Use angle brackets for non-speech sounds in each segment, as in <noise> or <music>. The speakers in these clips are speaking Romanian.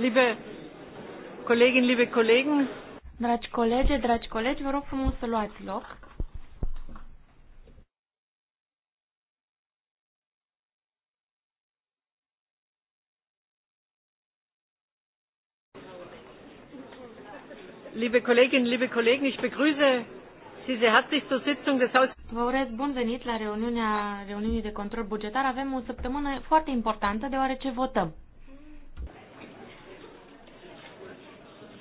Liebe Kolleginnen, liebe Kollegen, Dragi colegi, dragi colegi, vă rog frumos să luați loc. Liebe Kolleginnen, liebe Kollegen, ich begrüße Sie sehr herzlich zur Sitzung des Haus. Vă urez bun venit la reuniunea reuniunii de control bugetar. Avem o săptămână foarte importantă deoarece votăm.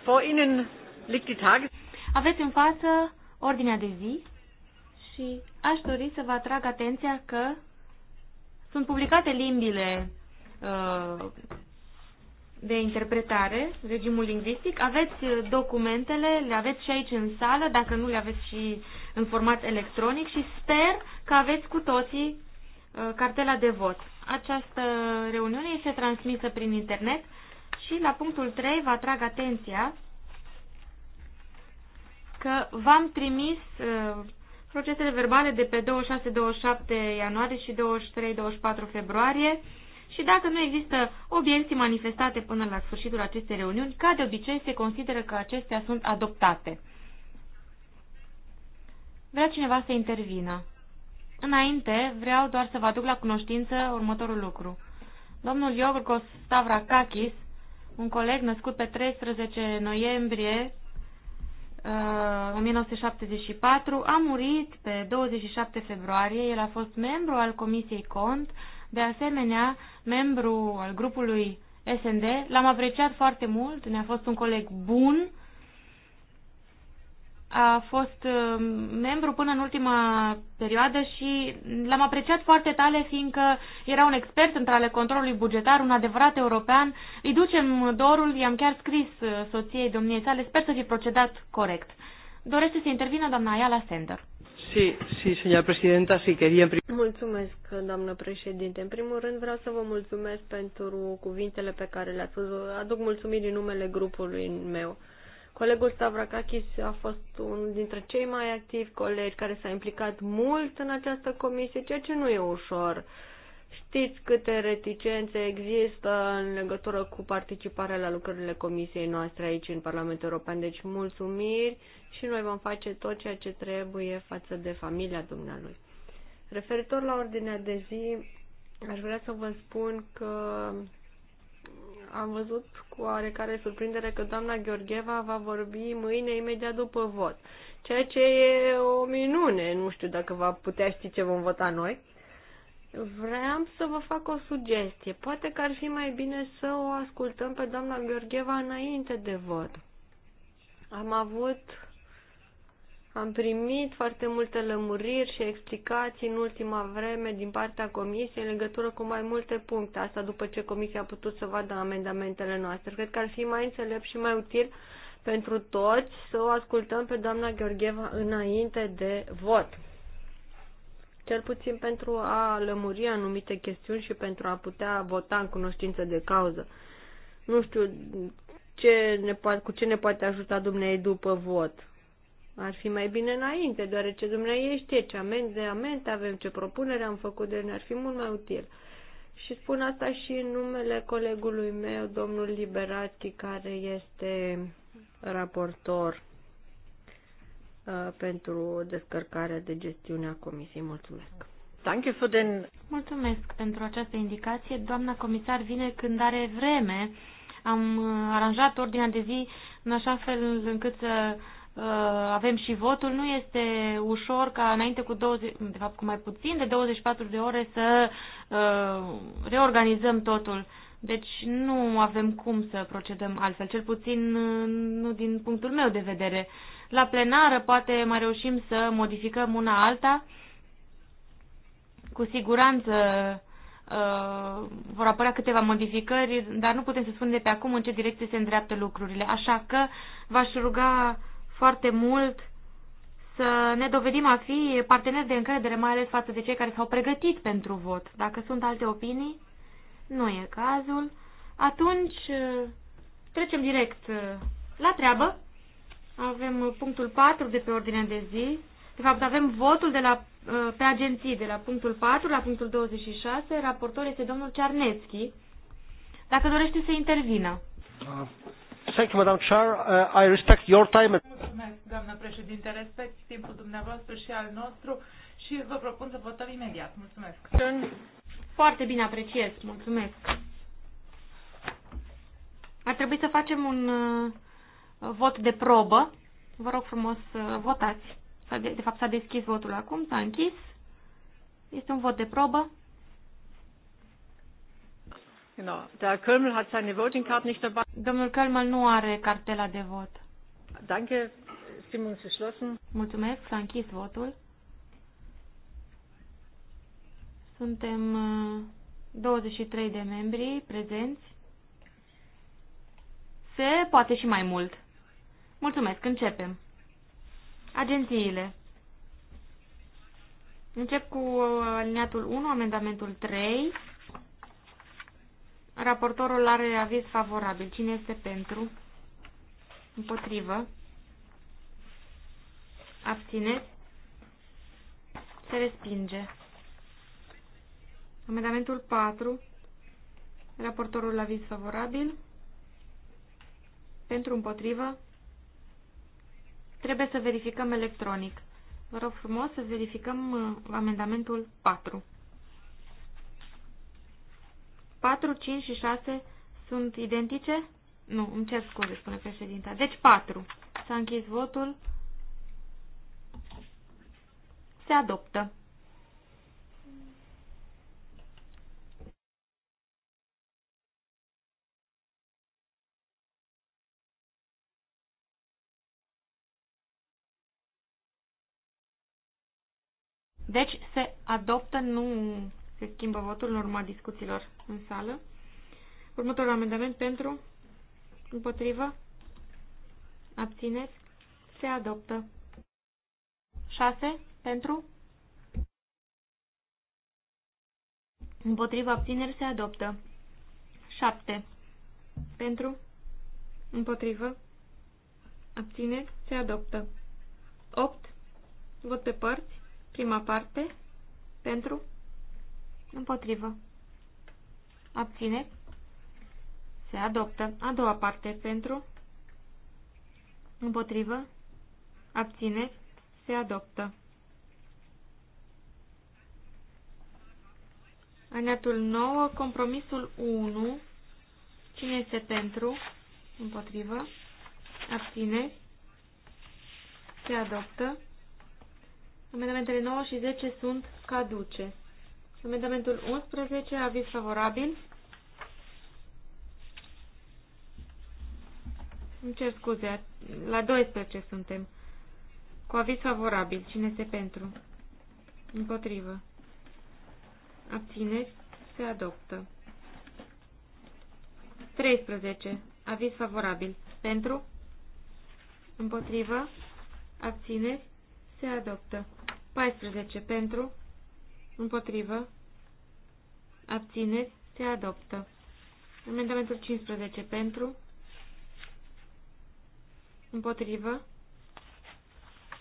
Vor Ihnen liegt die Tages Aveți în față ordinea de zi și aș dori să vă atrag atenția că sunt publicate limbile uh, de interpretare, regimul lingvistic. Aveți uh, documentele, le aveți și aici în sală, dacă nu le aveți și în format electronic și sper că aveți cu toții uh, cartela de vot. Această reuniune este transmisă prin internet. Și la punctul 3 vă atrag atenția că v-am trimis uh, procesele verbale de pe 26-27 ianuarie și 23-24 februarie și dacă nu există obiecții manifestate până la sfârșitul acestei reuniuni, ca de obicei se consideră că acestea sunt adoptate. Vrea cineva să intervină. Înainte, vreau doar să vă aduc la cunoștință următorul lucru. Domnul Iorgos Stavrakakis un coleg născut pe 13 noiembrie 1974, uh, a murit pe 27 februarie. El a fost membru al Comisiei Cont, de asemenea membru al grupului SND. L-am apreciat foarte mult, ne-a fost un coleg bun, a fost uh, membru până în ultima perioadă și l-am apreciat foarte tare fiindcă era un expert în ale controlului bugetar, un adevărat european. Îi ducem dorul, i-am chiar scris uh, soției domniei sale, sper să fi procedat corect. Dorește să intervină doamna Ayala Sender. Sí, sí, señora presidenta, sí, quería en Mulțumesc, doamnă președinte. În primul rând vreau să vă mulțumesc pentru cuvintele pe care le-ați spus. Aduc mulțumiri în numele grupului meu. Colegul Stavrakakis a fost unul dintre cei mai activi colegi care s-a implicat mult în această comisie, ceea ce nu e ușor. Știți câte reticențe există în legătură cu participarea la lucrările comisiei noastre aici în Parlamentul European, deci mulțumiri și noi vom face tot ceea ce trebuie față de familia dumnealui. Referitor la ordinea de zi, aș vrea să vă spun că am văzut cu oarecare surprindere că doamna Gheorgheva va vorbi mâine imediat după vot, ceea ce e o minune, nu știu dacă va putea ști ce vom vota noi. Vreau să vă fac o sugestie. Poate că ar fi mai bine să o ascultăm pe doamna Gheorgheva înainte de vot. Am avut am primit foarte multe lămuriri și explicații în ultima vreme din partea comisiei în legătură cu mai multe puncte. Asta după ce comisia a putut să vadă amendamentele noastre. Cred că ar fi mai înțelept și mai util pentru toți să o ascultăm pe doamna Gheorgheva înainte de vot. Cel puțin pentru a lămuri anumite chestiuni și pentru a putea vota în cunoștință de cauză. Nu știu ce ne poate, cu ce ne poate ajuta dumnei după vot ar fi mai bine înainte, deoarece dumneavoastră știe ce amende, amende avem, ce propunere am făcut, de ne-ar fi mult mai util. Și spun asta și în numele colegului meu, domnul Liberati, care este raportor uh, pentru descărcarea de gestiune a comisiei. Mulțumesc! you for den... Mulțumesc pentru această indicație. Doamna comisar vine când are vreme. Am uh, aranjat ordinea de zi în așa fel încât să uh, Uh, avem și votul, nu este ușor ca înainte cu 20, de fapt cu mai puțin de 24 de ore să uh, reorganizăm totul. Deci nu avem cum să procedăm altfel, cel puțin uh, nu din punctul meu de vedere. La plenară poate mai reușim să modificăm una alta. Cu siguranță uh, vor apărea câteva modificări, dar nu putem să spunem de pe acum în ce direcție se îndreaptă lucrurile. Așa că v-aș ruga foarte mult să ne dovedim a fi parteneri de încredere, mai ales față de cei care s-au pregătit pentru vot. Dacă sunt alte opinii, nu e cazul. Atunci trecem direct la treabă. Avem punctul 4 de pe ordinea de zi. De fapt, avem votul de la, pe agenții de la punctul 4 la punctul 26. Raportor este domnul Cearnețchi. Dacă dorește să intervină. Ah, Thank you, Madam Chair. Uh, I respect your time. Mulțumesc, doamnă președinte. Respect timpul dumneavoastră și al nostru și vă propun să votăm imediat. Mulțumesc. Foarte bine apreciez. Mulțumesc. Ar trebui să facem un uh, vot de probă. Vă rog frumos, uh, votați. De, de fapt, s-a deschis votul acum, s-a închis. Este un vot de probă. No, Der Kölmel hat seine Voting Card nicht dabei. Domnul Kölmel nu are cartela de vot. Danke. Stimmung ist geschlossen. Mulțumesc, s-a închis votul. Suntem 23 uh, de membri prezenți. Se poate și mai mult. Mulțumesc, începem. Agențiile. Încep cu uh, alineatul 1, amendamentul 3. Raportorul are aviz favorabil. Cine este pentru? Împotrivă. Abțineți. Se respinge. Amendamentul 4. Raportorul la aviz favorabil. Pentru împotrivă. Trebuie să verificăm electronic. Vă rog frumos să verificăm uh, amendamentul 4. 4, 5 și 6 sunt identice? Nu, îmi cer scuze, spune președinta. Deci 4. S-a închis votul. Se adoptă. Deci se adoptă, nu se schimbă votul în urma discuțiilor în sală. Următorul amendament pentru, împotrivă, abțineți, se adoptă. 6. Pentru, împotrivă, abțineri, se adoptă. 7. Pentru, împotrivă, abțineri, se adoptă. 8. Vot pe părți, prima parte, pentru, Împotrivă. Abține. Se adoptă. A doua parte pentru. Împotrivă. Abține. Se adoptă. Aneatul 9, compromisul 1. Cine este pentru? Împotrivă. Abține. Se adoptă. Amendamentele 9 și 10 sunt caduce. Amendamentul 11, aviz favorabil. Îmi cer scuze, la 12 suntem. Cu aviz favorabil, cine este pentru? Împotrivă. Abțineri, se adoptă. 13. Aviz favorabil. Pentru? Împotrivă. Abțineri, se adoptă. 14. Pentru? Împotrivă. Abțineți. Se adoptă. Amendamentul 15 pentru. Împotrivă.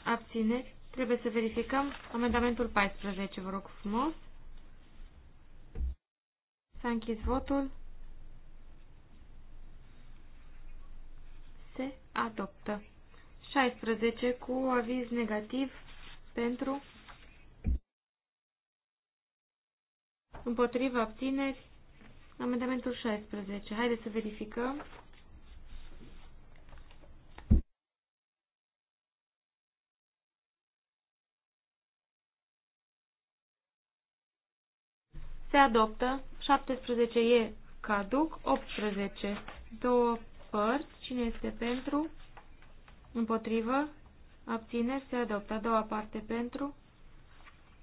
Abțineți. Trebuie să verificăm amendamentul 14, vă rog frumos. S-a închis votul. Se adoptă. 16 cu aviz negativ pentru Împotriva abțineri. Amendamentul 16. Haideți să verificăm. Se adoptă. 17 e caduc. 18. Două părți. Cine este pentru? Împotrivă. Abțineri. Se adoptă. A doua parte pentru.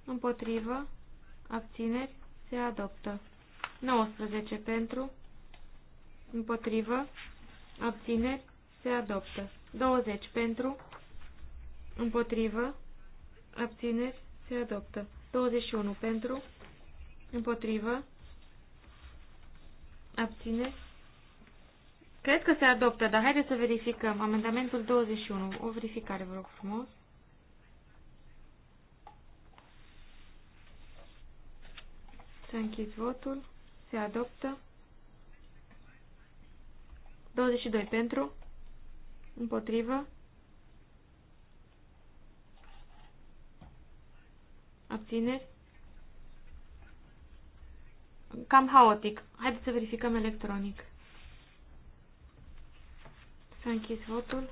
Împotrivă. Abțineri. Se adoptă. 19 pentru, împotrivă, abțineri, se adoptă. 20 pentru, împotrivă, abțineri, se adoptă. 21 pentru, împotrivă, abțineri. Cred că se adoptă, dar haideți să verificăm. Amendamentul 21. O verificare, vă rog frumos. S-a închis votul. Se adoptă. 22 pentru. Împotrivă. Abțineri. Cam haotic. Haideți să verificăm electronic. S-a închis votul.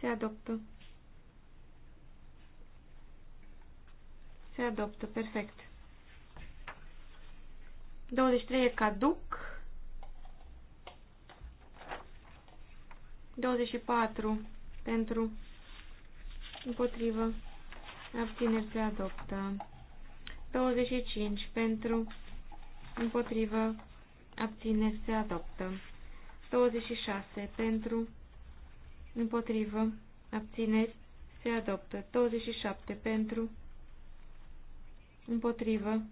Se adoptă. Se adoptă. Perfect. 23 e caduc. 24 pentru împotrivă abțineri se adoptă. 25 pentru împotrivă abțineri se adoptă. 26 pentru împotrivă abțineri se adoptă. 27 pentru împotrivă,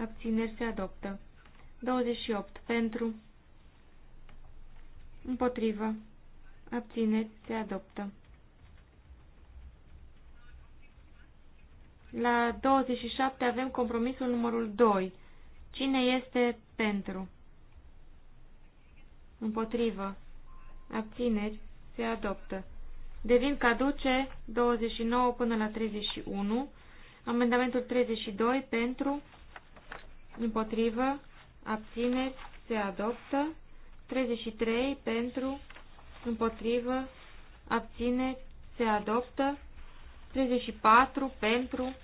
abțineri se adoptă. 28. Pentru, împotrivă, abțineri se adoptă. La 27 avem compromisul numărul 2. Cine este pentru? Împotrivă. Abțineri se adoptă. Devin caduce 29 până la 31 Amendamentul 32 pentru, împotrivă, abțineți, se adoptă. 33 pentru, împotrivă, abțineți, se adoptă. 34 pentru,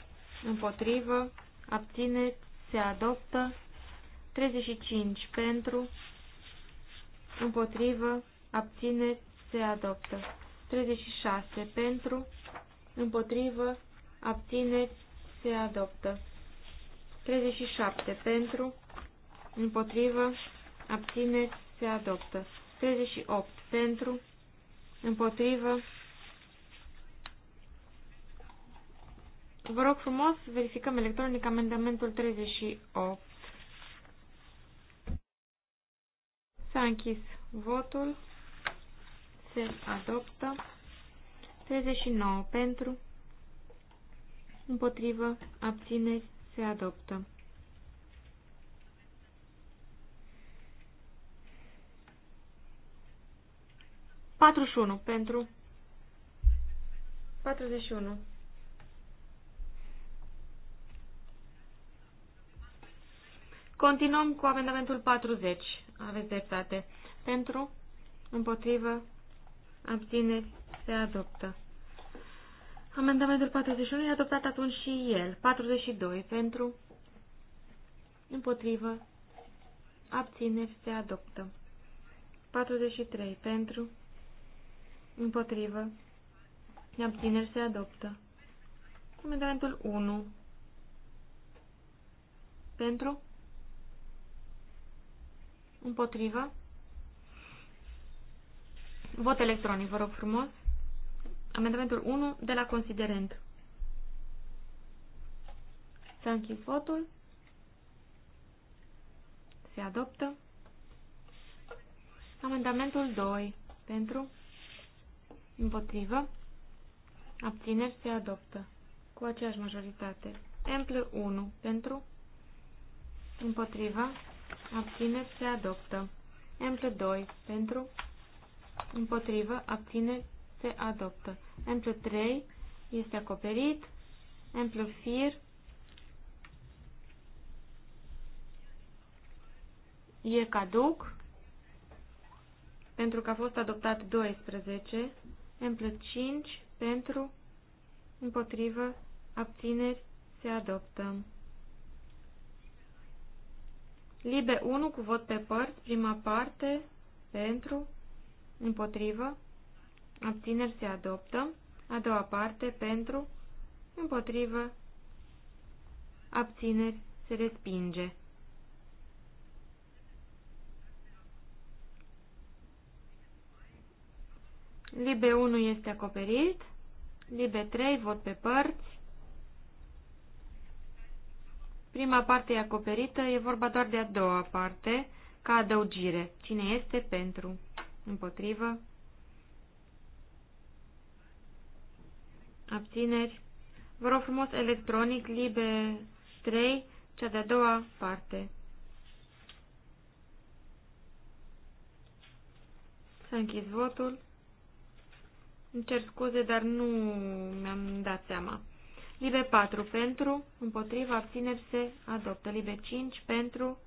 împotrivă, abțineți, se adoptă. 35 pentru, împotrivă, abțineți, se adoptă. 36 pentru, împotrivă, abțineți, se adoptă. 37 pentru, împotrivă, abțineți, se adoptă. 38 pentru, împotrivă. Vă rog frumos, verificăm electronic amendamentul 38. S-a închis votul. Se adoptă. 39 pentru, împotrivă, abțineri, se adoptă. Patru și unu pentru unu Continuăm cu amendamentul 40. Aveți dreptate. Pentru, împotrivă, abțineri, se adoptă. Amendamentul 41 e adoptat atunci și el. 42 pentru, împotrivă, abțineri se adoptă. 43 pentru, împotrivă, abțineri se adoptă. Amendamentul 1 pentru, împotrivă, vot electronic, vă rog frumos. Amendamentul 1 de la considerent. Să închid votul. Se adoptă. Amendamentul 2 pentru împotrivă. Abțineri se adoptă cu aceeași majoritate. Ample 1 pentru împotrivă. Abțineri se adoptă. Ample 2 pentru împotrivă. Abțineri se adoptă. M plus 3 este acoperit. M plus 4 e caduc pentru că a fost adoptat 12. M plus 5 pentru împotrivă abțineri se adoptă. Libe 1 cu vot pe părți, prima parte, pentru, împotrivă, abțineri se adoptă, a doua parte pentru, împotrivă, abțineri se respinge. Libe 1 este acoperit, Libe 3 vot pe părți, prima parte e acoperită, e vorba doar de a doua parte, ca adăugire. Cine este pentru? Împotrivă? abțineri. Vă rog frumos, electronic, libe 3, cea de-a doua parte. Să a închis votul. Îmi cer scuze, dar nu mi-am dat seama. Libe 4 pentru, împotriva, abțineri se adoptă. Libe 5 pentru,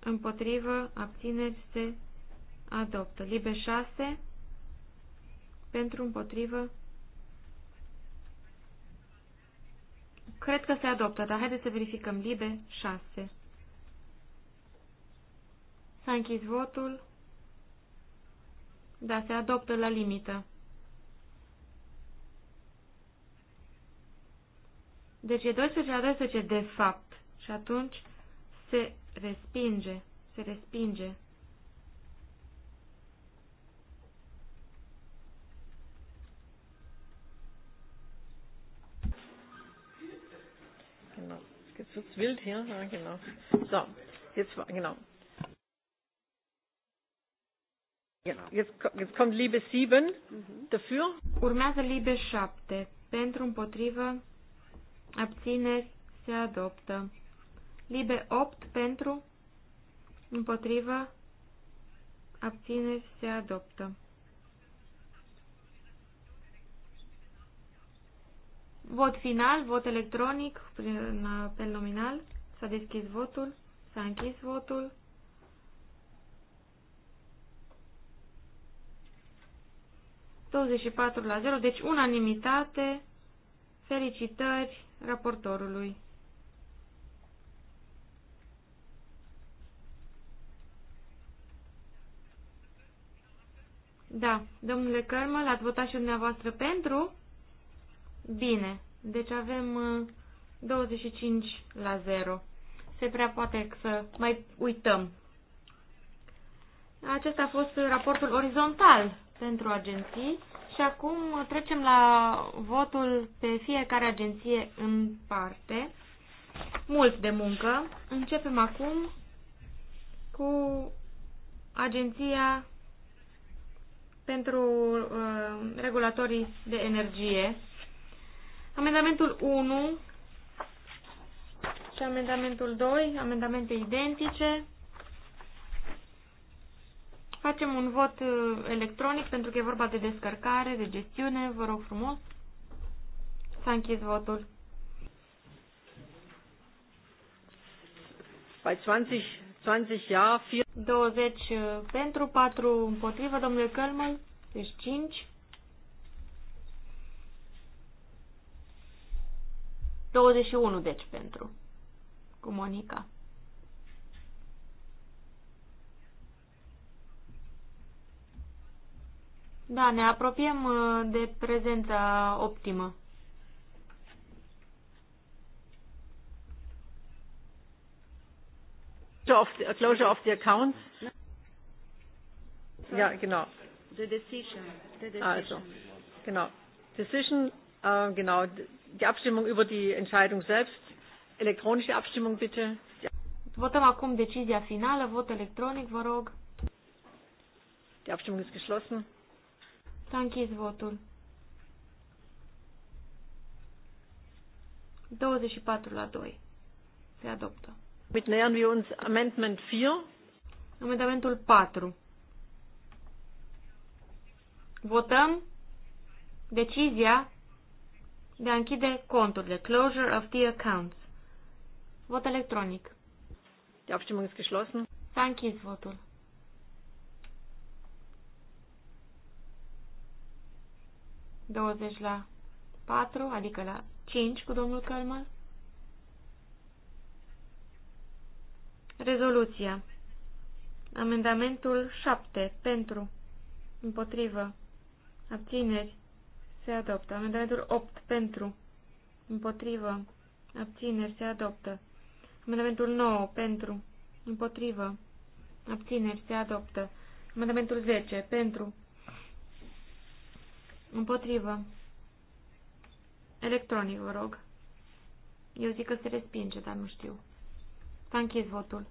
împotrivă, abțineri se adoptă. Libe 6 pentru, împotrivă, Cred că se adoptă, dar haideți să verificăm. Libe 6. S-a închis votul. Da, se adoptă la limită. Deci e 12 la 12 de fapt. Și atunci se respinge. Se respinge. Jetzt wird es wild hier. Ja, genau. So, jetzt war, genau. Genau. Jetzt, jetzt kommt Liebe 7. Mhm. Dafür. Urmează Liebe 7. Pentru, împotrivă, abține se adoptă. Liebe 8 pentru, împotrivă, abține se adoptă. Vot final, vot electronic, prin apel nominal. S-a deschis votul, s-a închis votul. ...24 la 0, deci unanimitate, felicitări raportorului. Da, domnule l ați votat și dumneavoastră pentru? Bine, deci avem 25 uh, la 0. Se prea poate să mai uităm. Acesta a fost raportul orizontal pentru agenții și acum trecem la votul pe fiecare agenție în parte. Mult de muncă. Începem acum cu agenția pentru uh, regulatorii de energie Amendamentul 1 și amendamentul 2, amendamente identice. Facem un vot uh, electronic pentru că e vorba de descărcare, de gestiune. Vă rog frumos. S-a închis votul. Bei 20, 20 20 pentru, 4 împotrivă, domnule Călmăl, deci 5. 21, deci, pentru. Cu Monica. Da, ne apropiem uh, de prezența optimă. Of the, closure of the accounts. Ja, genau. The decision. The decision. Also, genau. Decision, uh, genau die Abstimmung über die Entscheidung selbst. Elektronische Abstimmung bitte. Votăm acum decizia finală, vot electronic, vă rog. Die Abstimmung ist geschlossen. S-a închis votul. 24 la 2. Se adoptă. Mit nähern wir uns Amendment 4. Amendamentul 4. Votăm decizia de a închide conturile. Closure of the accounts. Vot electronic. Die Abstimmung ist geschlossen. S-a închis votul. Douăzeci la patru, adică la cinci cu domnul Călmăl. Rezoluția. Amendamentul șapte Pentru. Împotrivă. Abțineri se adoptă. Amendamentul 8 pentru, împotrivă, abțineri, se adoptă. Amendamentul 9 pentru, împotrivă, abțineri, se adoptă. Amendamentul 10 pentru, împotrivă, electronic, vă rog. Eu zic că se respinge, dar nu știu. S-a închis votul.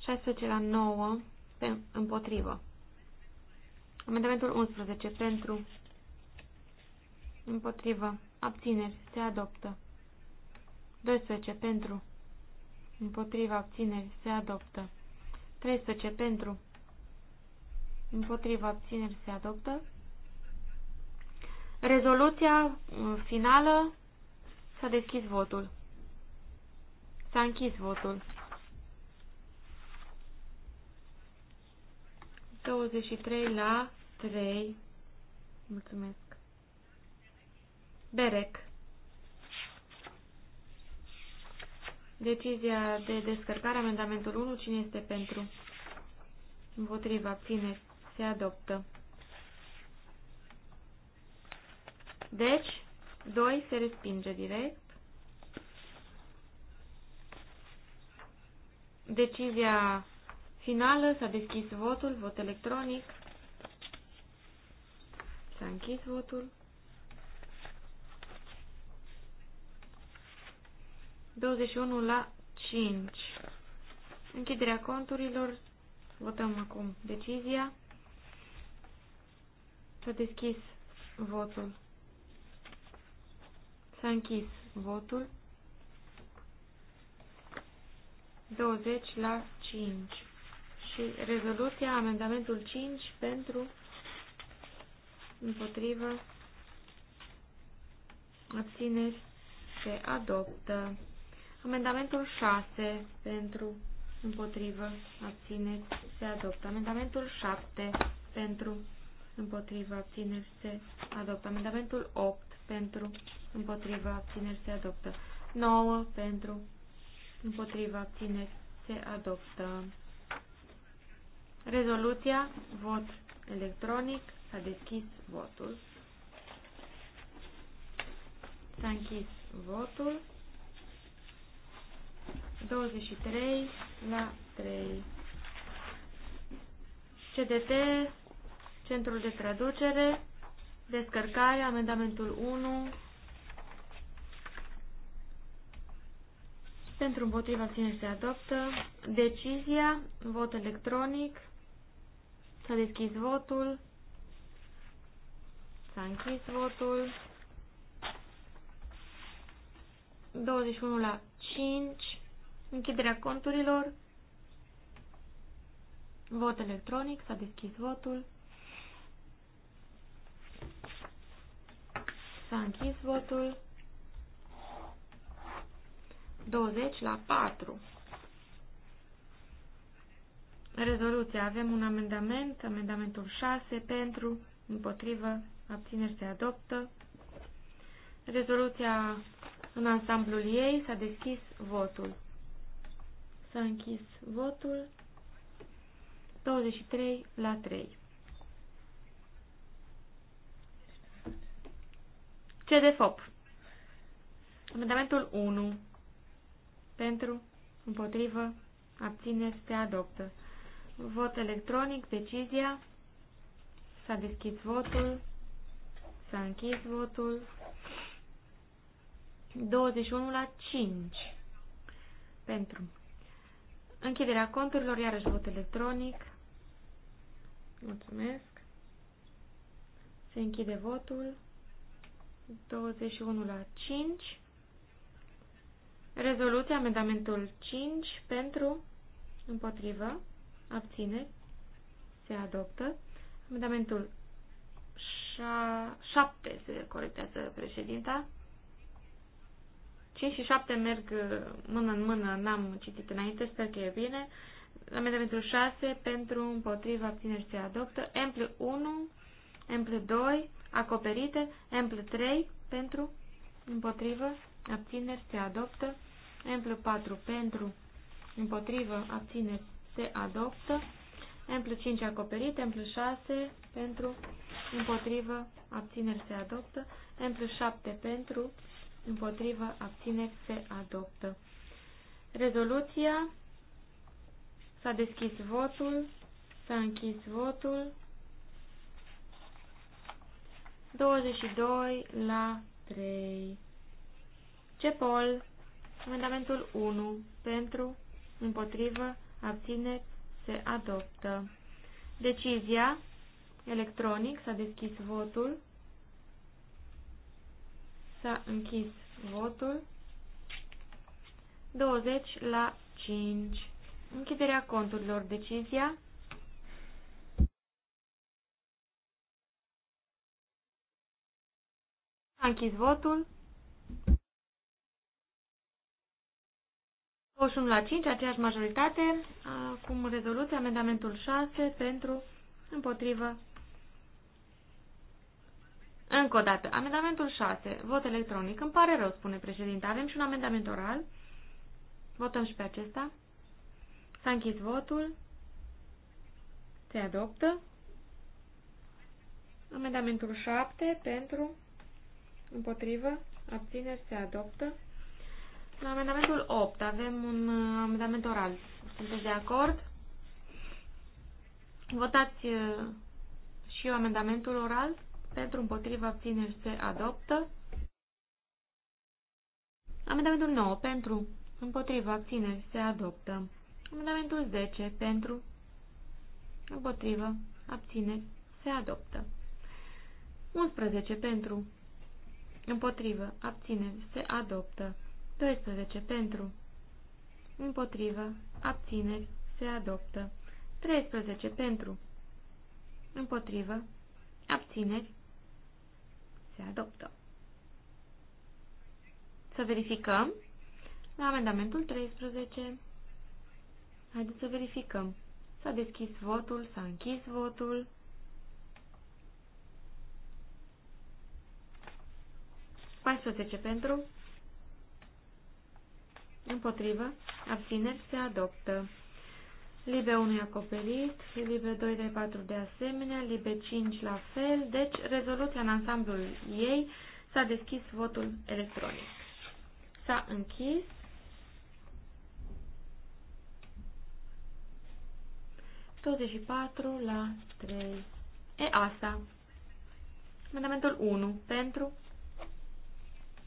16 la 9 pe, împotrivă. Amendamentul 11 pentru împotrivă abțineri se adoptă. 12 pentru împotrivă abțineri se adoptă. 13 pentru împotrivă abțineri se adoptă. Rezoluția uh, finală s-a deschis votul. S-a închis votul. 23 la 3. Mulțumesc. Berec. Decizia de descărcare, amendamentul 1, cine este pentru? Împotriva, Ține se adoptă. Deci, 2 se respinge direct. Decizia finală, s-a deschis votul, vot electronic. S-a închis votul. 21 la 5. Închiderea conturilor. Votăm acum decizia. S-a deschis votul. S-a închis votul. 20 la 5. Și rezoluția, amendamentul 5 pentru împotrivă, abțineri, se adoptă. Amendamentul 6 pentru, împotrivă, abțineri, se adoptă. Amendamentul 7 pentru, împotrivă, abțineri, se adoptă. Amendamentul 8 pentru, împotrivă, abțineri, se adoptă. 9 pentru, împotrivă, abțineri, se adoptă. Rezoluția, vot electronic, S-a deschis votul. S-a închis votul. 23 la 3. CDT, Centrul de Traducere, Descărcare, Amendamentul 1. Pentru împotriva ține se adoptă. Decizia, vot electronic. S-a deschis votul. S-a închis votul. 21 la 5. Închiderea conturilor. Vot electronic. S-a deschis votul. S-a închis votul. 20 la 4. rezoluția Avem un amendament, amendamentul 6, pentru, împotrivă, abțineri se adoptă. Rezoluția în ansamblul ei s-a deschis votul. S-a închis votul 23 la 3. FOP. Amendamentul 1. Pentru, împotrivă, abțineri se adoptă. Vot electronic, decizia. S-a deschis votul. S-a închis votul. 21 la 5. Pentru. Închiderea conturilor, iarăși vot electronic. Mulțumesc. Se închide votul. 21 la 5. Rezoluția, amendamentul 5, pentru, împotrivă, abține, se adoptă. Amendamentul Așa, 7 se corectează președinta. 5 și 7 merg mână în mână, n-am citit înainte, sper că e bine. Amendamentul 6 pentru împotriva abțineri se adoptă. Emple 1, Emple 2 acoperite, Emple 3 pentru împotrivă abțineri se adoptă. Emple 4 pentru împotrivă abțineri se adoptă. Emple 5 acoperite, Emple 6 pentru împotrivă, abțineri se adoptă, M plus 7 pentru, împotrivă, abțineri se adoptă. Rezoluția, s-a deschis votul, s-a închis votul, 22 la 3. Cepol, amendamentul 1, pentru, împotrivă, abțineri se adoptă. Decizia Electronic s-a deschis votul. S-a închis votul. 20 la 5. Închiderea conturilor. Decizia. S-a închis votul. 21 la 5, aceeași majoritate. Acum rezoluție, amendamentul 6 pentru, împotrivă, încă o dată, amendamentul 6, vot electronic. Îmi pare rău, spune președinte. Avem și un amendament oral. Votăm și pe acesta. S-a închis votul. Se adoptă. Amendamentul 7 pentru, împotrivă, abțineri se adoptă. La amendamentul 8 avem un uh, amendament oral. Sunteți de acord? Votați uh, și eu amendamentul oral pentru, împotriva, abțineri, se adoptă. Amendamentul 9 pentru, împotriva, abțineri, se adoptă. Amendamentul 10 pentru, împotriva, abțineri, se adoptă. 11 pentru, împotriva abțineri, se adoptă. 12 pentru, împotriva abțineri, se adoptă. 13 pentru, împotriva abțineri, se adoptă. Să verificăm la amendamentul 13. Haideți să verificăm. S-a deschis votul, s-a închis votul. Paisprezece pentru, împotrivă, abțineri se adoptă. Libe 1 e acoperit, Libe 2, de 4 de asemenea, Libe 5 la fel, deci rezoluția în ansamblul ei s-a deschis votul electronic. S-a închis. Douăzeci patru la 3. E asta. Amendamentul 1. Pentru.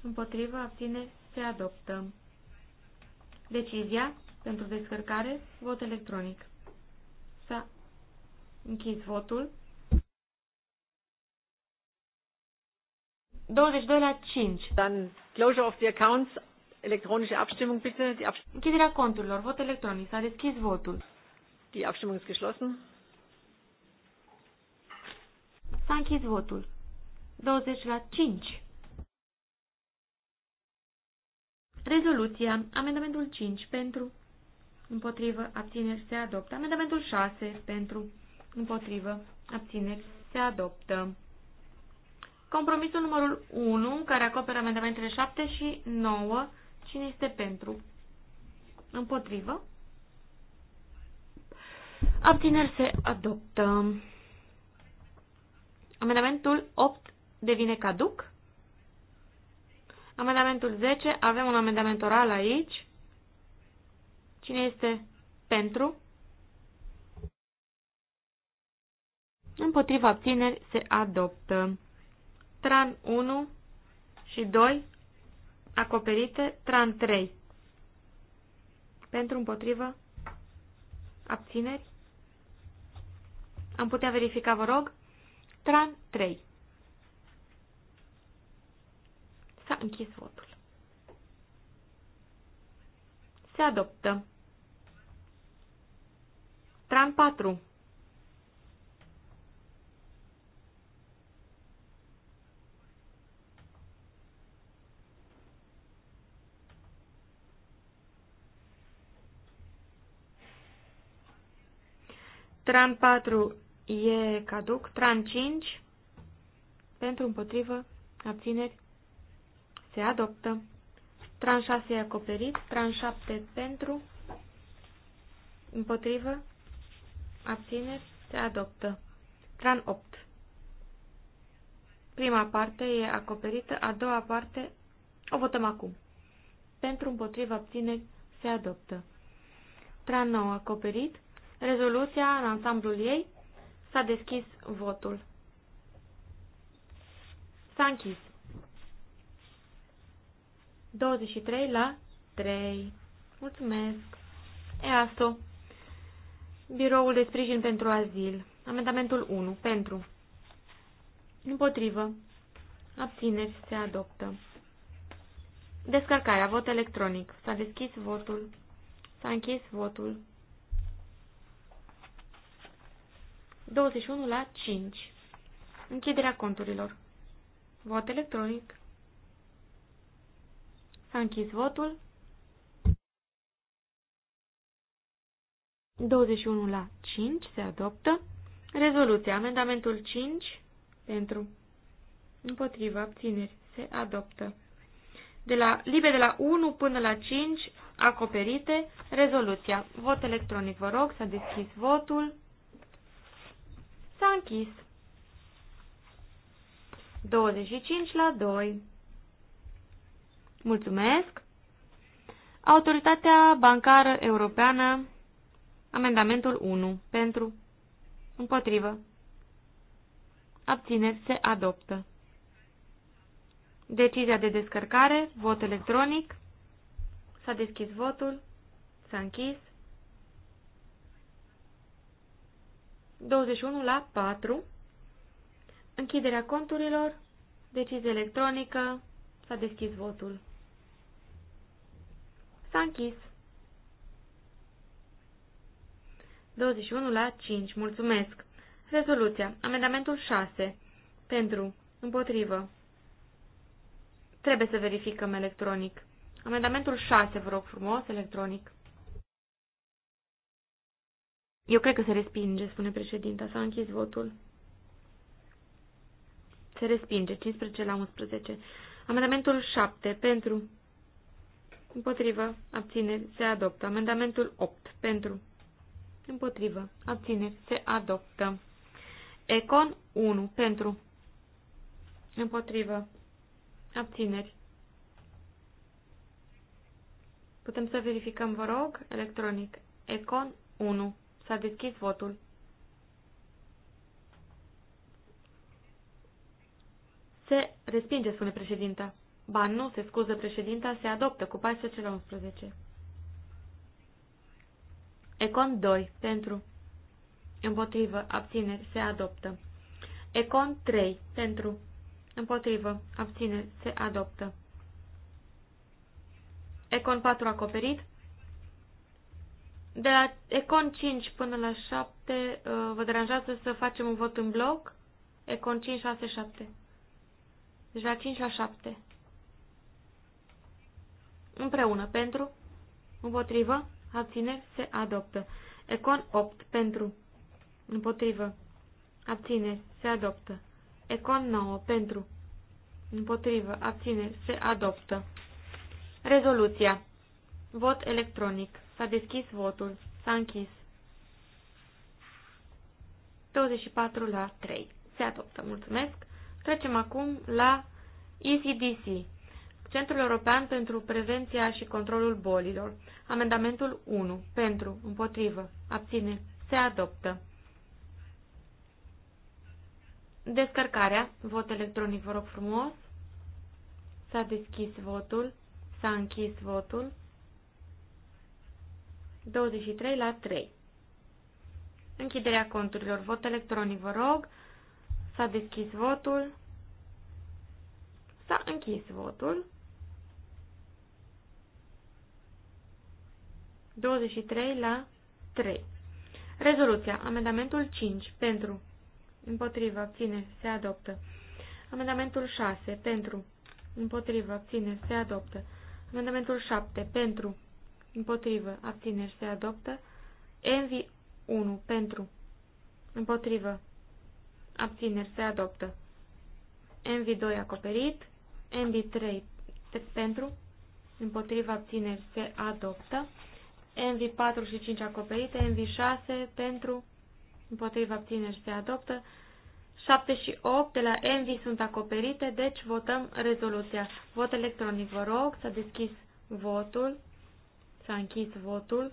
Împotrivă. Abține. Se adoptă. Decizia pentru descărcare, vot electronic. S-a închis votul. 22 la 5. Dan closure of the accounts, electronische Abstimmung bitte. Die Abst Închiderea conturilor, vot electronic. S-a deschis votul. Die Abstimmung ist geschlossen. S-a închis votul. 20 la 5. Rezoluția, amendamentul 5 pentru împotrivă, abțineri, se adoptă. Amendamentul 6 pentru, împotrivă, abțineri, se adoptă. Compromisul numărul 1, care acoperă amendamentele 7 și 9, cine este pentru? Împotrivă. Abțineri se adoptă. Amendamentul 8 devine caduc. Amendamentul 10, avem un amendament oral aici. Cine este pentru? Împotriva abțineri se adoptă. Tran 1 și 2 acoperite. Tran 3 pentru împotrivă abțineri. Am putea verifica, vă rog. Tran 3. S-a închis votul. Se adoptă. Tran 4. Tran 4 e caduc. Tran 5 pentru împotrivă abțineri se adoptă. Tran 6 e acoperit. Tran 7 pentru împotrivă abțineri, se adoptă. Tran 8. Prima parte e acoperită, a doua parte o votăm acum. Pentru împotriva abțineri se adoptă. Tran 9 acoperit. Rezoluția în ansamblul ei s-a deschis votul. S-a închis. 23 la 3. Mulțumesc. E asta. Biroul de sprijin pentru azil. Amendamentul 1. Pentru. Împotrivă. Abțineri. Se adoptă. Descărcarea. Vot electronic. S-a deschis votul. S-a închis votul. 21 la 5. Închiderea conturilor. Vot electronic. S-a închis votul. 21 la 5 se adoptă. Rezoluția. Amendamentul 5 pentru. împotriva Abțineri. Se adoptă. De la, libe de la 1 până la 5 acoperite. Rezoluția. Vot electronic, vă rog. S-a deschis votul. S-a închis. 25 la 2. Mulțumesc. Autoritatea Bancară Europeană Amendamentul 1. Pentru. Împotrivă. Abțineri se adoptă. Decizia de descărcare, vot electronic. S-a deschis votul. S-a închis. 21 la 4. Închiderea conturilor. Decizie electronică. S-a deschis votul. S-a închis. 21 la 5. Mulțumesc. Rezoluția. Amendamentul 6. Pentru. Împotrivă. Trebuie să verificăm electronic. Amendamentul 6, vă rog frumos, electronic. Eu cred că se respinge, spune președinta. S-a închis votul. Se respinge. 15 la 11. Amendamentul 7. Pentru. Împotrivă. Abține. Se adoptă. Amendamentul 8. Pentru. Împotrivă. Abțineri. Se adoptă. Econ 1. Pentru. Împotrivă. Abțineri. Putem să verificăm, vă rog, electronic. Econ 1. S-a deschis votul. Se respinge, spune președinta. Ba nu, se scuză președinta, se adoptă cu 14 la 11. Econ 2. Pentru. Împotrivă. Abțineri. Se adoptă. Econ 3. Pentru. Împotrivă. Abțineri. Se adoptă. Econ 4 acoperit. De la Econ 5 până la 7, uh, vă deranjează să facem un vot în bloc? Econ 5, 6, 7. Deci la 5 la 7. Împreună. Pentru. Împotrivă. Abțineri se adoptă. Econ 8 pentru. Împotrivă. Abțineri se adoptă. Econ 9 pentru. Împotrivă. Abțineri se adoptă. Rezoluția. Vot electronic. S-a deschis votul. S-a închis. 24 la 3. Se adoptă. Mulțumesc. Trecem acum la ECDC. Centrul European pentru Prevenția și Controlul Bolilor. Amendamentul 1. Pentru. Împotrivă. Abține. Se adoptă. Descărcarea. Vot electronic, vă rog frumos. S-a deschis votul. S-a închis votul. 23 la 3. Închiderea conturilor. Vot electronic, vă rog. S-a deschis votul. S-a închis votul. 23 la 3. Rezoluția. Amendamentul 5. Pentru. Împotrivă. Abține. Se adoptă. Amendamentul 6. Pentru. Împotrivă. Abține. Se adoptă. Amendamentul 7. Pentru. Împotrivă. Abține. Se adoptă. Envi 1. Pentru. Împotrivă. Abțineri. Se adoptă. Envi 2. Acoperit. Envi 3. Pentru. Împotriva Abțineri. Se adoptă. NV4 și 5 acoperite, NV6 pentru, împotriva abțineri se adoptă, 7 și 8 de la NV sunt acoperite, deci votăm rezoluția. Vot electronic, vă rog, s-a deschis votul, s-a închis votul.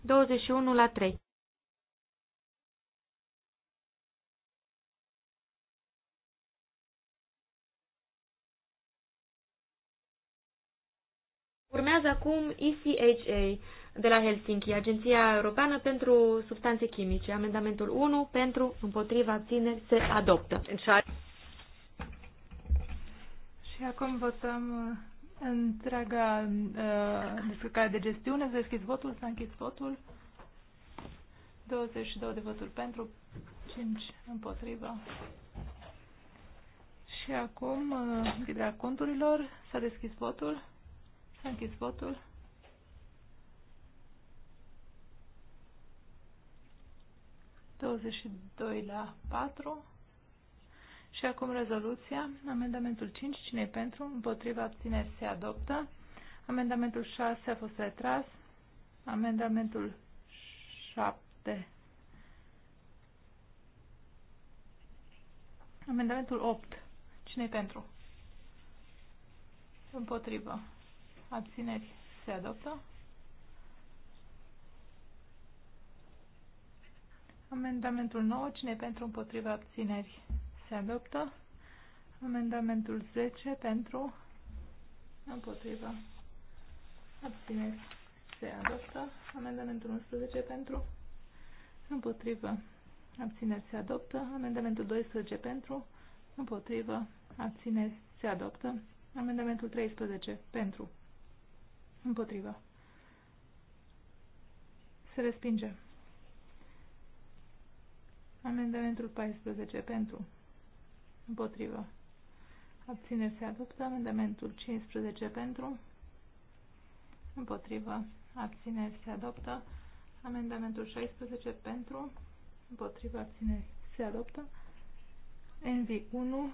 21 la 3. Urmează acum ECHA de la Helsinki, Agenția Europeană pentru Substanțe Chimice. Amendamentul 1 pentru împotriva abțineri se adoptă. Și acum votăm uh, întreaga uh, descărcare de gestiune. S-a deschis votul, s-a închis votul. 22 de voturi pentru, 5 împotriva. Și acum, uh, închiderea conturilor, s-a deschis votul s închis votul. și doi la 4. Și acum rezoluția. Amendamentul 5. Cine e pentru? Împotriva abțineri se adoptă. Amendamentul 6 a fost retras. Amendamentul 7. Amendamentul 8. Cine e pentru? Împotrivă abțineri se adoptă. Amendamentul 9, cine pentru împotriva abțineri se adoptă. Amendamentul 10 pentru împotriva abțineri se adoptă. Amendamentul 11 pentru împotriva abțineri se adoptă. Amendamentul 12 pentru împotriva abțineri se adoptă. Amendamentul 13 pentru Împotrivă. Se respinge. Amendamentul 14 pentru. Împotrivă. Abține se adoptă. Amendamentul 15 pentru. Împotrivă. Abține se adoptă. Amendamentul 16 pentru. Împotrivă. Abține se adoptă. NV1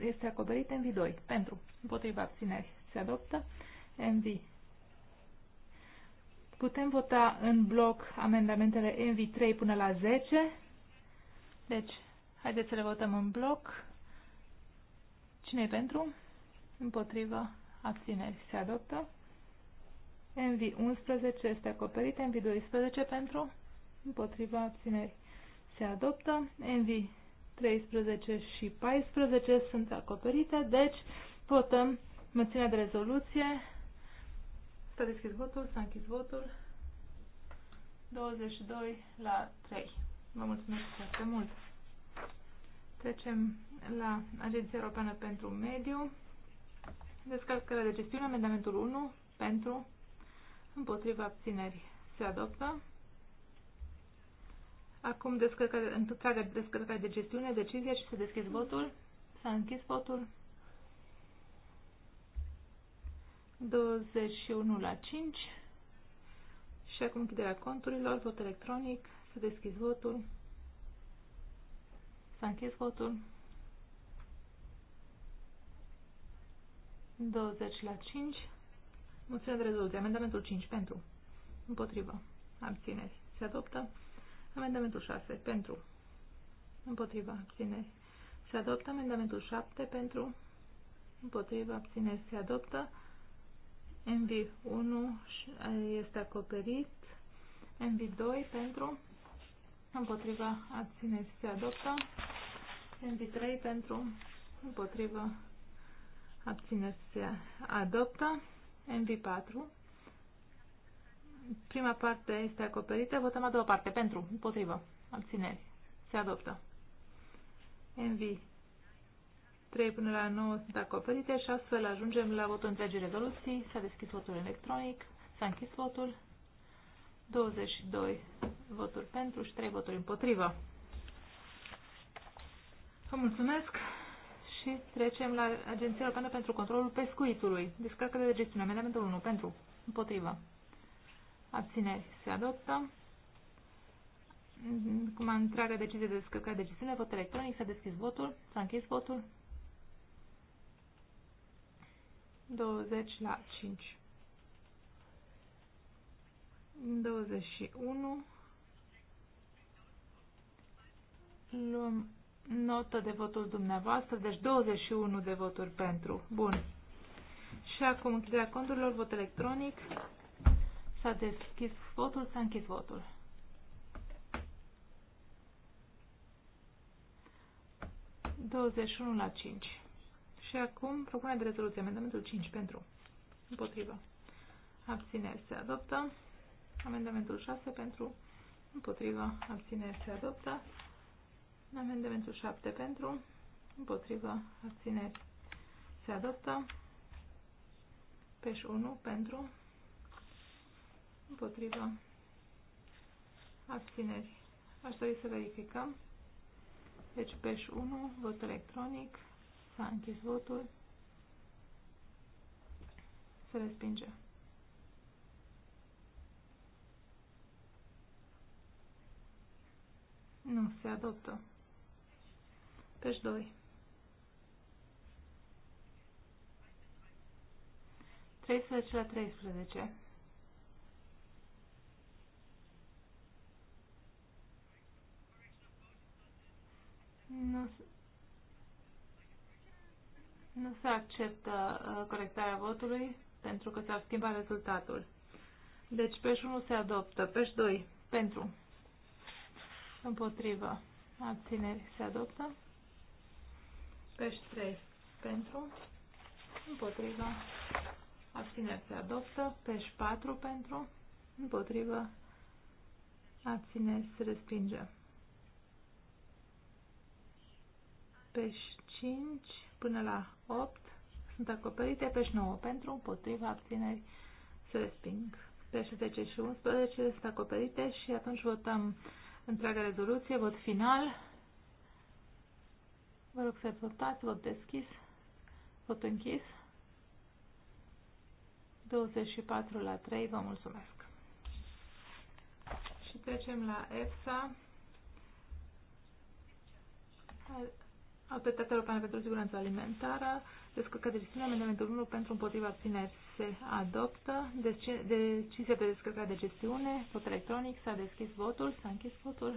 este acoperit. NV2 pentru. Împotrivă. Abțineri se adoptă. NV 3 Putem vota în bloc amendamentele nv 3 până la 10. Deci, haideți să le votăm în bloc. Cine e pentru? Împotrivă. Abțineri. Se adoptă. nv 11 este acoperit. nv 12 pentru. Împotrivă. abțineri. Se adoptă. nv 13 și 14 sunt acoperite. Deci, votăm mățimea de rezoluție să deschid votul, să închid votul. 22 la 3. Vă mulțumesc foarte mult. Trecem la Agenția Europeană pentru Mediu. Descărcarea de gestiune, amendamentul 1, pentru, împotriva abțineri. Se adoptă. Acum descărcarea, întâlcarea descărcarea de gestiune, decizie și se deschid votul. S-a închis votul. 21 la 5. Și acum închiderea conturilor, vot electronic, să deschizi votul, să închis votul. 20 la 5. Moțiune de rezoluție. Amendamentul 5 pentru. Împotrivă. Abțineri. Se adoptă. Amendamentul 6 pentru. Împotrivă. Abțineri. Se adoptă. Amendamentul 7 pentru. Împotrivă. Abțineri. Se adoptă. MV1 este acoperit. MV2 pentru împotriva abțineri se adoptă. MV3 pentru împotriva abțineri se adoptă. MV4 prima parte este acoperită, votăm a doua parte pentru, împotriva abțineri, se adoptă. MV 3 până la 9 sunt acoperite și astfel ajungem la votul întregii rezoluții. S-a deschis votul electronic, s-a închis votul, 22 voturi pentru și 3 voturi împotrivă. Vă mulțumesc și trecem la Agenția Europeană pentru Controlul Pescuitului. Descarcă de gestiune. Amendamentul 1 pentru. Împotrivă. Abțineri se adoptă. Cum am întreaga decizie de descărcare de gestiune, vot electronic, s-a deschis votul, s-a închis votul. 20 la 5. 21. Luăm notă de votul dumneavoastră, deci 21 de voturi pentru. Bun. Și acum închiderea conturilor, vot electronic. S-a deschis votul, s-a închis votul. Douăzeci la cinci. Și acum propunerea de rezoluție, amendamentul 5 pentru, împotrivă, abțineri se adoptă, amendamentul 6 pentru, împotrivă, abțineri se adoptă, amendamentul 7 pentru, împotrivă, abțineri se adoptă, peș 1 pentru, împotrivă, abțineri. Aș dori să verificăm. Deci peș 1, vot electronic. S-a închis votul. Se respinge. Nu, se adoptă. Peș 2. 13 la 13. Nu, nu se acceptă uh, corectarea votului pentru că s-ar schimba rezultatul. Deci peș 1 se adoptă, peș 2 pentru, împotrivă, abțineri se adoptă, peș 3 pentru, împotrivă, abțineri se adoptă, peș 4 pentru, împotrivă, abțineri se respinge. Peș 5 până la 8 sunt acoperite pe 9 pentru, împotriva, abțineri, se resping. Pe 10 și 11 sunt acoperite și atunci votăm întreaga rezoluție, vot final. Vă rog să votați, vot deschis, vot închis. 24 la 3, vă mulțumesc. Și trecem la EFSA. Autoritatea Europeană pentru Siguranța Alimentară descurcă de gestiune amendamentul 1 pentru împotriva abțineri se adoptă. Deci, decizia de descărcare de gestiune, vot electronic, s-a deschis votul, s-a închis votul.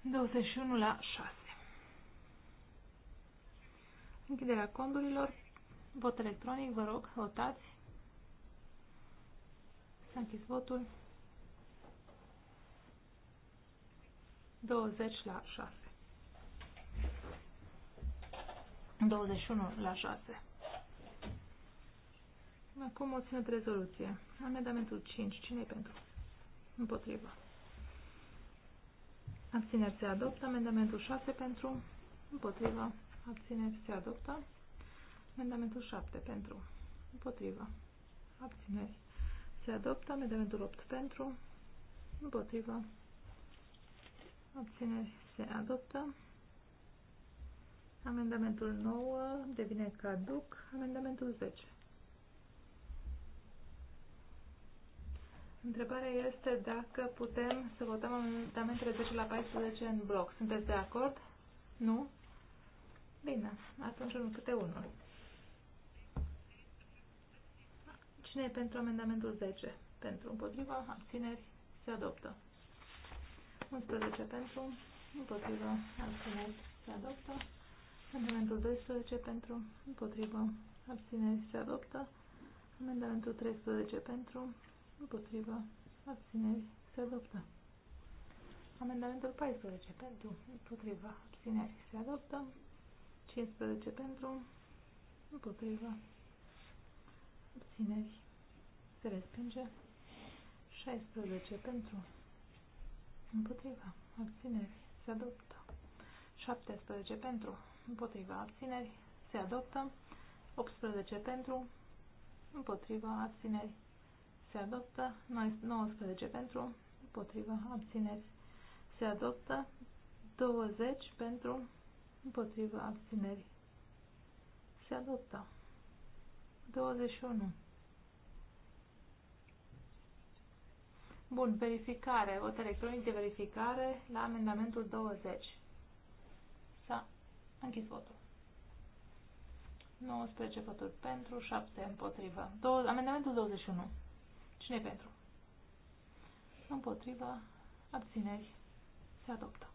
21 la 6. Închiderea condurilor, vot electronic, vă rog, votați. S-a închis votul. 20 la 6. 21 la 6. Acum o ținut rezoluție. Amendamentul 5. Cine-i pentru? Împotrivă. Abțineri se adoptă. Amendamentul 6 pentru. Împotrivă. Abțineri se adoptă. Amendamentul 7 pentru. Împotrivă. Abțineri se adoptă. Amendamentul 8 pentru. Împotrivă. Abțineri se adoptă. Amendamentul 9 devine caduc. Amendamentul 10. Întrebarea este dacă putem să votăm amendamentele 10 la 14 în bloc. Sunteți de acord? Nu? Bine, atunci nu câte unul. Cine e pentru amendamentul 10? Pentru împotriva, abțineri, se adoptă. 11 pentru, împotrivă, abțineri, se adoptă. Amendamentul 12 pentru, împotrivă, abțineri, se adoptă. Amendamentul 13 pentru, împotrivă, abțineri, se adoptă. Amendamentul 14 pentru, împotrivă, abțineri, se adoptă. 15 pentru, împotrivă, abțineri, se respinge. 16 pentru, împotriva, abțineri, se adoptă. 17 pentru, împotriva, abțineri, se adoptă. 18 pentru, împotriva, abțineri, se adoptă. 19 pentru, împotriva, abțineri, se adoptă. 20 pentru, împotriva, abțineri, se adoptă. 21 Bun, verificare, vot electronic de verificare la amendamentul 20. S-a închis votul. 19 voturi pentru, 7 împotrivă. Do amendamentul 21. cine pentru? Împotriva, abțineri, se adoptă.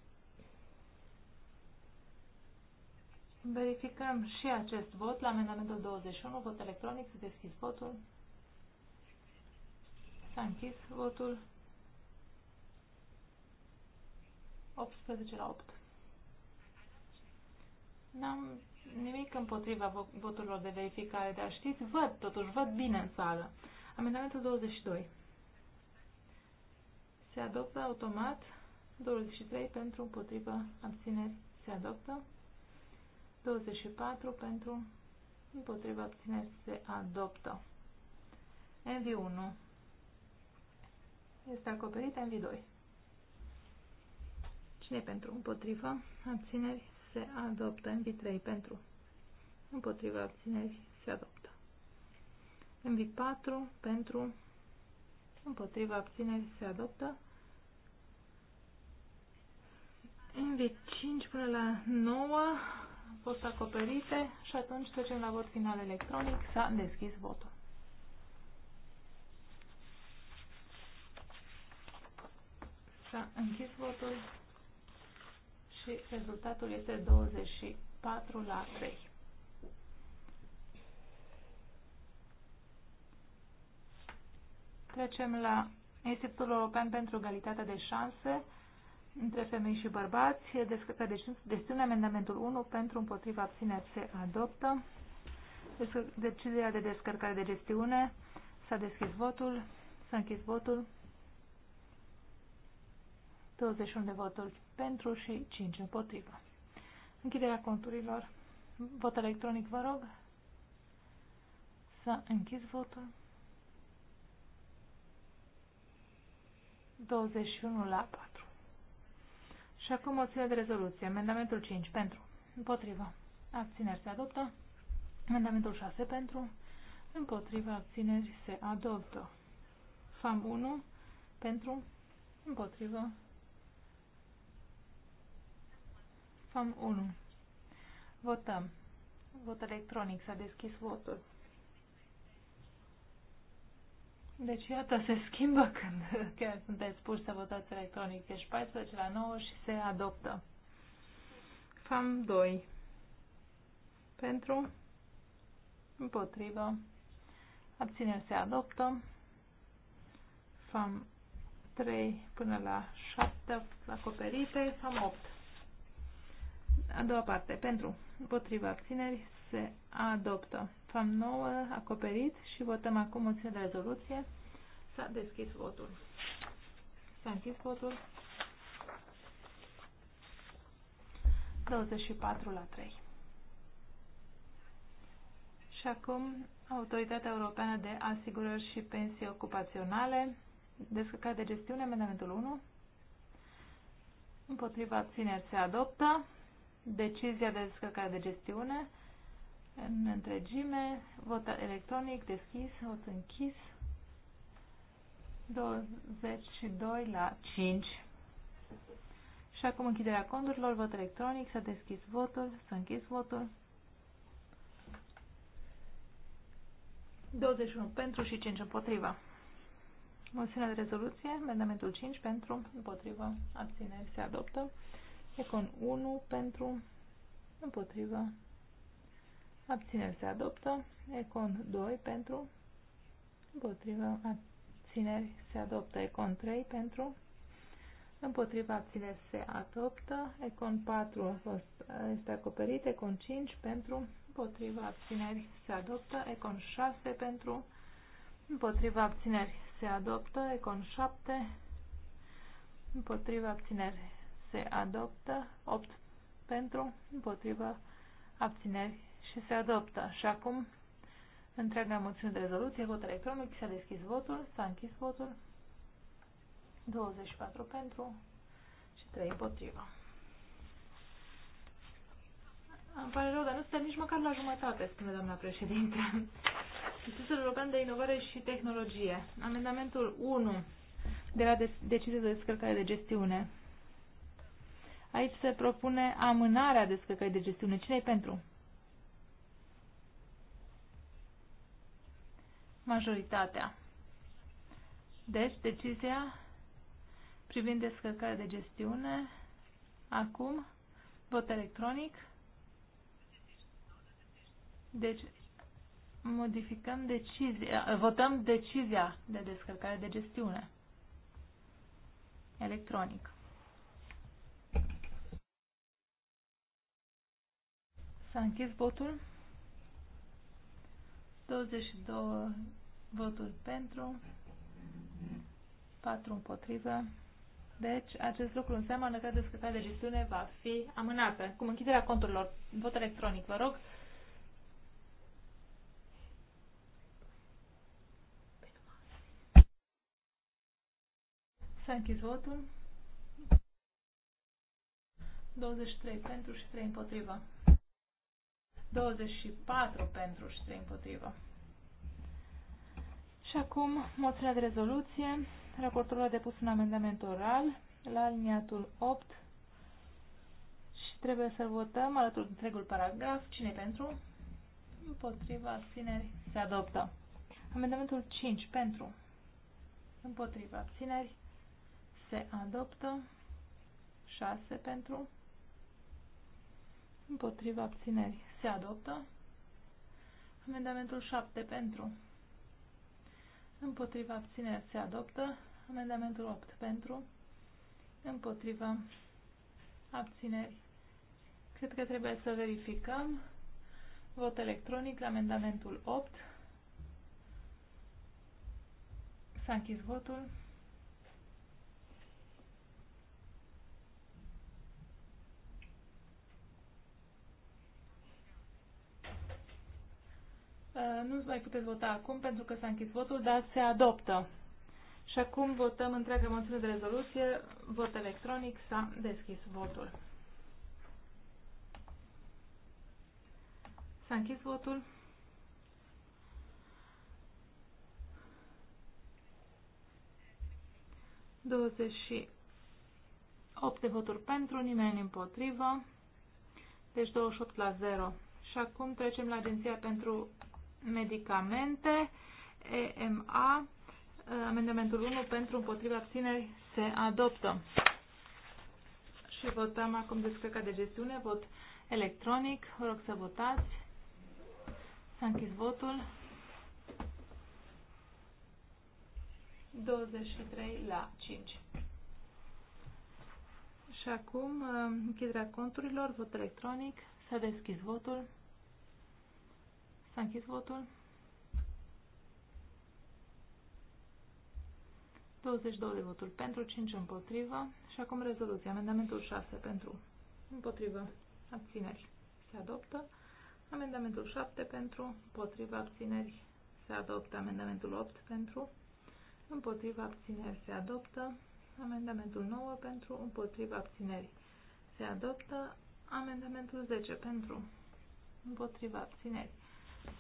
Verificăm și acest vot la amendamentul 21, vot electronic, să deschis votul. S-a închis votul. 18 la 8. N-am nimic împotriva voturilor de verificare, dar știți, văd, totuși văd bine în sală. Amendamentul 22. Se adoptă automat 23 pentru împotrivă abțineri. Se adoptă 24 pentru împotrivă abțineri. Se adoptă. NV1 este acoperit MV2. Cine pentru? Împotrivă. Abțineri se adoptă. MV3 pentru. Împotrivă abțineri se adoptă. MV4 pentru. Împotrivă abțineri se adoptă. MV5 până la 9 au fost acoperite și atunci trecem la vot final electronic. S-a deschis votul. S-a închis votul și rezultatul este 24 la 3. Trecem la Institutul European pentru Egalitatea de Șanse între femei și bărbați. Destinul amendamentul 1 pentru împotriva abțineri se adoptă. decizia de descărcare de gestiune. S-a deschis votul. S-a închis votul. 21 de voturi pentru și 5 împotrivă. Închiderea conturilor. Vot electronic, vă rog. să închizi închis votul. 21 la 4. Și acum moțiunea de rezoluție. Amendamentul 5 pentru. Împotrivă. Abțineri se adoptă. Amendamentul 6 pentru. Împotrivă. Abțineri se adoptă. FAM 1 pentru. Împotrivă. FAM 1. Votăm. Vot electronic. S-a deschis votul. Deci, iată, se schimbă când <laughs> chiar sunteți puși să votați electronic. Deci 14 la 9 și se adoptă. FAM 2. Pentru. Împotrivă. Abțineri se adoptă. FAM 3 până la 7 acoperite. FAM 8 a doua parte, pentru, împotriva abțineri, se adoptă. FAM 9, acoperit și votăm acum moțiune de rezoluție. S-a deschis votul. S-a închis votul. 24 la 3. Și acum Autoritatea Europeană de Asigurări și Pensii Ocupaționale, descărcare de gestiune, amendamentul 1. Împotriva abțineri se adoptă decizia de descărcare de gestiune în întregime, vot electronic deschis, vot închis, 22 la 5. Și acum închiderea conturilor, vot electronic, s-a deschis votul, s-a închis votul. 21 pentru și 5 împotriva. Moțiunea de rezoluție, amendamentul 5 pentru, împotriva, abțineri, se adoptă. Econ 1 pentru, împotrivă, abțineri se adoptă. Econ 2 pentru, împotrivă, abțineri se adoptă. Econ 3 pentru, împotriva abțineri se adoptă. Econ 4 a fost, este acoperit. Econ 5 pentru, împotriva abțineri se adoptă. Econ 6 pentru, împotriva abțineri se adoptă. Econ 7 împotriva abțineri se adoptă, 8 pentru, împotrivă, abțineri și se adoptă. Și acum, întreaga moțiune de rezoluție, vot electronic, s-a deschis votul, s-a închis votul, 24 pentru și 3 împotrivă. Îmi pare rău, dar nu suntem nici măcar la jumătate, spune doamna președinte. Institutul <laughs> European de Inovare și Tehnologie. Amendamentul 1 de la decizie de descărcare de gestiune. Aici se propune amânarea descărcării de gestiune. Cine-i pentru? Majoritatea. Deci, decizia privind descărcarea de gestiune. Acum, vot electronic. Deci, modificăm decizia, votăm decizia de descărcare de gestiune electronic. S-a închis votul. 22 voturi pentru, 4 împotrivă. Deci, acest lucru înseamnă că descătarea de gestiune va fi amânată. Cum închiderea conturilor, vot electronic, vă rog. S-a închis votul. 23 pentru și 3 împotriva. 24 pentru și 3 împotrivă. Și acum, moțiunea de rezoluție. Raportul a depus un amendament oral la aliniatul 8 și trebuie să votăm alături de întregul paragraf. Cine pentru? Împotriva abțineri se adoptă. Amendamentul 5 pentru. Împotriva abțineri se adoptă. 6 pentru. Împotriva abțineri se adoptă. Amendamentul 7 pentru. Împotriva abținerea se adoptă. Amendamentul 8 pentru. Împotriva abțineri. Cred că trebuie să verificăm. Vot electronic la amendamentul 8. S-a închis votul. Uh, nu mai puteți vota acum pentru că s-a închis votul, dar se adoptă. Și acum votăm întreaga moțiune de rezoluție. Vot electronic. S-a deschis votul. S-a închis votul. și 8 de voturi pentru, nimeni împotrivă, deci 28 la 0. Și acum trecem la Agenția pentru medicamente, EMA, amendamentul 1 pentru împotriva abțineri se adoptă. Și votăm acum descărca de gestiune, vot electronic, vă rog să votați. S-a închis votul. 23 la 5. Și acum uh, închiderea conturilor, vot electronic, s-a deschis votul. S-a închis votul. 22 de voturi pentru, 5 împotrivă și acum rezoluția. Amendamentul 6 pentru, împotrivă, abțineri. Se adoptă. Amendamentul 7 pentru, împotrivă, abțineri. Se adoptă. Amendamentul 8 pentru, împotrivă, abțineri. Se adoptă. Amendamentul 9 pentru, împotrivă, abțineri. Se adoptă. Amendamentul 10 pentru, împotrivă, abțineri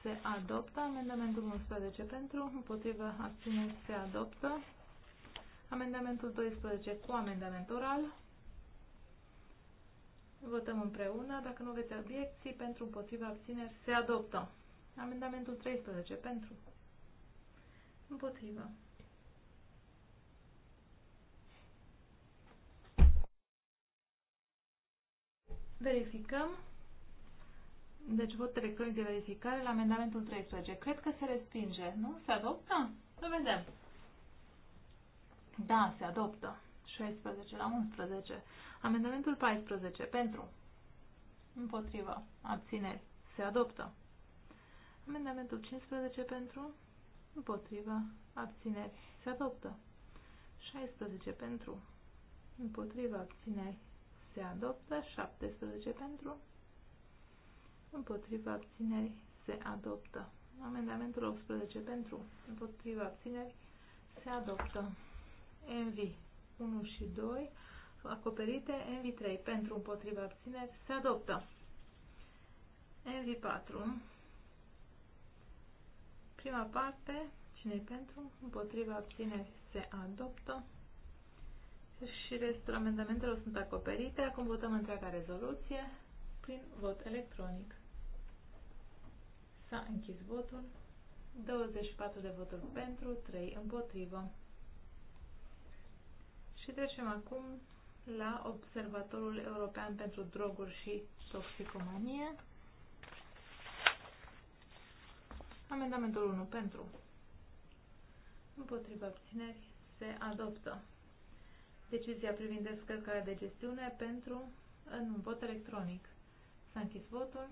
se adoptă. Amendamentul 11 pentru, împotrivă, abțineri, se adoptă. Amendamentul 12 cu amendament oral. Votăm împreună. Dacă nu veți obiecții, pentru, împotrivă, abțineri, se adoptă. Amendamentul 13 pentru, împotrivă. Verificăm. Deci vot electronic de verificare la amendamentul 13. Cred că se respinge, nu? Se adoptă? Să vedem. Da, se adoptă. 16 la 11. Amendamentul 14. Pentru. Împotrivă. Abțineri. Se adoptă. Amendamentul 15 pentru. Împotrivă. Abțineri. Se adoptă. 16 pentru. Împotrivă. Abțineri. Se adoptă. 17 pentru împotriva abținerii se adoptă. Amendamentul 18 pentru, împotriva abținerii se adoptă. Envi 1 și 2 acoperite, Envi 3 pentru, împotriva abținerii se adoptă. Envi 4 prima parte, cine pentru, împotriva abținerii se adoptă și restul amendamentelor sunt acoperite. Acum votăm întreaga rezoluție prin vot electronic. S-a închis votul. 24 de voturi pentru, 3 împotrivă. Și trecem acum la Observatorul European pentru Droguri și Toxicomanie. Amendamentul 1 pentru. Împotriva abțineri se adoptă. Decizia privind descărcarea de gestiune pentru în vot electronic. S-a închis votul.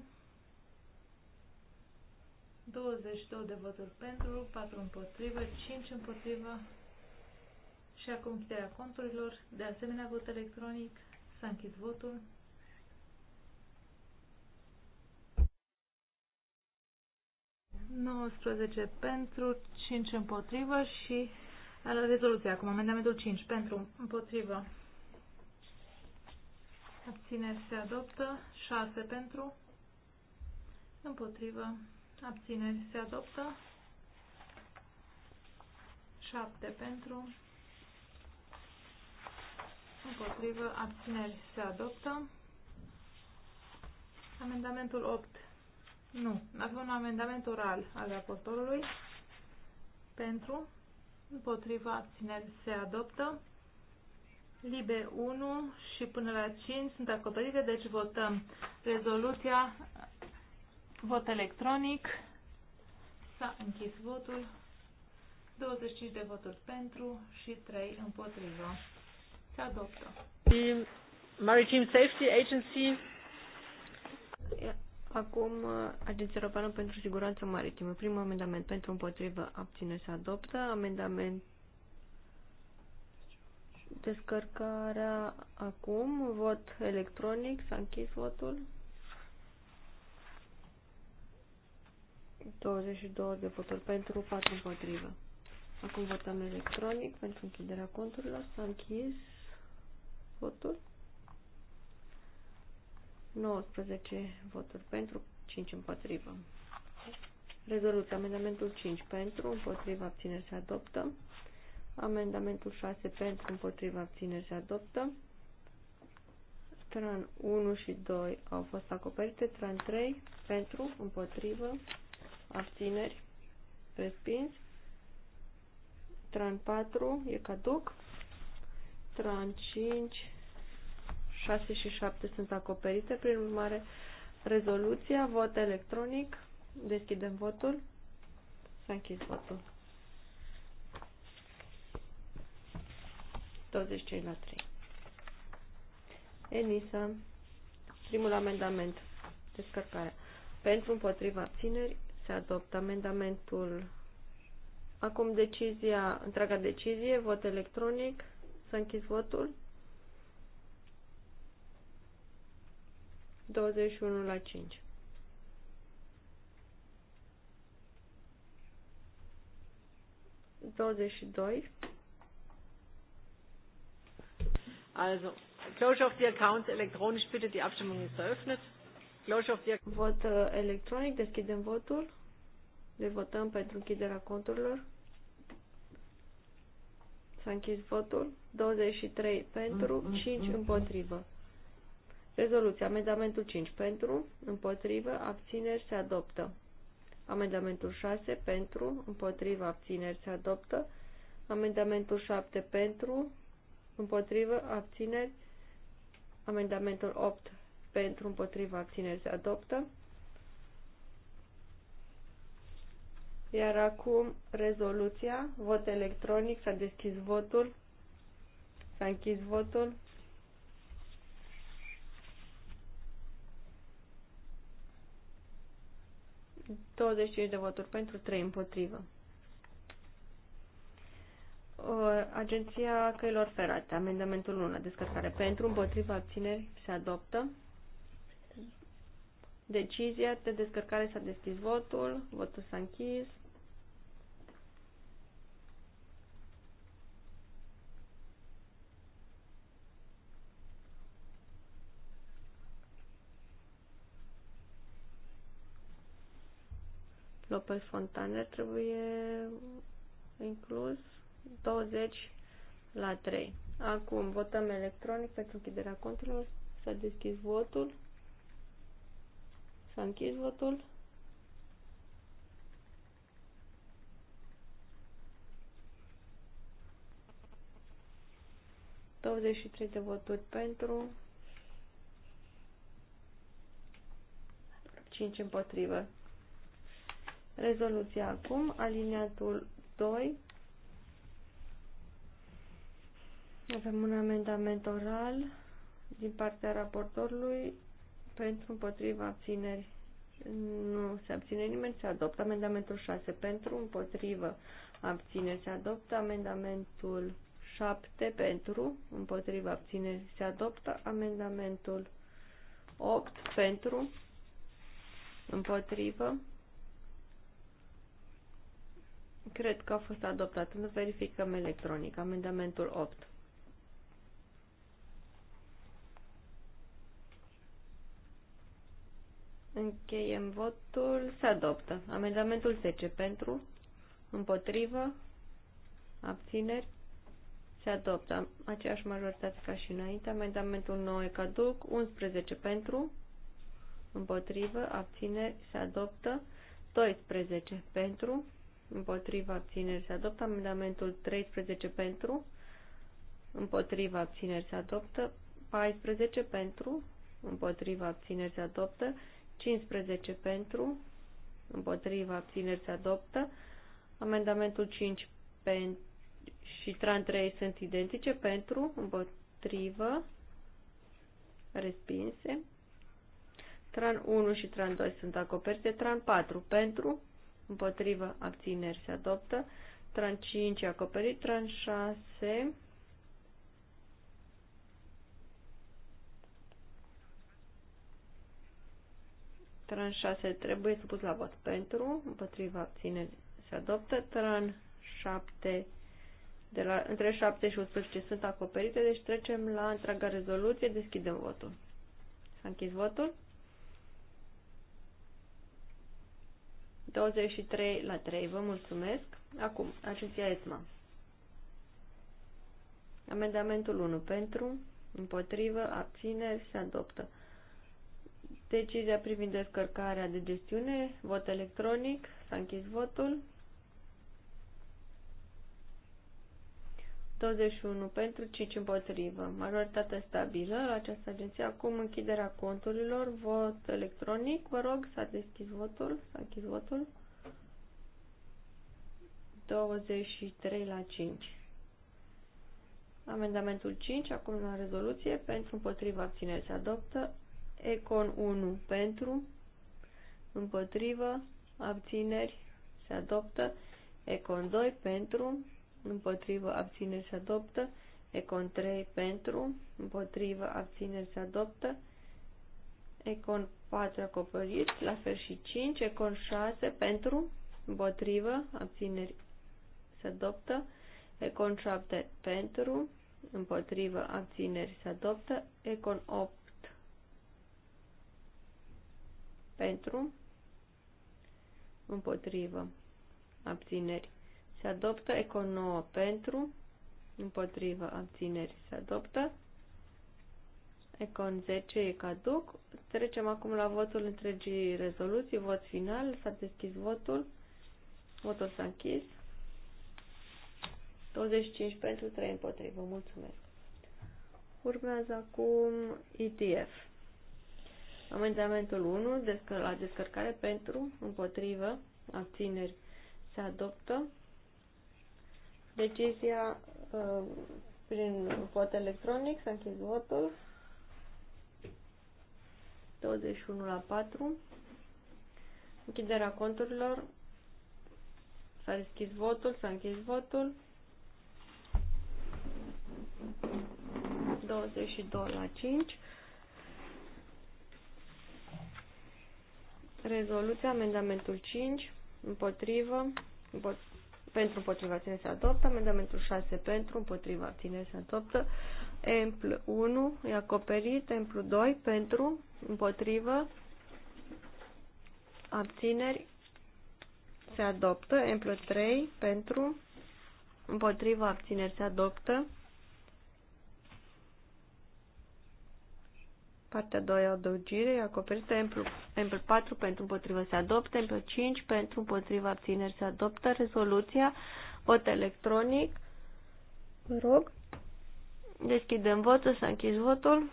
22 de voturi pentru, 4 împotrivă, 5 împotrivă și acum închiderea conturilor. De asemenea, vot electronic. S-a închis votul. ...19 pentru, 5 împotrivă și la rezoluția acum, amendamentul 5 pentru, împotrivă, abțineri se adoptă, 6 pentru, împotrivă abțineri se adoptă. 7 pentru, împotrivă, abțineri se adoptă. Amendamentul 8. Nu. Avem un amendament oral al raportorului. Pentru. Împotrivă. abțineri se adoptă. Libe 1 și până la 5 sunt acoperite, deci votăm rezoluția Vot electronic. S-a închis votul. 25 de voturi pentru și 3 împotriva. Se adoptă. The Maritime Safety Agency. Acum, uh, Agenția Europeană pentru Siguranță Maritimă. Primul amendament pentru împotrivă abține se adoptă. Amendament descărcarea acum. Vot electronic. S-a închis votul. 22 de voturi pentru, 4 împotrivă. Acum votăm electronic pentru închiderea conturilor. S-a închis votul. 19 voturi pentru, 5 împotrivă. Rezoluția. Amendamentul 5 pentru, împotriva abțineri se adoptă. Amendamentul 6 pentru, împotriva abțineri se adoptă. Tran 1 și 2 au fost acoperite. Tran 3 pentru, împotrivă, abțineri, respins. Tran 4 e caduc. Tran 5, 6 și 7 sunt acoperite, prin urmare rezoluția, vot electronic. Deschidem votul. S-a închis votul. 25 la 3. Enisa, primul amendament, descărcarea. Pentru împotriva abțineri, se adoptă amendamentul. Acum decizia, întreaga decizie, vot electronic. Să închis votul. 21 la 5. Also, Closure of the accounts elektronisch bitte die Abstimmung ist eröffnet. Vot uh, electronic, deschidem votul. Le votăm pentru închiderea conturilor. S-a închis votul. 23 pentru, 5 mm, mm, mm, împotrivă. Rezoluția. Amendamentul 5 pentru, împotrivă, abțineri se adoptă. Amendamentul 6 pentru, împotrivă, abțineri se adoptă. Amendamentul 7 pentru, împotrivă, abțineri. Amendamentul 8 pentru împotriva abțineri se adoptă. Iar acum rezoluția, vot electronic, s-a deschis votul, s-a închis votul. ...25 de voturi pentru, 3 împotrivă. Agenția Căilor Ferate, amendamentul 1, descărcare pentru, împotriva abțineri, se adoptă. Decizia de descărcare s-a deschis votul, votul s-a închis. Lopez Fontaner trebuie inclus 20 la 3. Acum votăm electronic pentru închiderea contului. S-a deschis votul. Să a votul. Douăzeci și trei de voturi pentru, 5 împotrivă. Rezoluția acum, aliniatul 2. Avem un amendament oral din partea raportorului pentru împotriva abțineri nu se abține nimeni, se adoptă amendamentul 6 pentru împotrivă abțineri, se adoptă amendamentul 7 pentru împotriva abțineri, se adoptă amendamentul 8 pentru împotrivă Cred că a fost adoptat. Nu verificăm electronic. Amendamentul 8. Încheiem votul. Se adoptă. Amendamentul 10 pentru, împotrivă, abțineri. Se adoptă aceeași majoritate ca și înainte. Amendamentul 9 e caduc. 11 pentru, împotrivă, abțineri. Se adoptă. 12 pentru, împotrivă, abțineri. Se adoptă. Amendamentul 13 pentru, împotrivă, abțineri. Se adoptă. 14 pentru, împotrivă, abțineri. Se adoptă. 15 pentru, împotriva abțineri se adoptă. Amendamentul 5 pen, și tran 3 sunt identice pentru, împotrivă, respinse. Tran 1 și tran 2 sunt acoperite. Tran 4 pentru, împotrivă, abțineri se adoptă. Tran 5 acoperit. Tran 6 Tran 6 trebuie supus la vot pentru, împotriva abțineri se adoptă. Tran 7 de la, între 7 și 11 sunt acoperite, deci trecem la întreaga rezoluție, deschidem votul. S-a închis votul. 23 la 3, vă mulțumesc. Acum, agenția ESMA. Amendamentul 1 pentru, împotrivă, abține, se adoptă. Decizia privind descărcarea de gestiune, vot electronic, s-a închis votul. 21 pentru, 5 împotrivă. Majoritatea stabilă la această agenție. Acum închiderea conturilor, vot electronic, vă rog, s-a deschis votul, s-a închis votul. 23 la 5. Amendamentul 5, acum la rezoluție, pentru împotriva abțineri se adoptă. Econ 1 pentru, împotrivă, abțineri, se adoptă. Econ 2 pentru, împotrivă, abțineri, se adoptă. Econ 3 pentru, împotrivă, abțineri, se adoptă. Econ 4 acoperit, la fel și 5. Econ 6 pentru, împotrivă, abțineri, se adoptă. Econ 7 pentru, împotrivă, abțineri, se adoptă. Econ 8 pentru, împotrivă, abțineri. Se adoptă eco 9 pentru, împotrivă, abțineri. Se adoptă Econ 10 e caduc. Trecem acum la votul întregii rezoluții, vot final. S-a deschis votul. Votul s-a închis. 25 pentru, 3 împotrivă. Mulțumesc. Urmează acum ETF. Amendamentul 1 descă la descărcare pentru, împotrivă, abțineri se adoptă. Decizia uh, prin vot electronic s-a închis votul. 21 la 4. Închiderea conturilor. S-a deschis votul, s-a închis votul. 22 la 5. Rezoluția, amendamentul 5, împotrivă, împot pentru împotriva ține se adoptă, amendamentul 6 pentru împotriva ține se adoptă, empl 1 e acoperit, empl 2 pentru împotrivă abțineri se adoptă, empl 3 pentru împotriva abțineri se adoptă, Partea a doua adăugire e acoperită m 4 pentru împotrivă se adoptă, m 5 pentru împotriva abțineri se adoptă, rezoluția, vot electronic. Vă rog. Deschidem votul, să închizi închis votul.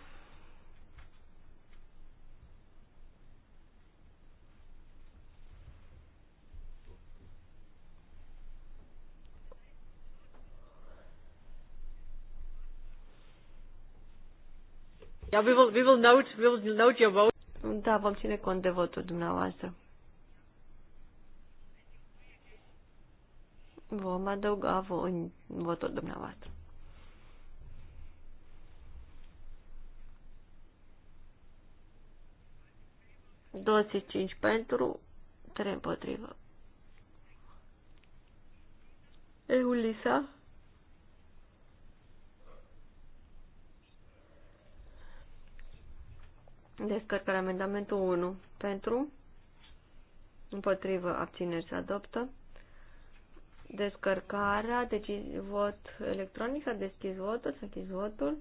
Yeah, we will, we will note, we will note your vote. Da, vom ține cont de votul dumneavoastră. Vom adăuga vo în votul dumneavoastră. Douăzeci cinci pentru, 3 împotrivă. Eulisa? Descărcare amendamentul 1 pentru, împotrivă, abțineri se adoptă. Descărcarea, deci vot electronic, s-a deschis votul, s-a deschis votul.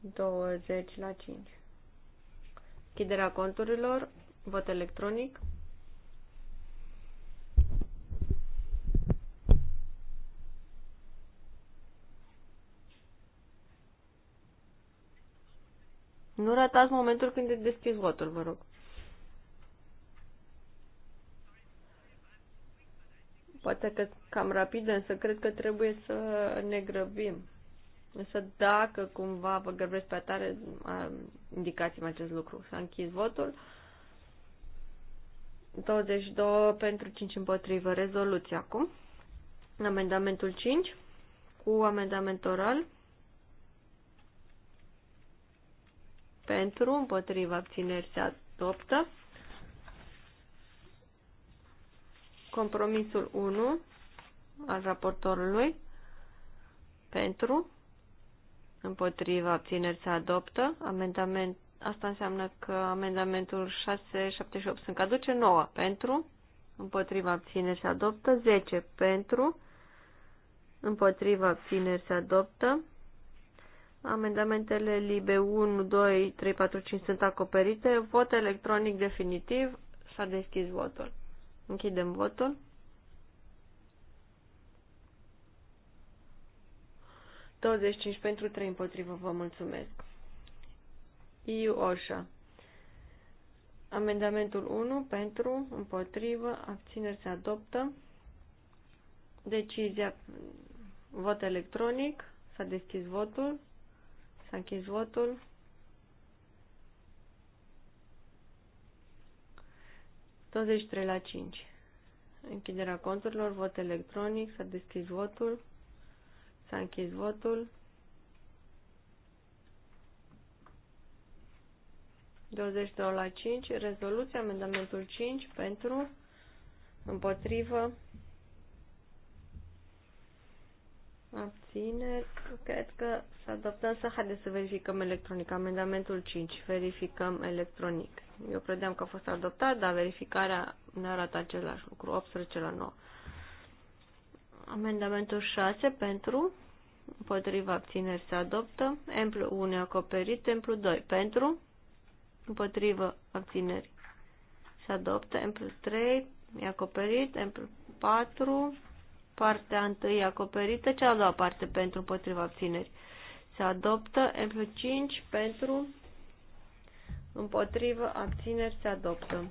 20 la 5. Chiderea conturilor, vot electronic. Nu ratați momentul când e deschis votul, vă rog. Poate că cam rapid, însă cred că trebuie să ne grăbim. Însă dacă cumva vă grăbesc pe atare, indicați-mi acest lucru. S-a închis votul. 22 pentru 5 împotrivă. Rezoluție acum. Amendamentul 5 cu amendament oral. pentru, împotriva abțineri se adoptă. Compromisul 1 al raportorului pentru, împotriva abțineri se adoptă. Amendament, asta înseamnă că amendamentul 6, 7 și 8 sunt caduce, 9 pentru, împotriva abțineri se adoptă, 10 pentru, împotriva abțineri se adoptă, Amendamentele LIBE 1, 2, 3, 4, 5 sunt acoperite. Vot electronic definitiv. S-a deschis votul. Închidem votul. ...25 pentru 3 împotrivă, vă mulțumesc. IU OSHA. Amendamentul 1 pentru, împotrivă, abțineri se adoptă. Decizia, vot electronic, s-a deschis votul. S-a votul. Toți la 5. Închiderea conturilor, vot electronic, s-a deschis votul, s-a închis votul. 22 la 5, rezoluția, amendamentul 5 pentru, împotrivă, Abțineri. Cred că să adoptăm să haideți să verificăm electronic. Amendamentul 5. Verificăm electronic. Eu credeam că a fost adoptat, dar verificarea ne arată același lucru. 18 la 9. Amendamentul 6 pentru. Împotriva abțineri se adoptă. Emplu 1 acoperit. Emplu 2 pentru. Împotriva abțineri se adoptă. Emplu 3 e acoperit. Emplu 4 partea întâi acoperită, cea a doua parte pentru împotriva abțineri. Se adoptă M5 pentru împotrivă abțineri se adoptă.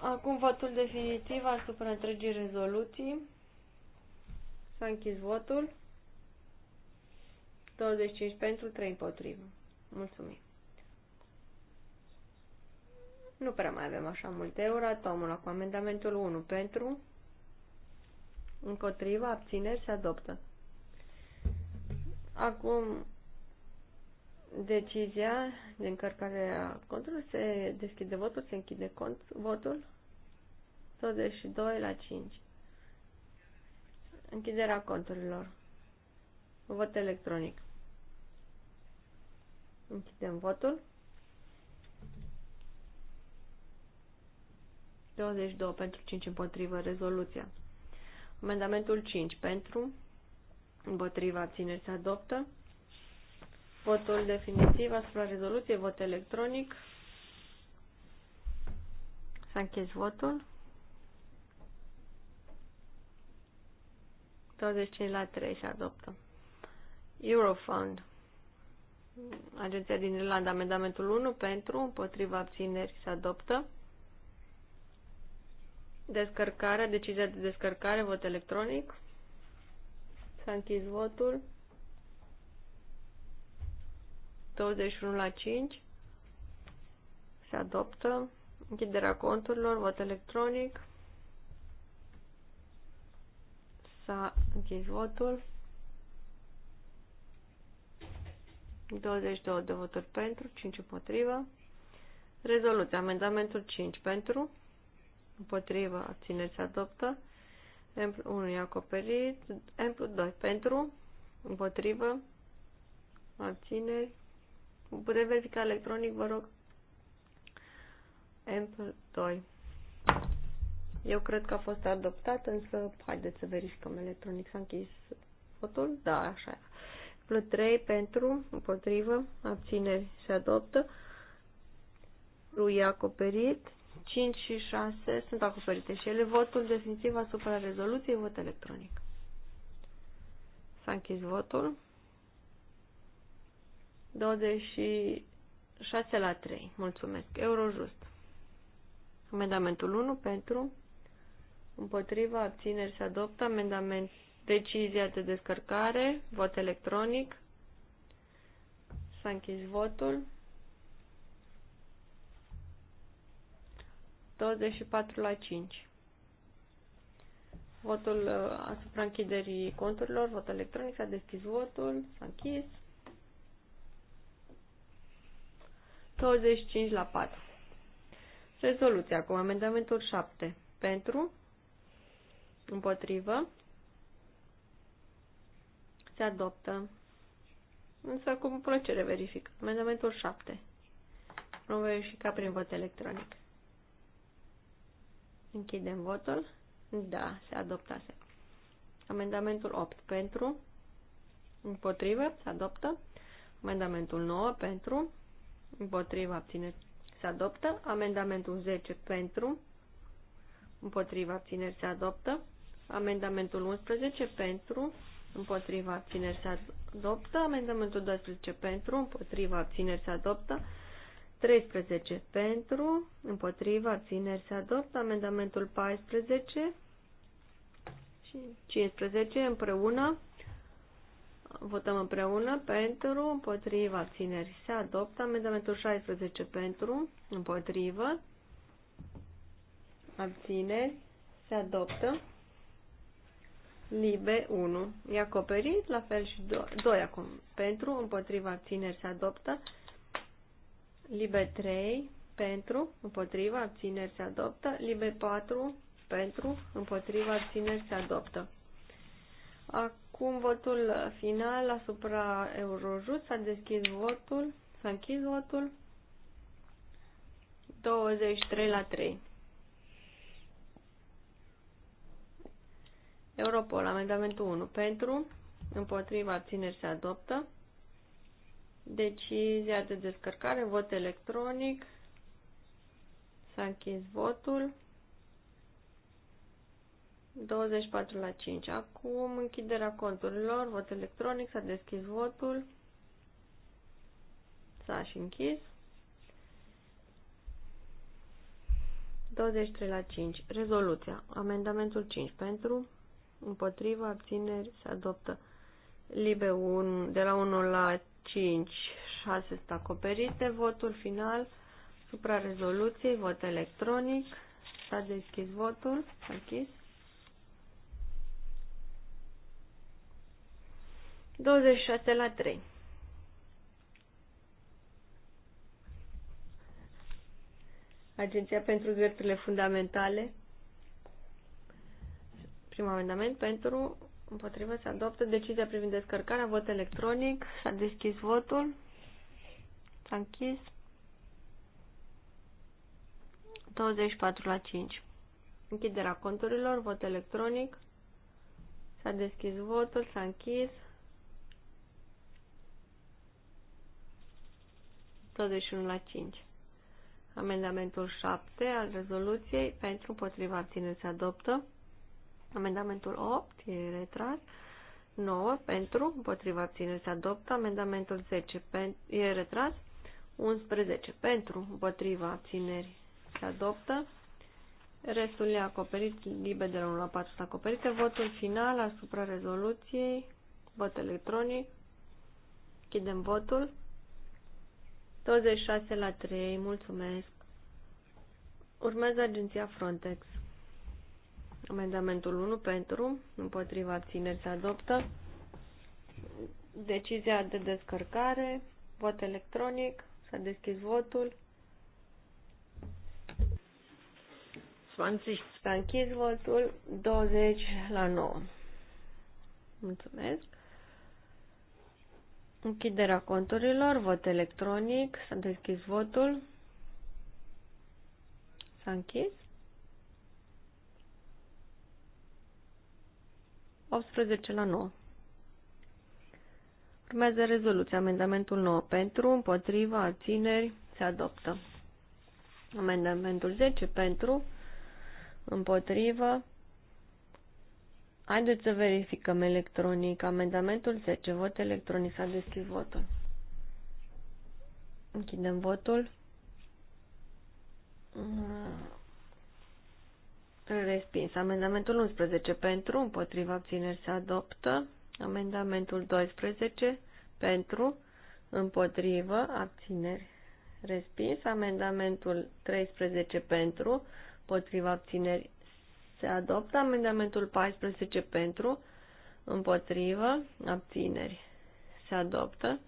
Acum votul definitiv asupra întregii rezoluții. S-a închis votul. 25 pentru, 3 împotrivă. Mulțumim. Nu prea mai avem așa multe euro. Tomul acum amendamentul 1 pentru, Încotriva, abțineri, se adoptă. Acum, decizia de încărcare a contului se deschide votul, se închide cont, votul 22 la 5. Închiderea conturilor. Vot electronic. Închidem votul. 22 pentru 5 împotrivă rezoluția. Amendamentul 5 pentru, împotriva abțineri se adoptă. Votul definitiv asupra rezoluției, vot electronic. S-a închis votul. 25 la 3 se adoptă. Eurofund. Agenția din Irlanda, amendamentul 1 pentru, împotriva abțineri se adoptă. Descărcarea, decizia de descărcare, vot electronic. S-a închis votul. 21 la 5. Se adoptă. Închiderea conturilor, vot electronic. S-a închis votul. 22 de voturi pentru, 5 împotrivă. Rezoluția. Amendamentul 5 pentru împotriva abțineri se adoptă. Emplu 1 e acoperit. Emplu 2 pentru, împotrivă, abțineri. Putem verifica electronic, vă rog. Emplu 2. Eu cred că a fost adoptat, însă haideți să verificăm electronic. S-a închis votul? Da, așa era. Emplu 3 pentru, împotrivă, abțineri se adoptă. Lui e acoperit. 5 și 6 sunt acoperite și ele. Votul definitiv asupra rezoluției, vot electronic. S-a închis votul. 26 la 3. Mulțumesc. Eurojust. Amendamentul 1 pentru. Împotriva abțineri se adoptă. Amendament decizia de descărcare. Vot electronic. S-a închis votul. 24 la 5. Votul uh, asupra închiderii conturilor, vot electronic, s-a deschis votul, s-a închis. 25 la 4. Rezoluția acum, amendamentul 7. Pentru, împotrivă, se adoptă. Însă cu plăcere verific. Amendamentul 7. Vom verifica prin vot electronic. Închidem votul. Da, se adoptase. Amendamentul 8 pentru. Împotrivă. Se adoptă. Amendamentul 9 pentru. Împotrivă. Abțineri. Se adoptă. Amendamentul 10 pentru. Împotrivă. Abțineri. Se adoptă. Amendamentul 11 pentru. Împotrivă, abțineri se adoptă. Amendamentul 12 pentru. Împotrivă, abțineri se adoptă. 13 pentru, împotriva, abțineri se adoptă. Amendamentul 14 și 15 împreună. Votăm împreună pentru, împotriva, abțineri se adoptă. Amendamentul 16 pentru, împotrivă, abțineri se adoptă. Libe 1. E acoperit, la fel și 2 acum. Pentru, împotriva, abțineri se adoptă. Libe 3 pentru, împotriva, abțineri se adoptă. Libe 4 pentru, împotriva, abțineri se adoptă. Acum votul final asupra Eurojust. S-a deschis votul, s-a închis votul. 23 la 3. Europol, amendamentul 1 pentru, împotriva, abțineri se adoptă. Decizia de descărcare, vot electronic. S-a închis votul. 24 la 5. Acum închiderea conturilor, vot electronic, s-a deschis votul. S-a și închis. 23 la 5. Rezoluția. Amendamentul 5 pentru, împotriva, abțineri, se adoptă. Libe 1, de la 1 la 5, 6 sunt acoperite. Votul final supra rezoluției, vot electronic. S-a deschis votul, s-a închis. 26 la 3. Agenția pentru Drepturile Fundamentale. Primul amendament pentru Împotrivă se adoptă decizia privind descărcarea, vot electronic. S-a deschis votul. S-a închis. 24 la 5. Închiderea conturilor, vot electronic. S-a deschis votul, s-a închis. 21 la 5. Amendamentul 7 al rezoluției pentru împotriva tine se adoptă. Amendamentul 8 e retras. 9 pentru, împotriva abținerii se adoptă. Amendamentul 10 e retras. 11 pentru, împotriva abținerii se adoptă. Restul e acoperit, liber de la 1 la 4 sunt acoperite. Votul final asupra rezoluției, vot electronic. Chidem votul. 26 la 3, mulțumesc. Urmează agenția Frontex. Amendamentul 1 pentru, împotriva abțineri se adoptă. Decizia de descărcare, vot electronic, s-a deschis votul. 20. S-a închis votul 20 la 9. Mulțumesc. Închiderea conturilor, vot electronic, s-a deschis votul. S-a închis. 18 la 9. Urmează rezoluția. Amendamentul 9 pentru, împotriva, abțineri, se adoptă. Amendamentul 10 pentru, împotriva. Haideți să verificăm electronic. Amendamentul 10, vot electronic, s-a deschis votul. Închidem votul. Respins. Amendamentul 11 pentru, împotriva abțineri se adoptă. Amendamentul 12 pentru, împotrivă, abțineri. Respins. Amendamentul 13 pentru, împotriva abțineri se adoptă. Amendamentul 14 pentru, împotrivă, abțineri se adoptă.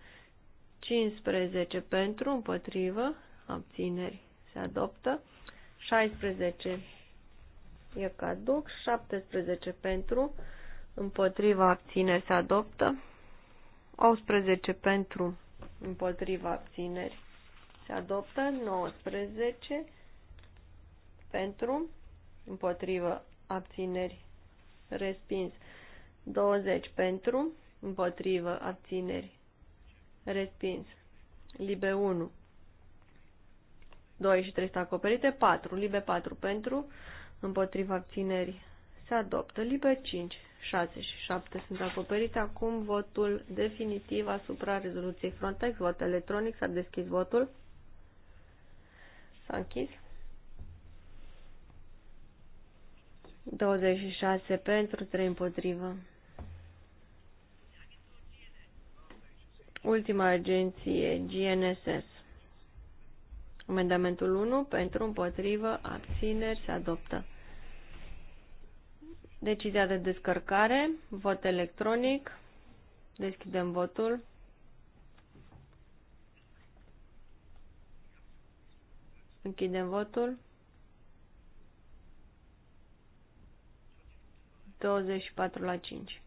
15 pentru, împotrivă, abțineri se adoptă. 16 e caduc, 17 pentru, împotriva abțineri se adoptă, 18 pentru, împotriva abțineri se adoptă, 19 pentru, împotriva abțineri respins, 20 pentru, împotriva abțineri respins, libe 1, 2 și 3 sunt acoperite, 4, libe 4 pentru, împotriva abțineri se adoptă. Libe 5, 6 și 7 sunt acoperite. Acum votul definitiv asupra rezoluției Frontex. Vot electronic. S-a deschis votul. S-a închis. 26 pentru, 3 împotrivă. Ultima agenție, GNSS. Amendamentul 1 pentru împotrivă, abțineri, se adoptă. Decizia de descărcare, vot electronic. Deschidem votul. Închidem votul. 24 la 5.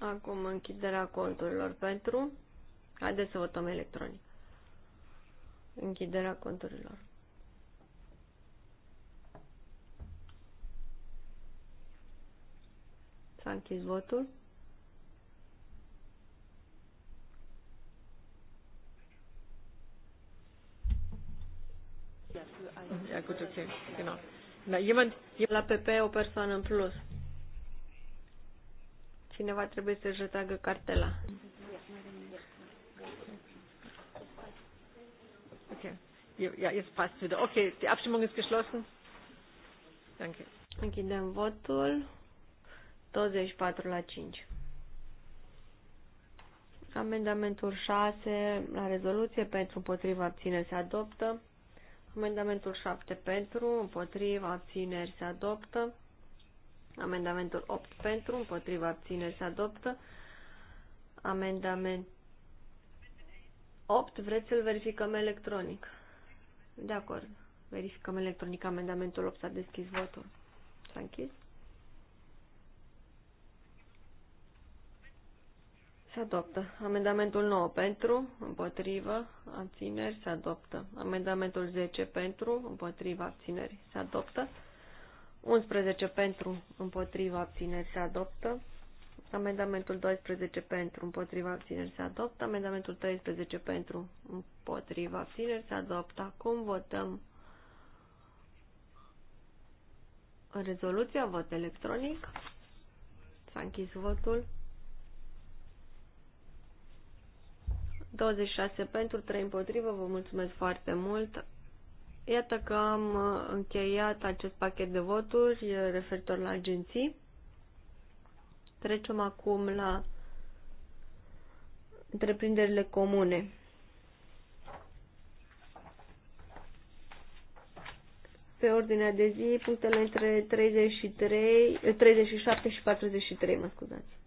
Acum închiderea conturilor pentru. Haideți să votăm electronic închiderea conturilor. S-a închis votul. Ja, gut, okay, genau. la PP o persoană în plus. Cineva trebuie să-și retragă cartela. Mm -hmm. Okay. Ja, jetzt passt wieder. Okay, die Abstimmung ist geschlossen. Danke. Închidem votul. 24 la 5. Amendamentul 6 la rezoluție pentru împotriva abțineri se adoptă. Amendamentul 7 pentru împotriva abțineri se adoptă. Amendamentul 8 pentru împotriva abțineri se adoptă. Amendamentul 8 vreți să-l verificăm electronic. De acord. Verificăm electronic amendamentul 8. S-a deschis votul. S-a închis. Se adoptă. Amendamentul 9 pentru, împotrivă, abțineri, se adoptă. Amendamentul 10 pentru, împotrivă, abțineri, se adoptă. 11 pentru, împotrivă, abțineri, se adoptă. Amendamentul 12 pentru împotriva abțineri se adoptă. Amendamentul 13 pentru împotriva abțineri se adoptă. Acum votăm rezoluția, vot electronic. S-a închis votul. 26 pentru, 3 împotrivă, vă mulțumesc foarte mult. Iată că am încheiat acest pachet de voturi referitor la agenții. Trecem acum la întreprinderile comune. Pe ordinea de zi, punctele între 33, 37 și 43, mă scuzați.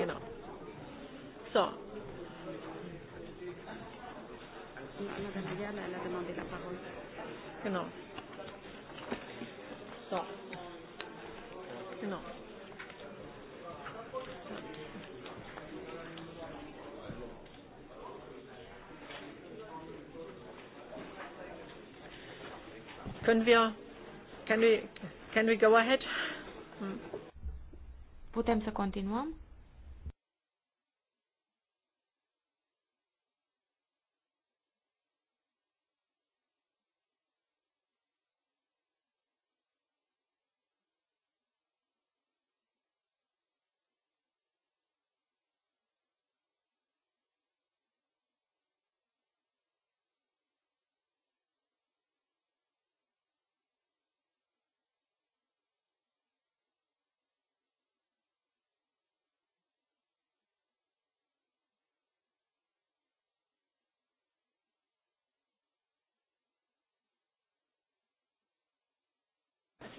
you know. So. Genau. So. Genau. Können wir, can we, can we go ahead? Hmm. Putem să continuăm?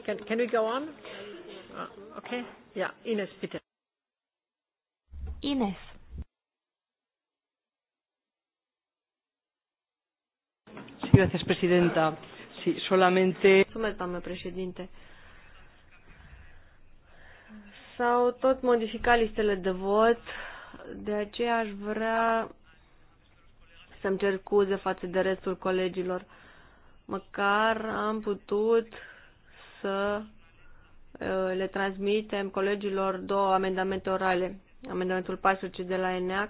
Can, can we go on? Uh, okay. Yeah, Ines, bitte. Ines. Sí, gracias, presidenta. Sí, solamente. Mulțumesc, Presidente. președinte. S-au tot modificat listele de vot, de aceea aș vrea să-mi cer scuze față de restul colegilor. Măcar am putut să uh, le transmitem colegilor două amendamente orale. Amendamentul 14 de la ENEAC uh,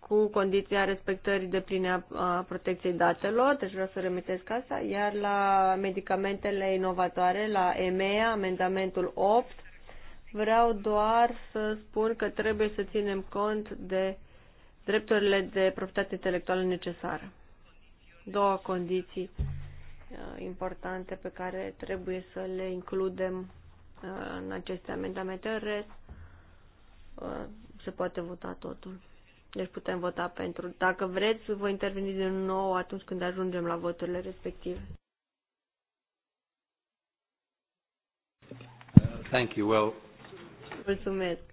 cu condiția respectării de pline a protecției datelor, deci vreau să remitesc asta, iar la medicamentele inovatoare, la EMEA, amendamentul 8, vreau doar să spun că trebuie să ținem cont de drepturile de proprietate intelectuală necesară. Două condiții Uh, importante pe care trebuie să le includem uh, în aceste amendamente. În rest, uh, se poate vota totul. Deci putem vota pentru. Dacă vreți, voi interveni din nou atunci când ajungem la voturile respective. Thank you. Well, Mulțumesc.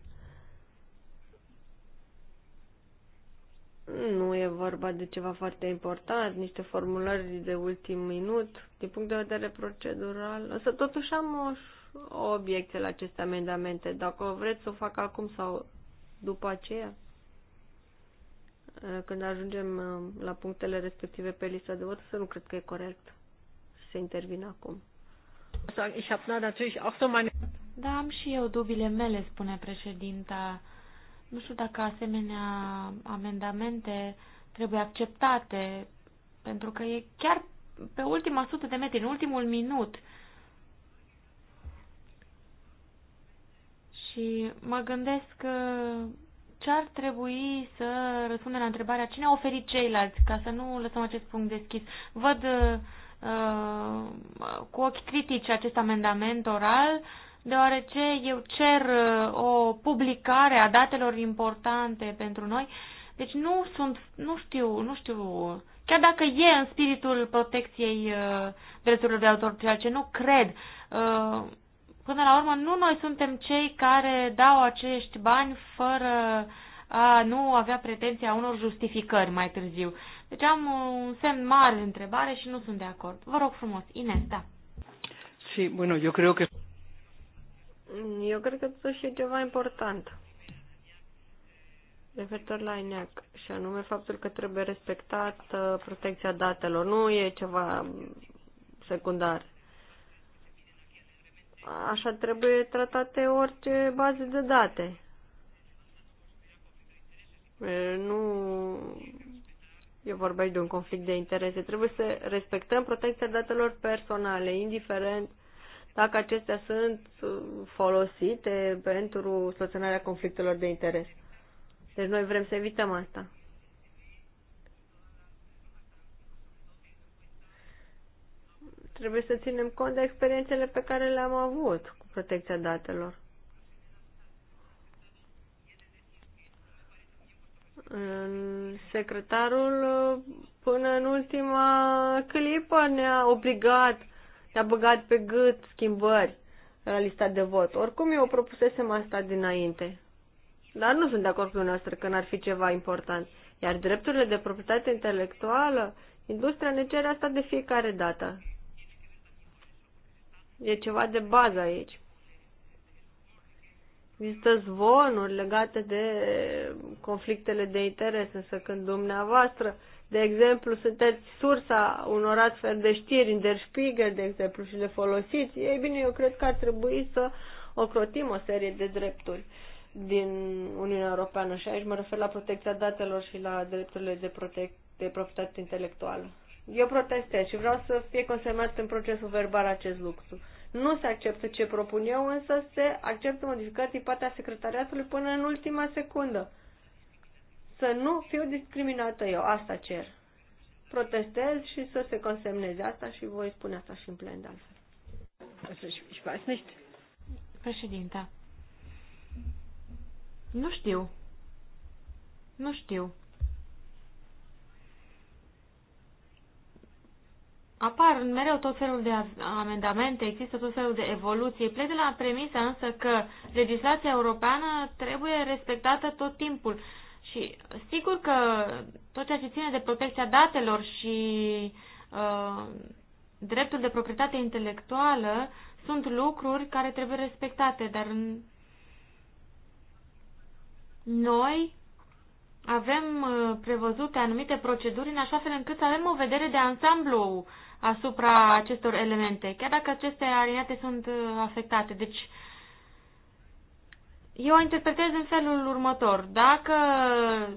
nu e vorba de ceva foarte important, niște formulări de ultim minut, din punct de vedere procedural. Însă totuși am o, o obiecție la aceste amendamente. Dacă o vreți să o fac acum sau după aceea, când ajungem uh, la punctele respective pe lista de vot, să nu cred că e corect să intervin acum. Da, da, am și eu dubile mele, spune președinta nu știu dacă asemenea amendamente trebuie acceptate, pentru că e chiar pe ultima sută de metri, în ultimul minut. Și mă gândesc că ce ar trebui să răspundem la întrebarea cine a oferit ceilalți, ca să nu lăsăm acest punct deschis. Văd uh, cu ochi critici acest amendament oral, deoarece eu cer uh, o publicare a datelor importante pentru noi. Deci nu sunt, nu știu, nu știu, chiar dacă e în spiritul protecției uh, drepturilor de autor, ceea ce nu cred, uh, până la urmă nu noi suntem cei care dau acești bani fără a nu avea pretenția unor justificări mai târziu. Deci am un semn mare de întrebare și nu sunt de acord. Vă rog frumos, Ines, da. Sí, bueno, yo creo que eu cred că totuși e ceva important referitor la INEAC și anume faptul că trebuie respectată protecția datelor. Nu e ceva secundar. Așa trebuie tratate orice baze de date. Nu eu vorba de un conflict de interese. Trebuie să respectăm protecția datelor personale, indiferent dacă acestea sunt uh, folosite pentru soluționarea conflictelor de interes. Deci noi vrem să evităm asta. Trebuie să ținem cont de experiențele pe care le-am avut cu protecția datelor. Secretarul uh, până în ultima clipă ne-a obligat ne-a băgat pe gât schimbări la lista de vot. Oricum eu propusesem asta dinainte. Dar nu sunt de acord cu dumneavoastră că n-ar fi ceva important. Iar drepturile de proprietate intelectuală, industria ne cere asta de fiecare dată. E ceva de bază aici. Există zvonuri legate de conflictele de interes, însă când dumneavoastră de exemplu, sunteți sursa unor astfel de știri, în Der Spiegel, de exemplu, și le folosiți. Ei bine, eu cred că ar trebui să ocrotim o serie de drepturi din Uniunea Europeană și aici mă refer la protecția datelor și la drepturile de, protec- de proprietate intelectuală. Eu protestez și vreau să fie consemnat în procesul verbal acest lucru. Nu se acceptă ce propun eu, însă se acceptă modificări din partea secretariatului până în ultima secundă să nu fiu discriminată eu. Asta cer. Protestez și să se consemneze asta și voi spune asta și în plen de altfel. Președinta. Nu știu. Nu știu. Apar mereu tot felul de amendamente, există tot felul de evoluții. Plec de la premisa însă că legislația europeană trebuie respectată tot timpul. Și sigur că tot ceea ce ține de protecția datelor și uh, dreptul de proprietate intelectuală sunt lucruri care trebuie respectate, dar noi avem uh, prevăzute anumite proceduri în așa fel încât să avem o vedere de ansamblu asupra acestor elemente, chiar dacă aceste alineate sunt uh, afectate. Deci eu o interpretez în felul următor. Dacă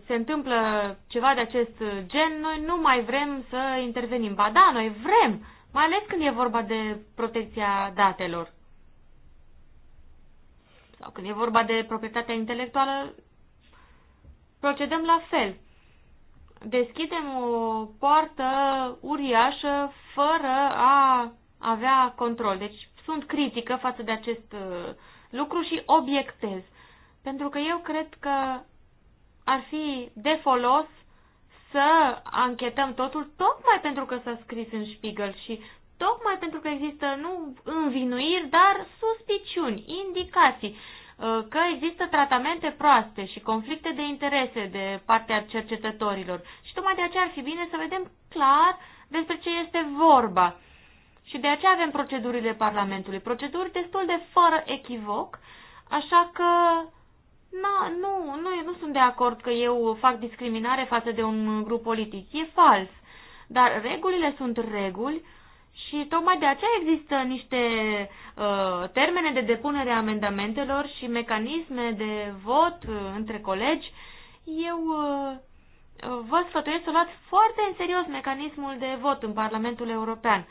se întâmplă ceva de acest gen, noi nu mai vrem să intervenim. Ba da, noi vrem, mai ales când e vorba de protecția datelor. Sau când e vorba de proprietatea intelectuală, procedăm la fel. Deschidem o poartă uriașă fără a avea control. Deci sunt critică față de acest uh, lucru și obiectez. Pentru că eu cred că ar fi de folos să anchetăm totul tocmai pentru că s-a scris în Spiegel și tocmai pentru că există nu învinuiri, dar suspiciuni, indicații uh, că există tratamente proaste și conflicte de interese de partea cercetătorilor. Și tocmai de aceea ar fi bine să vedem clar despre ce este vorba. Și de aceea avem procedurile Parlamentului, proceduri destul de fără echivoc, așa că Na, nu, nu, nu sunt de acord că eu fac discriminare față de un grup politic. E fals. Dar regulile sunt reguli și tocmai de aceea există niște uh, termene de depunere a amendamentelor și mecanisme de vot uh, între colegi. Eu uh, vă sfătuiesc să luați foarte în serios mecanismul de vot în Parlamentul European.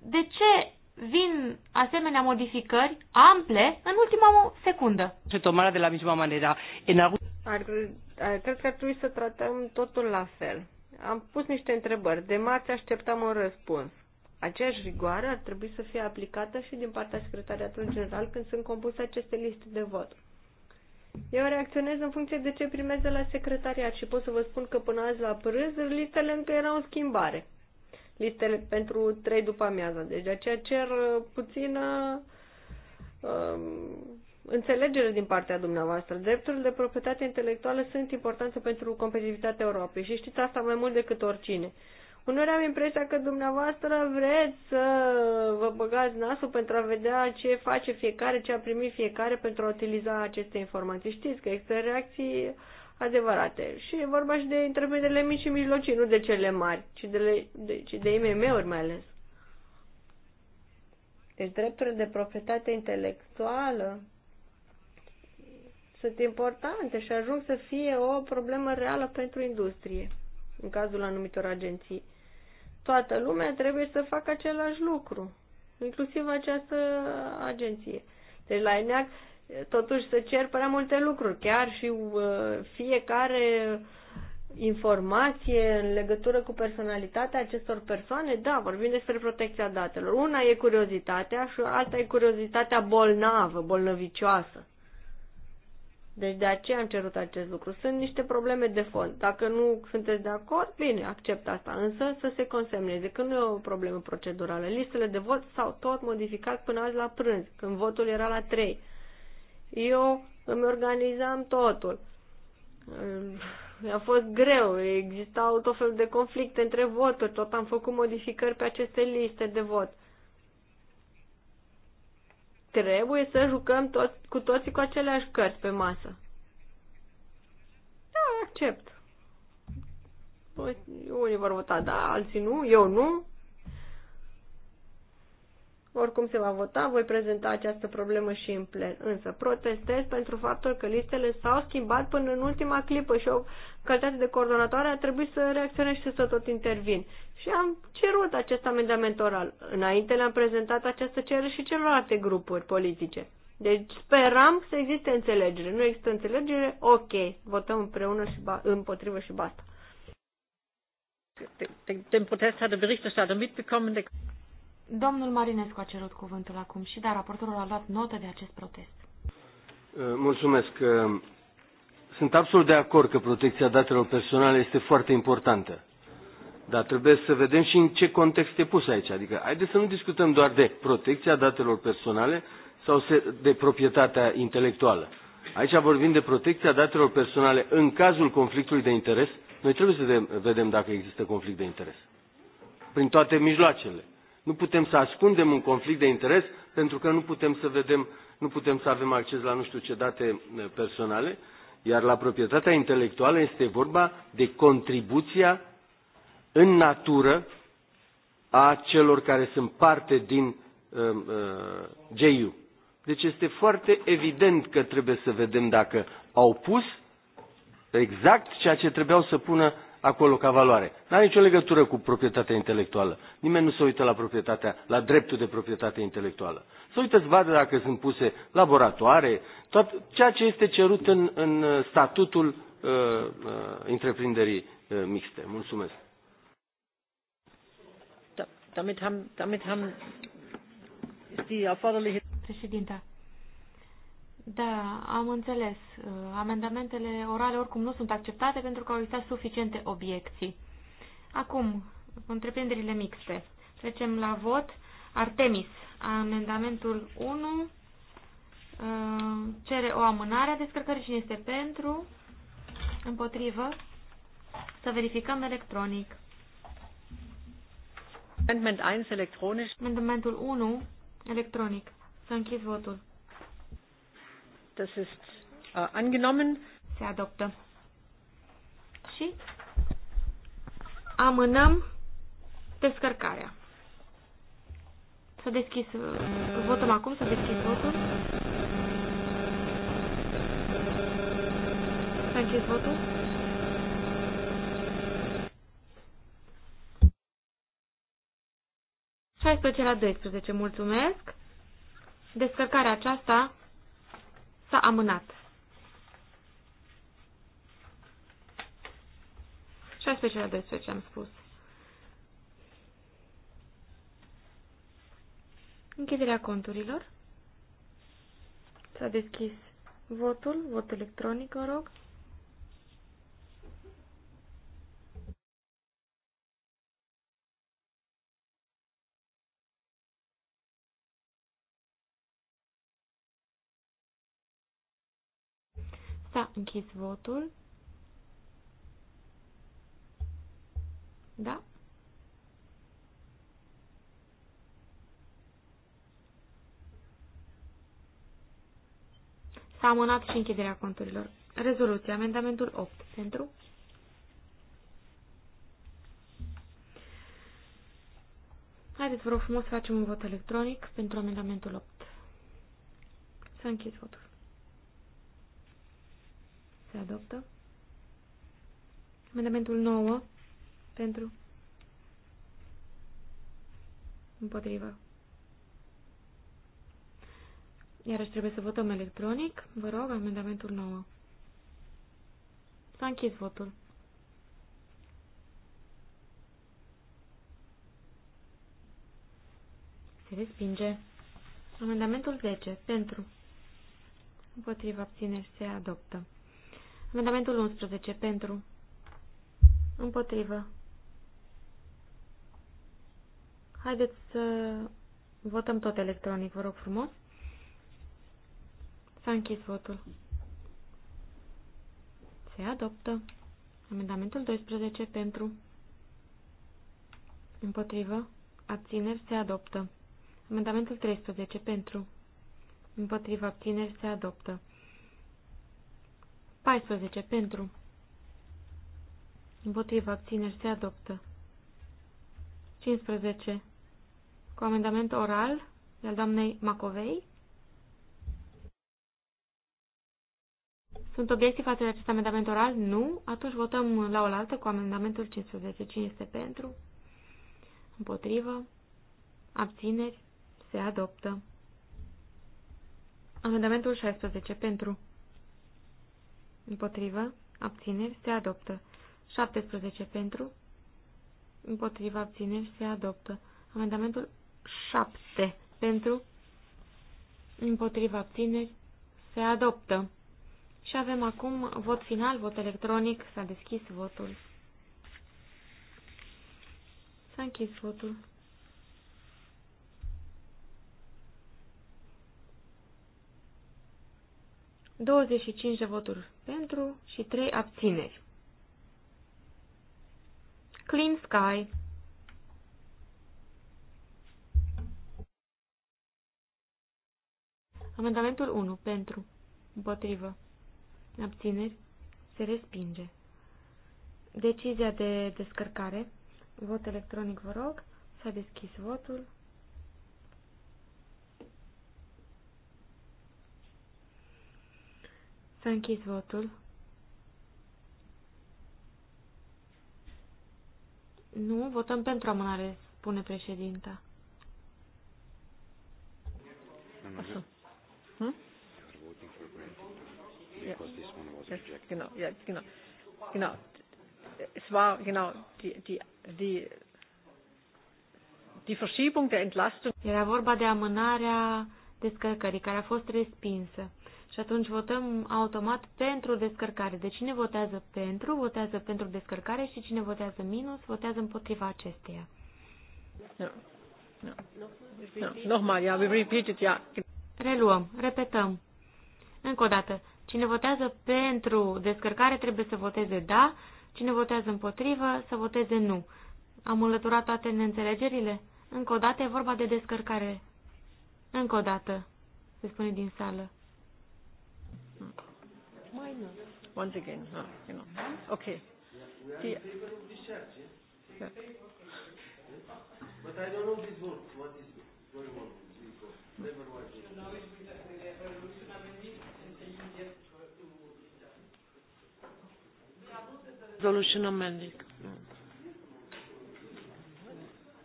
De ce vin asemenea modificări ample în ultima secundă. Se tomara de la misma manera. În algún... ar, ar, cred că ar trebui să tratăm totul la fel. Am pus niște întrebări. De marți așteptam un răspuns. Aceeași rigoare ar trebui să fie aplicată și din partea secretariatului general când sunt compuse aceste liste de vot. Eu reacționez în funcție de ce primez de la secretariat și pot să vă spun că până azi la prânz listele încă erau în schimbare listele pentru trei după amiază. Deci de aceea cer uh, puțină uh, înțelegere din partea dumneavoastră. Drepturile de proprietate intelectuală sunt importante pentru competitivitatea Europei și știți asta mai mult decât oricine. Uneori am impresia că dumneavoastră vreți să vă băgați nasul pentru a vedea ce face fiecare, ce a primit fiecare pentru a utiliza aceste informații. Știți că există reacții uh, adevărate. Și e vorba și de întreprinderile mici și mijlocii, nu de cele mari, ci de, le, de, ci de IMM-uri mai ales. Deci drepturile de proprietate intelectuală sunt importante și ajung să fie o problemă reală pentru industrie, în cazul anumitor agenții. Toată lumea trebuie să facă același lucru, inclusiv această agenție. Deci la ENEAC totuși să cer prea multe lucruri, chiar și uh, fiecare informație în legătură cu personalitatea acestor persoane, da, vorbim despre protecția datelor. Una e curiozitatea și alta e curiozitatea bolnavă, bolnăvicioasă. Deci de aceea am cerut acest lucru. Sunt niște probleme de fond. Dacă nu sunteți de acord, bine, accept asta. Însă să se consemneze că nu e o problemă procedurală. Listele de vot s-au tot modificat până azi la prânz, când votul era la 3. Eu îmi organizam totul. A fost greu, existau tot felul de conflicte între voturi, tot am făcut modificări pe aceste liste de vot. Trebuie să jucăm tot, cu toții cu aceleași cărți pe masă. Da, accept. Păi, unii vor vota da, alții nu, eu nu, oricum se va vota, voi prezenta această problemă și în plen. Însă protestez pentru faptul că listele s-au schimbat până în ultima clipă și o calitate de coordonatoare, a trebuit să reacționez și să tot intervin. Și am cerut acest amendament oral. Înainte le-am prezentat această cerere și celorlalte grupuri politice. Deci speram să existe înțelegere. Nu există înțelegere? Ok, votăm împreună și ba, împotrivă și basta. Den Protest hatte Berichterstatter mitbekommen. Domnul Marinescu a cerut cuvântul acum și, dar raportorul a luat notă de acest protest. Uh, mulțumesc. Uh, sunt absolut de acord că protecția datelor personale este foarte importantă. Dar trebuie să vedem și în ce context e pus aici. Adică, haideți să nu discutăm doar de protecția datelor personale sau de proprietatea intelectuală. Aici vorbim de protecția datelor personale în cazul conflictului de interes. Noi trebuie să vedem dacă există conflict de interes. Prin toate mijloacele nu putem să ascundem un conflict de interes pentru că nu putem să vedem, nu putem să avem acces la nu știu ce date eh, personale, iar la proprietatea intelectuală este vorba de contribuția în natură a celor care sunt parte din uh, eh, uh, eh, JU. Deci este foarte evident că trebuie să vedem dacă au pus exact ceea ce trebuiau să pună acolo ca valoare. Nu are nicio legătură cu proprietatea intelectuală. Nimeni nu se uită la proprietatea, la dreptul de proprietate intelectuală. Se uită să vadă dacă sunt puse laboratoare, tot ceea ce este cerut în, în uh, statutul uh, uh, întreprinderii uh, mixte. Mulțumesc. Da, damit haben, damit haben die erforderliche Președinte. Da, am înțeles. Uh, amendamentele orale oricum nu sunt acceptate pentru că au existat suficiente obiecții. Acum, întreprinderile mixte. Trecem la vot. Artemis, amendamentul 1 uh, cere o amânare a descărcării. Cine este pentru? Împotrivă? Să verificăm electronic. Amendament 1 electronic. Amendamentul 1 electronic. Să închid votul. Das ist uh, angenommen. Se adoptă. Și amânăm descărcarea. Să deschis, uh, votăm acum, să deschis votul. Să închis votul. la 12, mulțumesc. Descărcarea aceasta s-a amânat. 16 la ce am spus. Închiderea conturilor. S-a deschis votul, vot electronic, vă rog. S-a închis votul. Da? S-a amânat și închiderea conturilor. Rezoluție. Amendamentul 8. Pentru? Haideți, vă rog frumos, să facem un vot electronic pentru amendamentul 8. Să închid votul. Se adoptă. Amendamentul 9 pentru împotrivă. Iarăși trebuie să votăm electronic. Vă rog, amendamentul 9. S-a închis votul. Se respinge. Amendamentul 10. Pentru. Împotriva abțineri se adoptă. Amendamentul 11. Pentru. Împotrivă. Haideți să votăm tot electronic, vă rog frumos. S-a închis votul. Se adoptă. Amendamentul 12 pentru. Împotrivă. Abțineri se adoptă. Amendamentul 13 pentru. Împotrivă abțineri se adoptă. 14. Pentru. Împotriva abțineri se adoptă. 15. Cu amendament oral de al doamnei Macovei. Sunt obiectii față de acest amendament oral? Nu. Atunci votăm la oaltă cu amendamentul 15. Cine este pentru? Împotrivă. Abțineri. Se adoptă. Amendamentul 16. Pentru împotrivă, abțineri, se adoptă. 17 pentru, împotrivă, abțineri, se adoptă. Amendamentul 7 pentru, împotrivă, abțineri, se adoptă. Și avem acum vot final, vot electronic, s-a deschis votul. S-a închis votul. Douăzeci și cinci de voturi pentru și trei abțineri. Clean Sky Amendamentul 1 pentru împotrivă abțineri se respinge. Decizia de descărcare vot electronic vă rog s-a deschis votul S-a închis votul. Nu, votăm pentru amânare, spune președinta. Hm? Genau, genau. Genau. Es war genau die, die, die, die Verschiebung der Entlastung. Era vorba de amânarea descărcării, care a fost respinsă. Și atunci votăm automat pentru descărcare. Deci cine votează pentru, votează pentru descărcare și cine votează minus, votează împotriva acesteia. No. No. No. No No. No. No. Reluăm, repetăm. Încă o dată, cine votează pentru descărcare trebuie să voteze da, cine votează împotrivă să voteze nu. Am înlăturat toate neînțelegerile? Încă o dată e vorba de descărcare. Încă o dată, se spune din sală. Once again, ja, genau. Okay. yeah, But I don't know this what is going on. Resolution amending.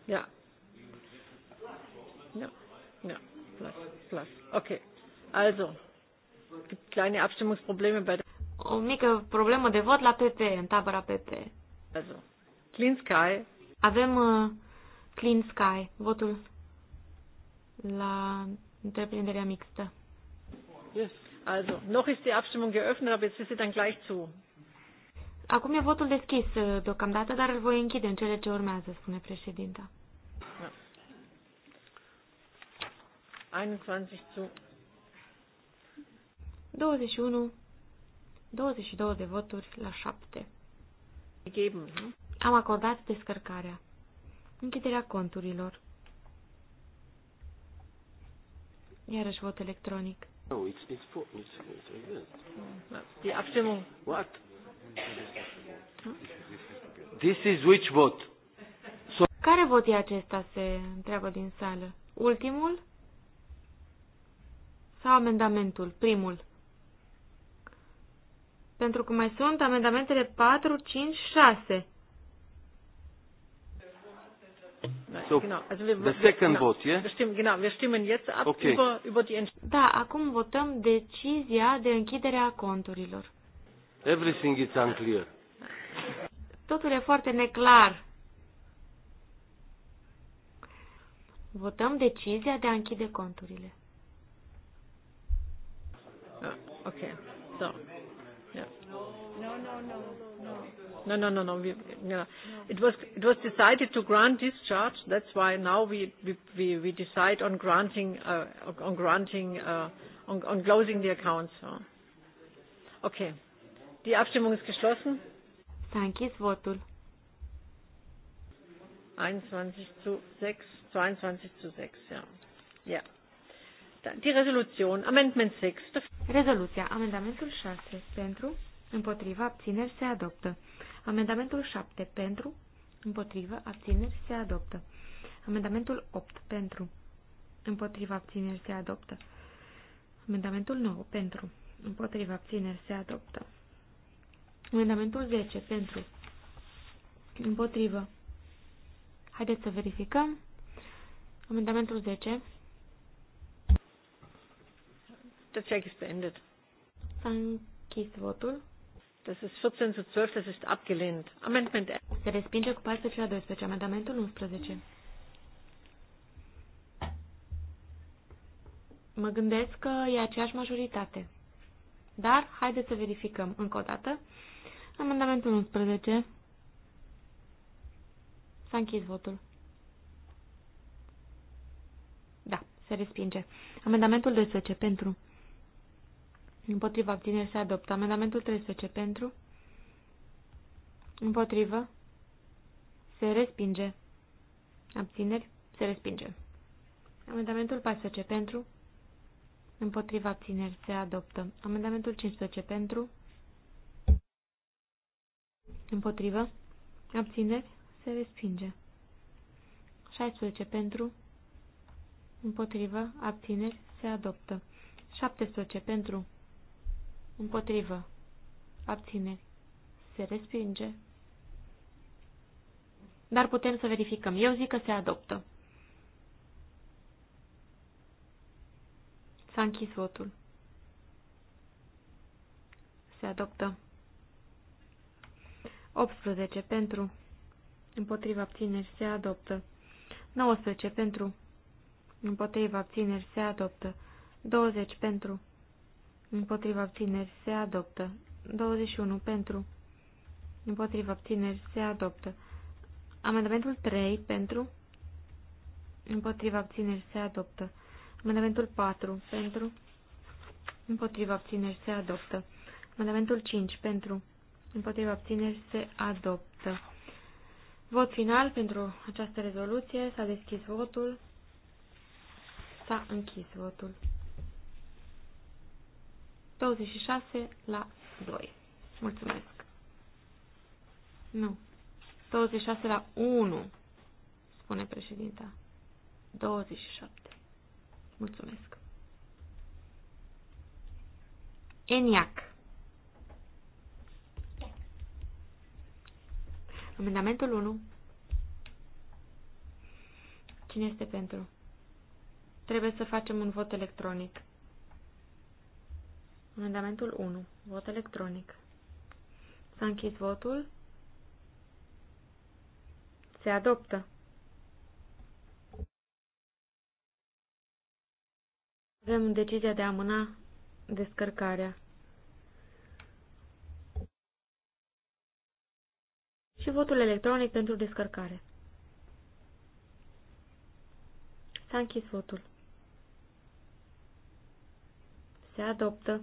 Yeah. Plus. Plus. Okay. Also kleine Abstimmungsprobleme bei der o mică problemă de vot la PP, în tabăra PP. Also, Clean Sky. Avem uh, Clean Sky, votul la întreprinderea mixtă. Yes. Also, noch ist die Abstimmung geöffnet, aber jetzt ist sie dann gleich zu. Acum e votul deschis uh, deocamdată, dar îl voi închide în cele ce urmează, spune președinta. 21 zu 21, 22 de voturi la 7. Am acordat descărcarea. Închiderea conturilor. Iarăși vot electronic. No, it's, it's for, it's, it's like Abstimmung. What? Hmm? This is which vote? So Care vot e acesta, se întreabă din sală? Ultimul? Sau amendamentul? Primul? pentru că mai sunt amendamentele 4, 5, 6. So, the second vote, yeah? okay. Da, acum votăm decizia de închidere a conturilor. Everything is unclear. Totul e foarte neclar. Votăm decizia de a închide conturile. Ah, ok. So. No, no, no, no. We, you know, it was it was decided to grant discharge. That's why now we we, we decide on granting uh, on granting uh, on, on closing the accounts. Okay. Die Abstimmung ist geschlossen. Thank you, închis votul. 21 zu 6, 22 zu 6, ja. Ja. Da, die Resolution, Amendment 6. Resolution, Amendment 6, pentru împotriva, abțineri, se adoptă. Amendamentul 7 pentru, împotriva, abțineri, se adoptă. Amendamentul 8 pentru, împotriva, abțineri, se adoptă. Amendamentul 9 pentru, împotriva, abțineri, se adoptă. Amendamentul 10 pentru, împotrivă. Haideți să verificăm. Amendamentul 10. Tot ce a ended. S-a închis votul. Das ist 14 zu 12, das ist abgelehnt. Amendment Se respinge cu 14 la 12. Amendamentul 11. Mă gândesc că e aceeași majoritate. Dar haideți să verificăm încă o dată. Amendamentul 11. S-a închis votul. Da, se respinge. Amendamentul 12 pentru. Împotriva abțineri se adoptă. Amendamentul 13 pentru. Împotrivă. Se respinge. Abțineri. Se respinge. Amendamentul 14 pentru. Împotriva abțineri se adoptă. Amendamentul 15 pentru. Împotrivă. Abțineri se respinge. 16 pentru. Împotrivă. Abțineri se adoptă. 17 pentru. Împotrivă. Abțineri. Se respinge. Dar putem să verificăm. Eu zic că se adoptă. S-a închis votul. Se adoptă. 18 pentru. Împotriva abțineri se adoptă. 19 pentru. Împotriva abțineri se adoptă. 20 pentru. Împotriva abțineri se adoptă. 21 pentru. Împotriva abțineri se adoptă. Amendamentul 3 pentru. Împotriva abțineri se adoptă. Amendamentul 4 pentru. Împotriva abțineri se adoptă. Amendamentul 5 pentru. Împotriva abțineri se adoptă. Vot final pentru această rezoluție. S-a deschis votul. S-a închis votul. 26 la 2. Mulțumesc. Nu. 26 la 1, spune președinta. 27. Mulțumesc. ENIAC. Amendamentul 1. Cine este pentru? Trebuie să facem un vot electronic. Amendamentul 1. Vot electronic. S-a închis votul. Se adoptă. Avem decizia de a amâna descărcarea. Și votul electronic pentru descărcare. S-a închis votul. Se adoptă.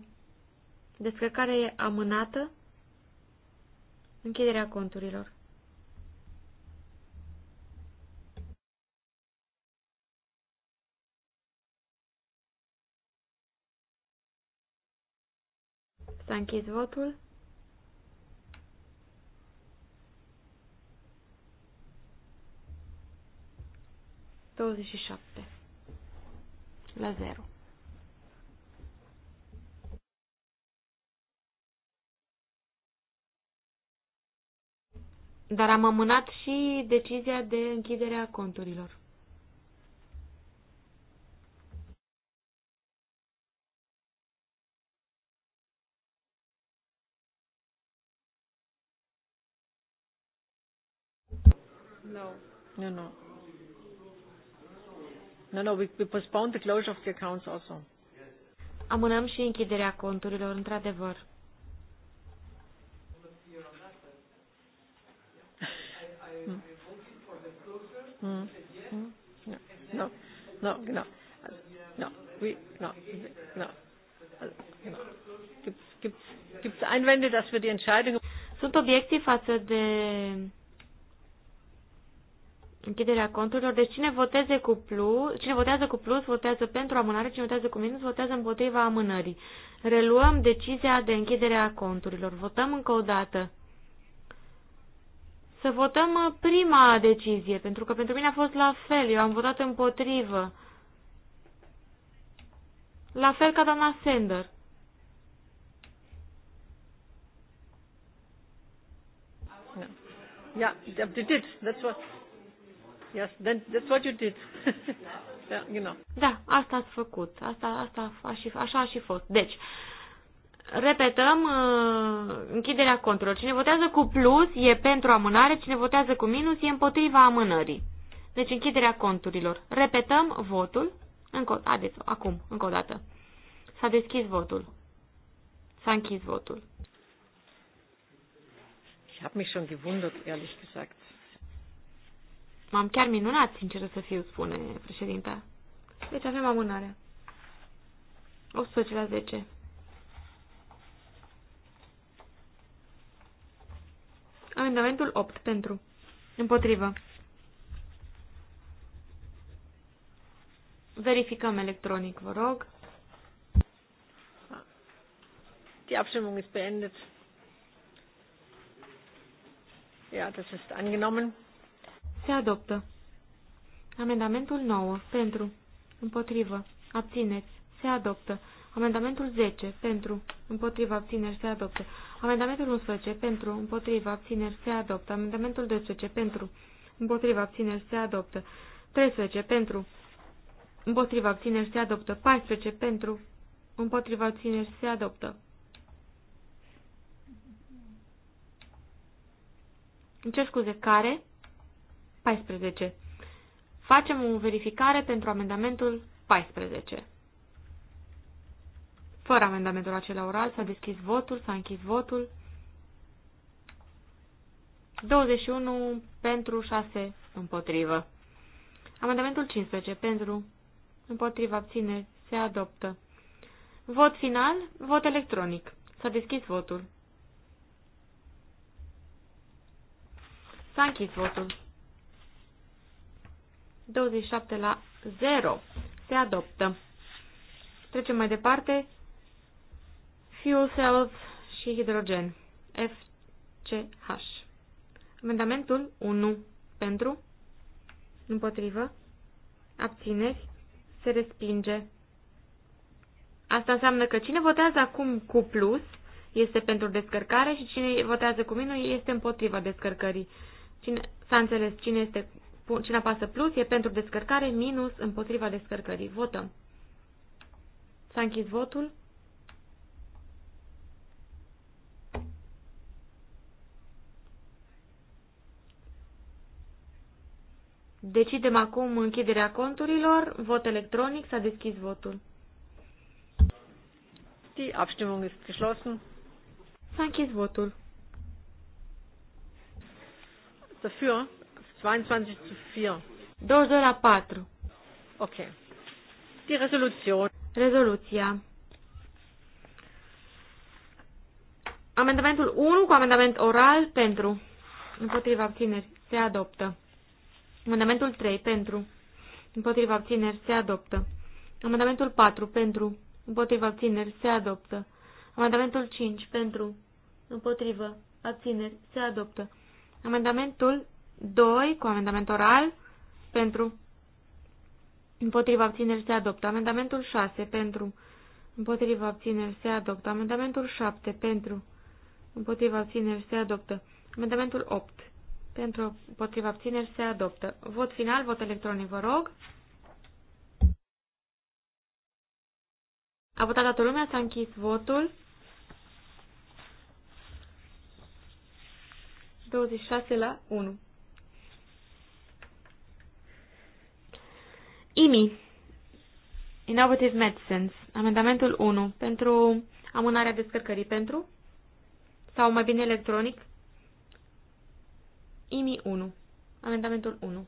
Descărcarea e amânată. Închiderea conturilor. S-a închis votul. Douăzeci și șapte la zero. Dar am amânat și decizia de închidere a conturilor. No. No, no. No, no, we, we postponed the closure of the accounts also. Amânăm și închiderea conturilor, într-adevăr. Mm. Mm. Mm. No, no, no, genau. No, we, no, no. Gibt es Einwände, dass wir die Entscheidung. Sunt obiectii față de închiderea conturilor. Deci cine, voteze cu plus, cine votează cu plus, votează pentru amânare, cine votează cu minus, votează împotriva amânării. Reluăm decizia de închidere a conturilor. Votăm încă o dată să votăm uh, prima decizie, pentru că pentru mine a fost la fel, eu am votat împotrivă. La fel ca doamna Sender. Yeah, you did. That's what. Yes, then that's what you did. <laughs> yeah, you know. Da, asta ați făcut. Asta, asta a și, așa a și fost. Deci, repetăm uh, închiderea conturilor. Cine votează cu plus e pentru amânare, cine votează cu minus e împotriva amânării. Deci închiderea conturilor. Repetăm votul. Încă, haideți, acum, încă o dată. S-a deschis votul. S-a închis votul. Ich habe mich schon gewundert, ehrlich gesagt. M-am chiar minunat, sincer să fiu, spune președinta. Deci avem amânarea. 110 la 10. Amendamentul 8 pentru. Împotrivă. Verificăm electronic, vă rog. Die Abstimmung ist beendet. Ja, das ist angenommen. Se adoptă. Amendamentul 9. Pentru. Împotrivă. Abțineți. Se adoptă. Amendamentul 10. Pentru. Împotrivă. Abțineți. Se adoptă. Amendamentul 11 pentru, împotriva, abțineri se adoptă. Amendamentul 12 pentru, împotriva, abțineri se adoptă. 13 pentru, împotriva, abțineri se adoptă. 14 pentru, împotriva, abțineri se adoptă. În ce scuze, care? 14. Facem o verificare pentru amendamentul 14. Fără amendamentul acela oral s-a deschis votul, s-a închis votul. 21 pentru 6 împotrivă. Amendamentul 15 pentru împotrivă abține, se adoptă. Vot final, vot electronic. S-a deschis votul. S-a închis votul. 27 la 0. Se adoptă. Trecem mai departe Fuel cells și hidrogen. FCH. Amendamentul 1 pentru, împotrivă, abțineri, se respinge. Asta înseamnă că cine votează acum cu plus este pentru descărcare și cine votează cu minus este împotriva descărcării. Cine, s-a înțeles cine, este, cine apasă plus e pentru descărcare, minus împotriva descărcării. Votăm. S-a închis votul. Decidem acum închiderea conturilor. Vot electronic. S-a deschis votul. Die Abstimmung ist geschlossen. S-a închis votul. Dafür 22 zu 4. 22 la 4. Ok. Die Resolution. Rezoluția. Amendamentul 1 cu amendament oral pentru. Împotriva abțineri. Se adoptă. Amendamentul 3 pentru. Împotriva abțineri se adoptă. Amendamentul 4 pentru. Împotriva abțineri se adoptă. Amendamentul 5 pentru. împotriva abțineri se adoptă. Amendamentul 2 cu amendament oral pentru. Împotriva abțineri se adoptă. Amendamentul 6 pentru. Împotriva abțineri se adoptă. Amendamentul 7 pentru. Împotriva abțineri se adoptă. Amendamentul 8 pentru potriva abțineri se adoptă. Vot final, vot electronic, vă rog. A votat toată lumea, s-a închis votul. 26 la 1. IMI. Innovative Medicines. Amendamentul 1. Pentru amânarea descărcării pentru? Sau mai bine electronic? IMI 1. Amendamentul 1.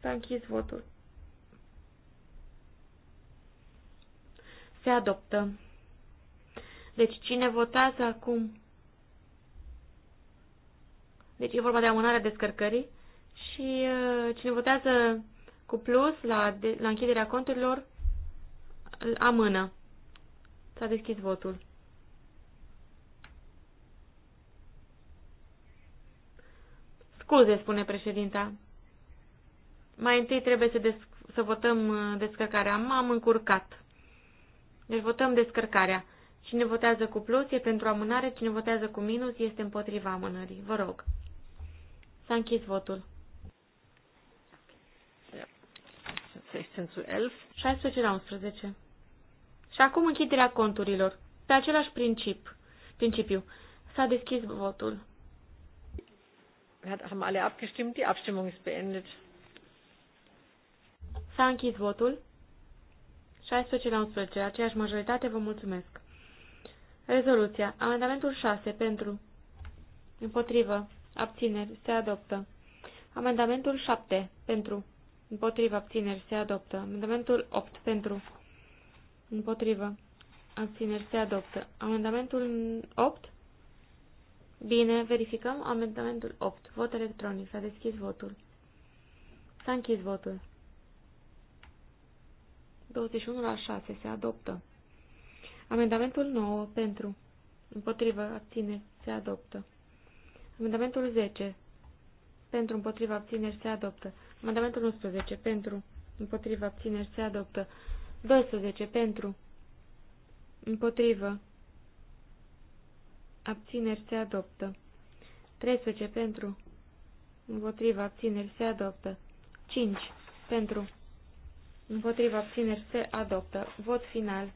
S-a închis votul. Se adoptă. Deci cine votează acum? Deci e vorba de amânarea descărcării și uh, cine votează cu plus la, de, la închiderea conturilor amână. S-a deschis votul. Scuze, spune președinta. Mai întâi trebuie să, desc- să votăm uh, descărcarea. M-am încurcat. Deci votăm descărcarea. Cine votează cu plus e pentru amânare, cine votează cu minus este împotriva amânării. Vă rog. S-a închis votul. 16 la 11. Și acum închiderea conturilor. Pe același princip, principiu. S-a deschis votul. Hat, haben alle abgestimmt? Die Abstimmung ist beendet. S-a închis votul. 16 la 11, aceeași majoritate, vă mulțumesc. Rezoluția. Amendamentul 6 pentru. Împotrivă. Abțineri. Se adoptă. Amendamentul 7 pentru. Împotrivă. Abțineri. Se adoptă. Amendamentul 8 pentru. Împotrivă. Abțineri. Se adoptă. Amendamentul 8 Bine, verificăm amendamentul 8. Vot electronic. S-a deschis votul. S-a închis votul. 21 la 6. Se adoptă. Amendamentul 9. Pentru. Împotrivă. Abține. Se adoptă. Amendamentul 10. Pentru. Împotrivă. Abțineri. Se adoptă. Amendamentul 11. Pentru. Împotrivă. Abțineri. Se adoptă. 12. Pentru. Împotrivă abțineri se adoptă. 13 pentru, împotriva abțineri se adoptă. 5 pentru, împotriva abțineri se adoptă. Vot final.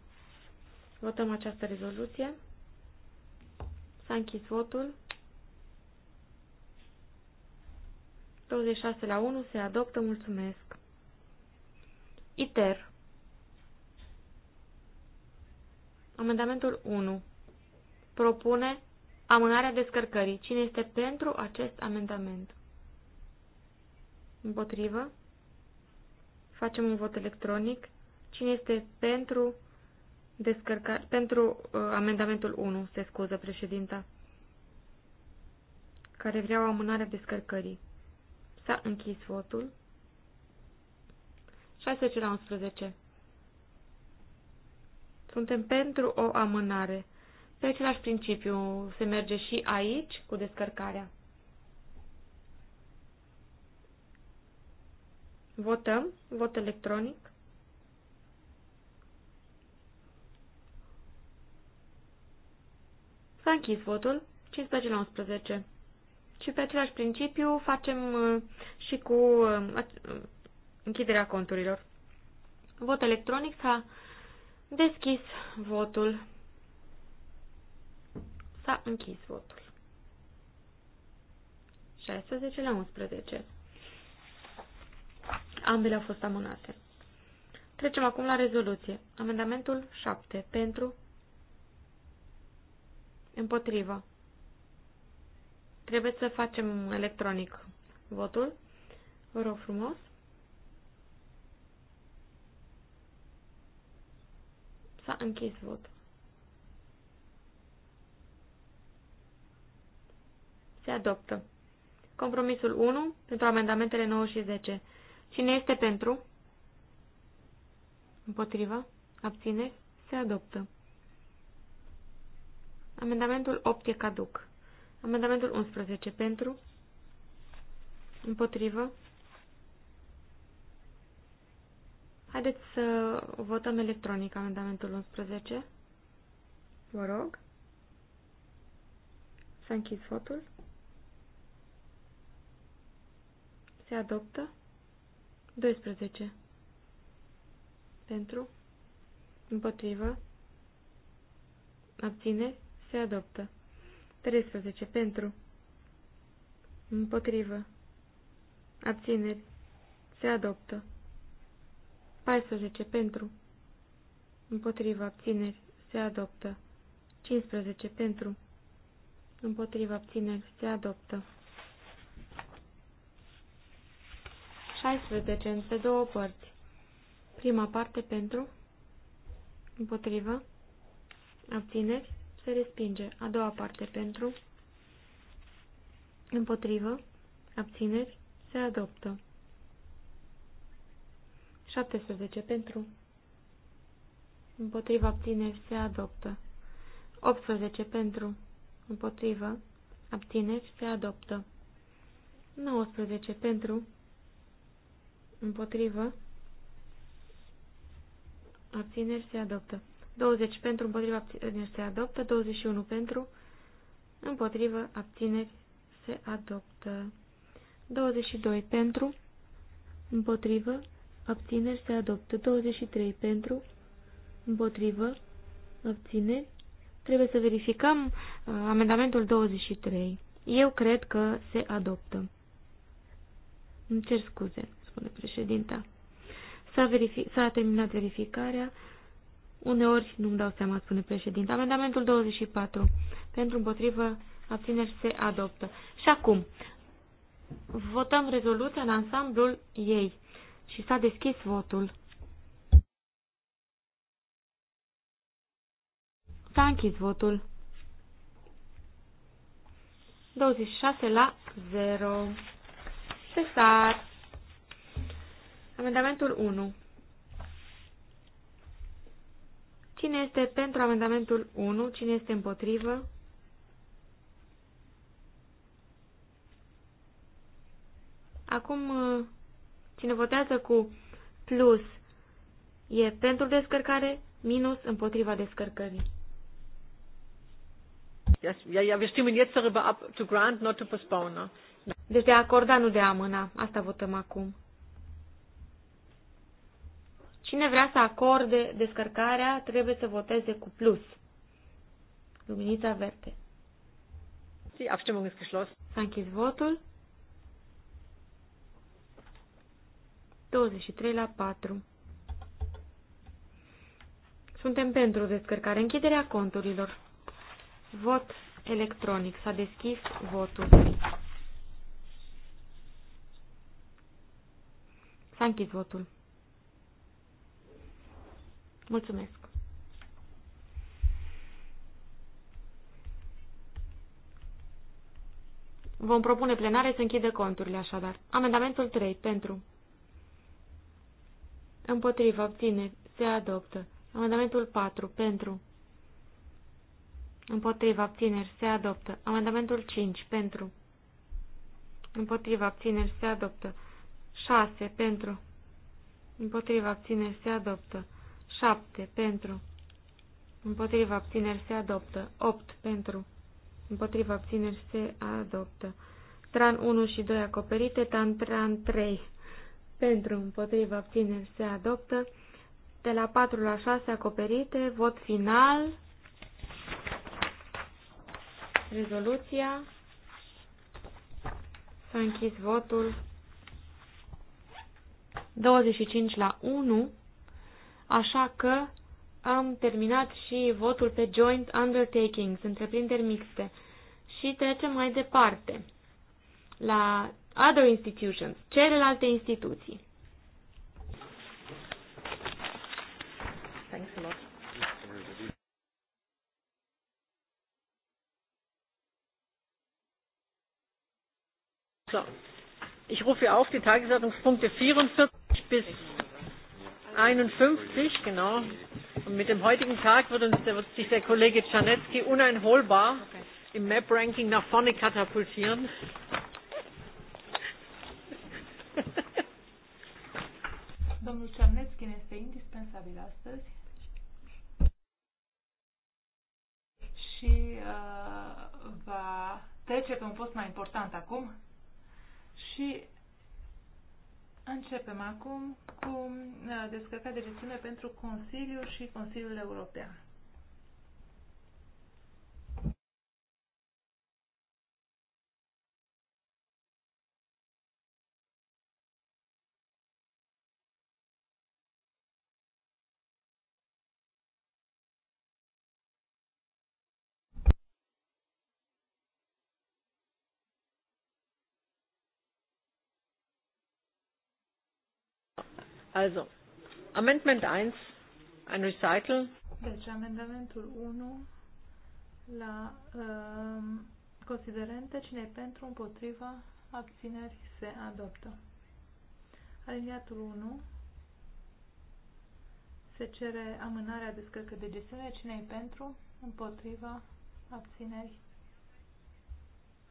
Votăm această rezoluție. S-a închis votul. 26 la 1 se adoptă, mulțumesc. ITER Amendamentul 1 propune amânarea descărcării. Cine este pentru acest amendament? Împotrivă? Facem un vot electronic. Cine este pentru, descărcare, pentru uh, amendamentul 1? Se scuză președinta. Care vreau amânarea descărcării. S-a închis votul. 16 la 11. Suntem pentru o amânare. Pe același principiu se merge și aici cu descărcarea. Votăm, vot electronic. S-a închis votul, 15 la 11. Și pe același principiu facem uh, și cu uh, uh, închiderea conturilor. Vot electronic s-a deschis votul. S-a închis votul. 16 la 11. Ambele au fost amânate. Trecem acum la rezoluție. Amendamentul 7. Pentru. Împotrivă. Trebuie să facem electronic votul. Vă rog frumos. S-a închis votul. Se adoptă. Compromisul 1 pentru amendamentele 9 și 10. Cine este pentru? Împotrivă. Abține? Se adoptă. Amendamentul 8 e caduc. Amendamentul 11 pentru. Împotrivă. Haideți să votăm electronic amendamentul 11. Vă rog. S-a închis votul. Se adoptă. 12. Pentru. Împotrivă. abține Se adoptă. 13. Pentru. Împotrivă. Abțineri. Se adoptă. 14. Pentru. Împotrivă. Abțineri. Se adoptă. 15. Pentru. Împotrivă. Abțineri. Se adoptă. 16, pe două părți. Prima parte pentru, împotrivă, abțineri, se respinge. A doua parte pentru, împotrivă, abțineri, se adoptă. 17 pentru, împotrivă, abțineri, se adoptă. 18 pentru, împotrivă, abțineri, se adoptă. 19 pentru, împotrivă, abțineri se adoptă. 20 pentru, împotrivă, abțineri se adoptă. 21 pentru, împotrivă, abțineri se adoptă. 22 pentru, împotrivă, abțineri se adoptă. 23 pentru, împotrivă, abțineri. Trebuie să verificăm uh, amendamentul 23. Eu cred că se adoptă. Îmi cer scuze spune președinta. S-a, verific- terminat verificarea. Uneori nu-mi dau seama, spune președinta. Amendamentul 24. Pentru împotrivă abțineri se adoptă. Și acum, votăm rezoluția în ansamblul ei. Și s-a deschis votul. S-a închis votul. 26 la 0. Cesar. Amendamentul 1. Cine este pentru amendamentul 1? Cine este împotrivă? Acum, uh, cine votează cu plus e pentru descărcare, minus împotriva descărcării. Yes, yeah, yeah, wir stimmen jetzt darüber ab, to grant, not to postpone. Deci de a acorda, nu de a amâna. Asta votăm acum. Cine vrea să acorde descărcarea trebuie să voteze cu plus. Luminița verde. Die Abstimmung ist geschlossen. S-a închis votul. 23 la 4. Suntem pentru descărcare. Închiderea conturilor. Vot electronic. S-a deschis votul. S-a închis votul. Mulțumesc! Vom propune plenare să închidă conturile, așadar. Amendamentul 3. Pentru. Împotrivă. Obține. Se adoptă. Amendamentul 4. Pentru. Împotriva abțineri se adoptă. Amendamentul 5. Pentru. Împotriva abțineri se adoptă. 6. Pentru. Împotriva abțineri se adoptă. 7 pentru, împotriva abțineri se adoptă, 8 pentru, împotriva abțineri se adoptă, tran 1 și 2 acoperite, tan tran 3 pentru, împotriva abțineri se adoptă, de la 4 la 6 acoperite, vot final, rezoluția, s-a închis votul, 25 la 1, Așa că am terminat și votul pe joint undertakings, întreprinderi mixte. Și trecem mai departe la other institutions, celelalte instituții. Thanks a lot. So, ich rufe auf die Tagesordnungspunkte 44 bis 51, genau. Und mit dem heutigen Tag wird, uns, wird sich der Kollege Czarnecki uneinholbar im Map-Ranking nach vorne katapultieren. <laughs> Domnul Cernețchi este indispensabil astăzi și uh, va trece pe un post mai important acum și Începem acum cu uh, descărcarea de gestiune pentru Consiliu și Consiliul European. Also, Amendment 1, ein Recital. Deci, amendamentul 1 la um, considerente, cine e pentru, împotriva, abțineri, se adoptă. Aliniatul 1 se cere amânarea descărcă de gestiune. Cine e pentru? Împotriva? Abțineri?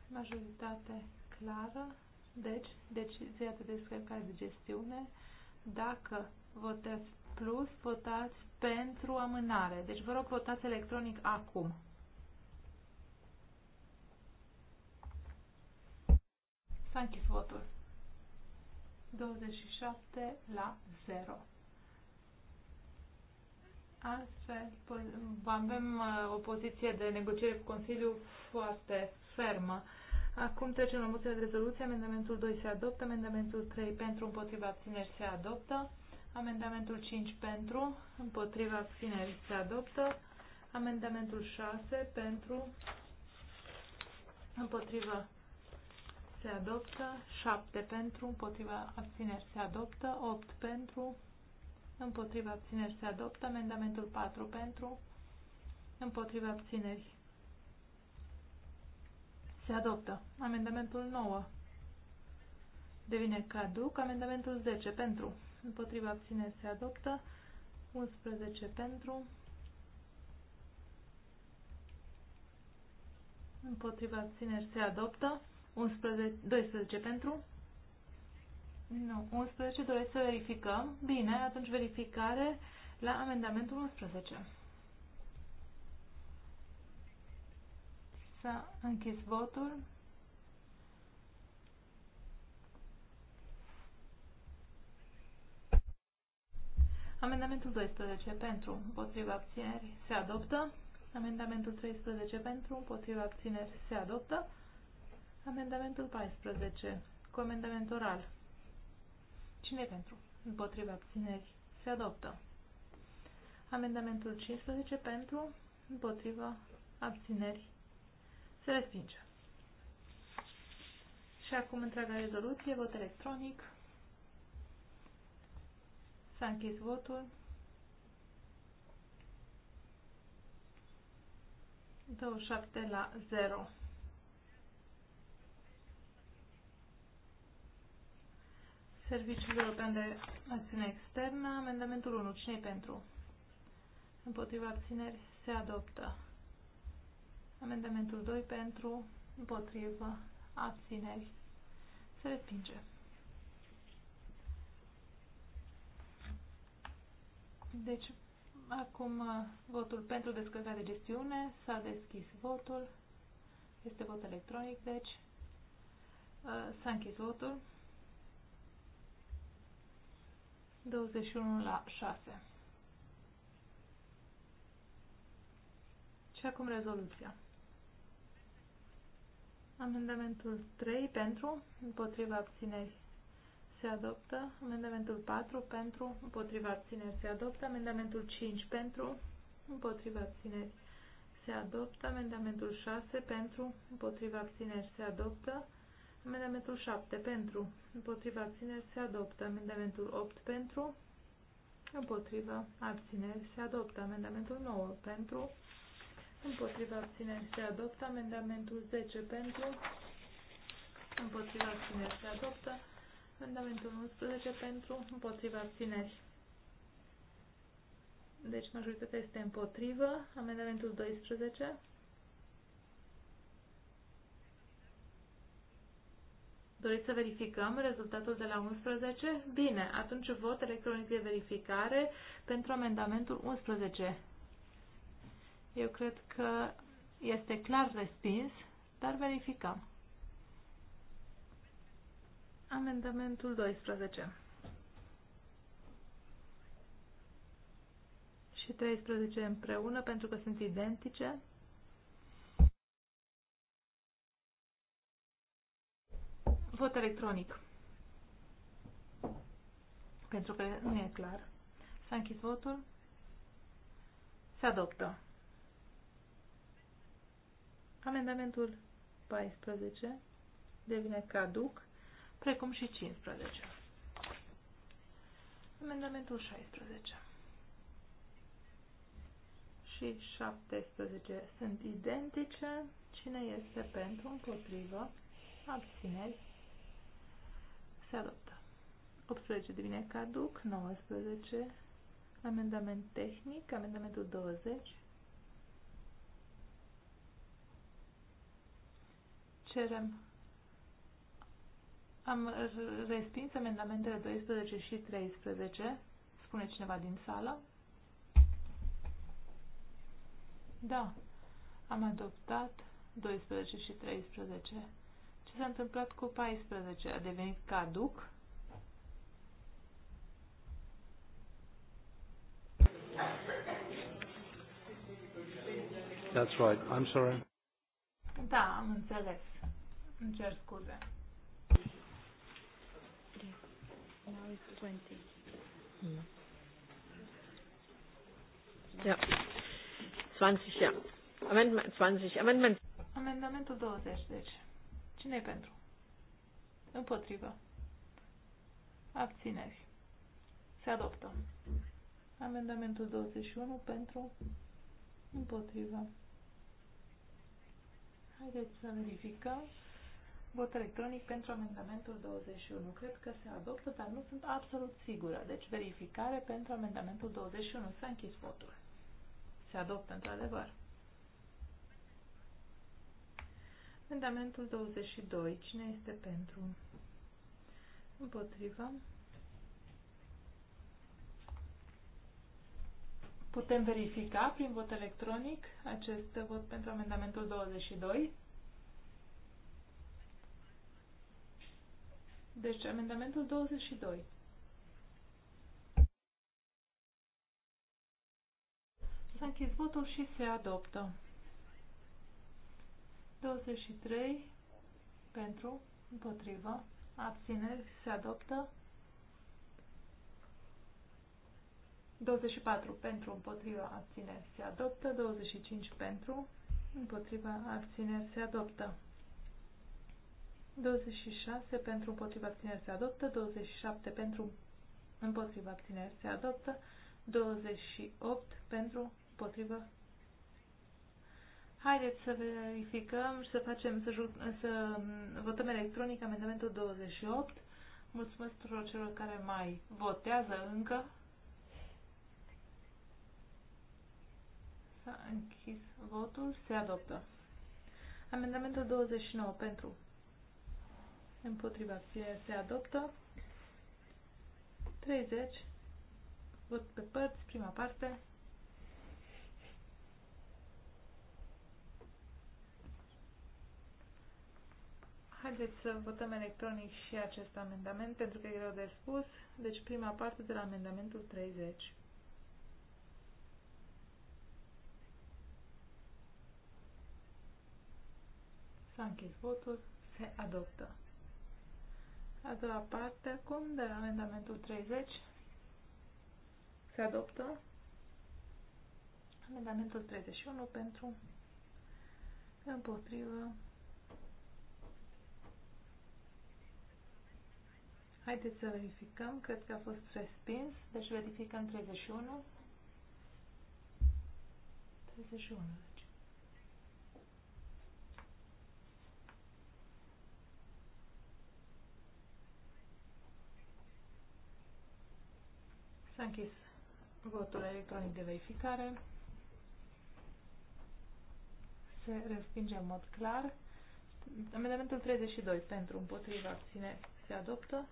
Majoritate clară. Deci, decizia de descărcare de gestiune dacă votați plus, votați pentru amânare. Deci vă rog votați electronic acum. S-a închis votul. 27 la 0. Astfel, avem uh, o poziție de negociere cu Consiliul foarte fermă. Acum trecem la moțiile de rezoluție. Amendamentul 2 se adoptă, amendamentul 3 pentru, împotriva abțineri se adoptă, amendamentul 5 pentru, împotriva abțineri se adoptă, amendamentul 6 pentru, împotriva se adoptă, 7 pentru, împotriva abțineri se adoptă, 8 pentru, împotriva abțineri se adoptă, amendamentul 4 pentru, împotriva abțineri se adoptă. Amendamentul 9 devine caduc. Amendamentul 10 pentru. Împotriva abține se adoptă. 11 pentru. Împotriva abțineri se adoptă. 11, 12 pentru. Nu, 11 doresc să verificăm. Bine, atunci verificare la amendamentul 11. Să închis votul. Amendamentul 12 pentru, împotriva abțineri, se adoptă. Amendamentul 13 pentru, împotriva abțineri, se adoptă. Amendamentul 14 cu amendament oral. Cine pentru? Împotriva abțineri, se adoptă. Amendamentul 15 pentru, împotriva abțineri, se respinge. Și acum întreaga rezoluție, vot electronic. S-a închis votul. 27 la 0. Serviciul European de Acțiune Externă, amendamentul 1. cine pentru? Împotriva abțineri se adoptă. Amendamentul 2 pentru, împotrivă, abțineri, se respinge. Deci, acum uh, votul pentru descărcarea de gestiune. S-a deschis votul. Este vot electronic, deci. Uh, s-a închis votul. 21 la 6. Și acum rezoluția. Amendamentul 3 pentru, împotriva abțineri se adoptă. Amendamentul 4 pentru, împotriva abțineri se adoptă. Amendamentul 5 pentru, împotriva abțineri se adoptă. Amendamentul 6 pentru, împotriva abțineri se adoptă. Amendamentul 7 pentru, împotriva abțineri se adoptă. Amendamentul 8 pentru, împotriva abțineri se adoptă. Amendamentul 9 pentru, Împotriva abținerii se adoptă. Amendamentul 10 pentru. Împotriva abținerii se adoptă. Amendamentul 11 pentru. Împotriva abținerii. Deci majoritatea este împotrivă. Amendamentul 12. Doriți să verificăm rezultatul de la 11? Bine, atunci vot electronic de verificare pentru amendamentul 11. Eu cred că este clar respins, dar verificăm. Amendamentul 12. și 13 împreună pentru că sunt identice. Vot electronic. Pentru că nu e clar. S-a închis votul. Se adoptă. Amendamentul 14 devine caduc, precum și 15. Amendamentul 16 și 17 sunt identice. Cine este pentru, împotrivă, abțineri, se adoptă. 18 devine caduc, 19, amendament tehnic, amendamentul 20, Cerem. Am respins amendamentele 12 și 13. Spune cineva din sală. Da. Am adoptat 12 și 13. Ce s-a întâmplat cu 14? A devenit caduc? That's right. I'm sorry. Da, am înțeles. Îmi cer scuze. Now it's 20. Mm. Ja. 20, ja. Amendment 20. Amendment. Amendamentul 20, deci. cine e pentru? Împotrivă. Abțineri. Se adoptă. Amendamentul 21 pentru împotrivă. Haideți să verificăm. Vot electronic pentru amendamentul 21. Cred că se adoptă, dar nu sunt absolut sigură. Deci verificare pentru amendamentul 21. S-a închis votul. Se adoptă într-adevăr. Amendamentul 22. Cine este pentru? Împotriva. Putem verifica prin vot electronic acest vot pentru amendamentul 22. Deci, amendamentul 22. S-a închis votul și se adoptă. 23 pentru, împotrivă, abțineri, se adoptă. 24 pentru, împotriva, abțineri, se adoptă. 25 pentru, împotriva, abțineri, se adoptă. 26 pentru împotriva abțineri se adoptă, 27 pentru împotriva abțineri se adoptă, 28 pentru împotriva. Haideți să verificăm și să facem, să, să votăm electronic amendamentul 28. Mulțumesc tuturor celor care mai votează încă. S-a închis votul, se adoptă. Amendamentul 29 pentru împotriva abțineri se adoptă. 30. Vot pe părți, prima parte. Haideți să votăm electronic și acest amendament, pentru că e greu de spus. Deci prima parte de la amendamentul 30. S-a închis votul, se adoptă. A doua parte acum de amendamentul 30 se adoptă amendamentul 31 pentru împotrivă. Haideți să verificăm. Cred că a fost respins. Deci verificăm 31. 31. S-a închis votul electronic de verificare. Se respinge în mod clar. Amendamentul 32 pentru împotriva abține se adoptă.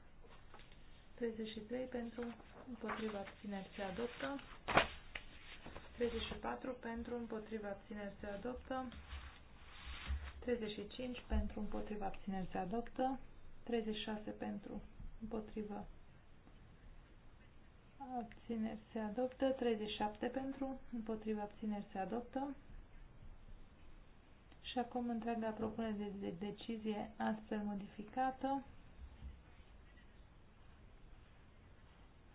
33 pentru împotriva abțineri se adoptă. 34 pentru împotriva abțineri se adoptă. 35 pentru împotriva abțineri se adoptă. 36 pentru împotriva abțineri se adoptă, 37 pentru, împotriva abțineri se adoptă. Și acum întreaga propunere de, de decizie astfel modificată.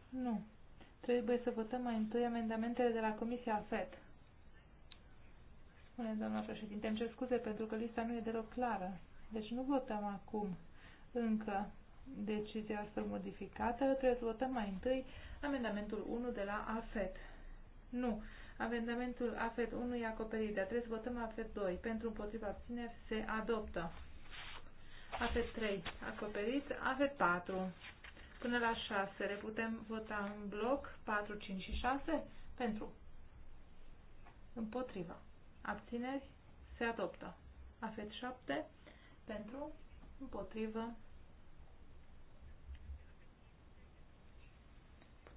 Nu. Trebuie să votăm mai întâi amendamentele de la Comisia FED. Spune doamna președinte, îmi cer scuze pentru că lista nu e deloc clară. Deci nu votăm acum încă decizia astfel modificată, trebuie să votăm mai întâi Amendamentul 1 de la AFET. Nu. Amendamentul AFET 1 e acoperit, dar trebuie să votăm AFET 2. Pentru împotriva abțineri se adoptă. AFET 3 acoperit, AFET 4 până la 6. Le putem vota în bloc 4, 5 și 6 pentru împotriva. Abțineri se adoptă. AFET 7 pentru împotrivă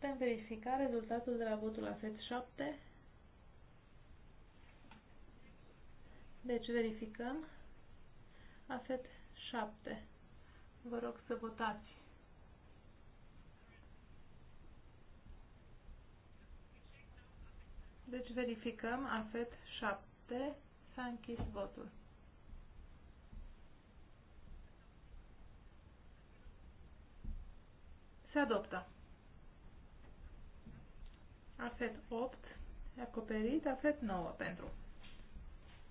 Putem verifica rezultatul de la votul la set 7. Deci verificăm la set 7. Vă rog să votați. Deci verificăm AFET 7. S-a închis votul. Se adoptă. Afet 8 acoperit, afet 9 pentru.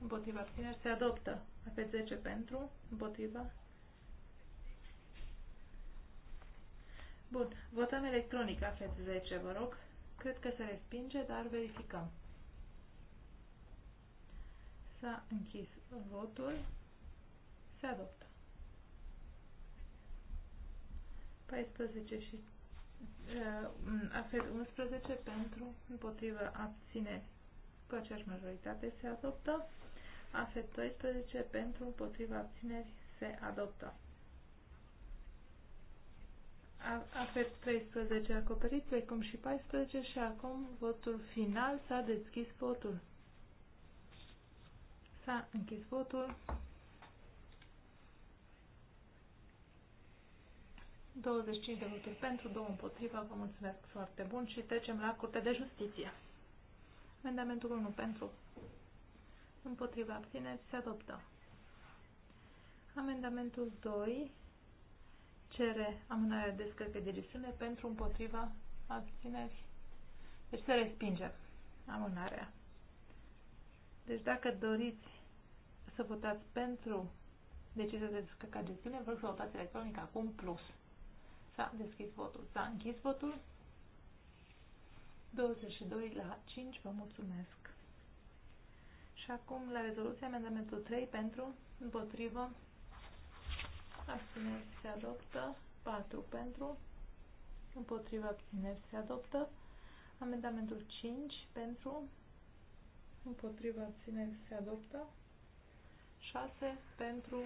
Împotriva abțineri se adoptă. Afet 10 pentru, împotriva. Bun, votăm electronic afet 10, vă rog. Cred că se respinge, dar verificăm. S-a închis votul. Se adoptă. 14 și Uh, Afet 11 pentru, împotrivă, abțineri. Cu aceeași majoritate se adoptă. Afet 12 pentru, împotrivă, abțineri se adoptă. Afet 13 acoperit, precum și 14 și acum votul final s-a deschis votul. S-a închis votul. 25 de voturi pentru, 2 împotriva, vă mulțumesc foarte bun și trecem la Curtea de Justiție. Amendamentul 1 pentru, împotriva abțineți, se adoptă. Amendamentul 2 cere amânarea descărcă de gestiune pentru, împotriva abțineți, deci se respinge amânarea. Deci dacă doriți să votați pentru decizia de de gestiune, vă votați electronic acum plus. S-a deschis votul. S-a închis votul. 22 la 5. Vă mulțumesc. Și acum la rezoluție amendamentul 3 pentru, împotrivă, abțineri se adoptă, 4 pentru, împotrivă abțineri se adoptă, amendamentul 5 pentru, împotrivă abțineri se adoptă, 6 pentru,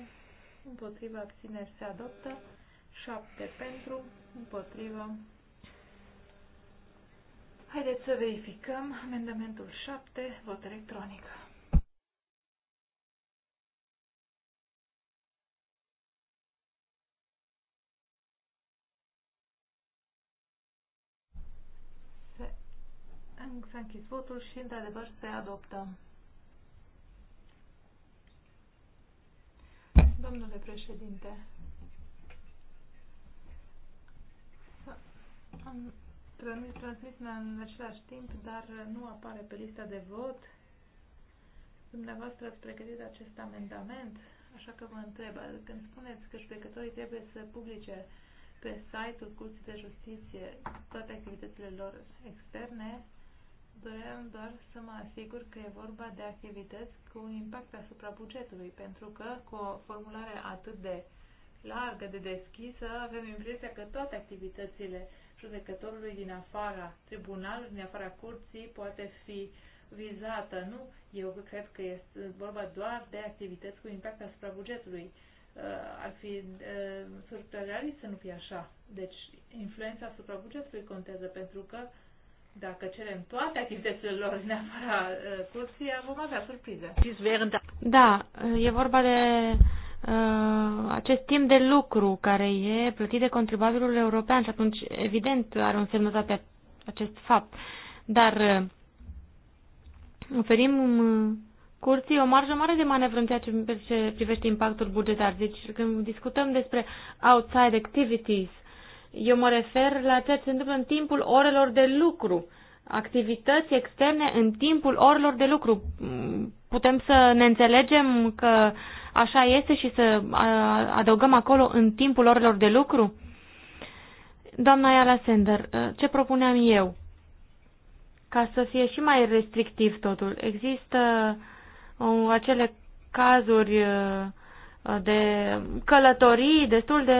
împotrivă abțineri se adoptă, 7 pentru, împotrivă. Haideți să verificăm amendamentul 7, vot electronic. S-a închis votul și, într-adevăr, se adoptă. Domnule președinte, Am transmis în același timp, dar nu apare pe lista de vot. Dumneavoastră ați pregătit acest amendament, așa că vă întreb, când spuneți că judecătorii trebuie să publice pe site-ul Curții de Justiție toate activitățile lor externe, doream doar să mă asigur că e vorba de activități cu un impact asupra bugetului, pentru că cu o formulare atât de largă, de deschisă, avem impresia că toate activitățile judecătorului din afara tribunalului, din afara curții, poate fi vizată. Nu, eu cred că este vorba doar de activități cu impact asupra bugetului. Uh, ar fi uh, surrealist să nu fie așa. Deci, influența asupra bugetului contează pentru că dacă cerem toate activitățile lor din afara uh, curții, vom avea surprize. Da, e vorba de Uh, acest timp de lucru care e plătit de contribuabilul european și atunci, evident, are o însemnătate acest fapt. Dar uh, oferim uh, curții o marjă mare de manevră în ceea ce privește impactul bugetar. Deci, când discutăm despre outside activities, eu mă refer la ceea ce se întâmplă în timpul orelor de lucru, activități externe în timpul orelor de lucru. Mm, putem să ne înțelegem că uh, așa este și să adăugăm acolo în timpul orelor de lucru? Doamna Iala Sender, ce propuneam eu? Ca să fie și mai restrictiv totul, există acele cazuri de călătorii destul de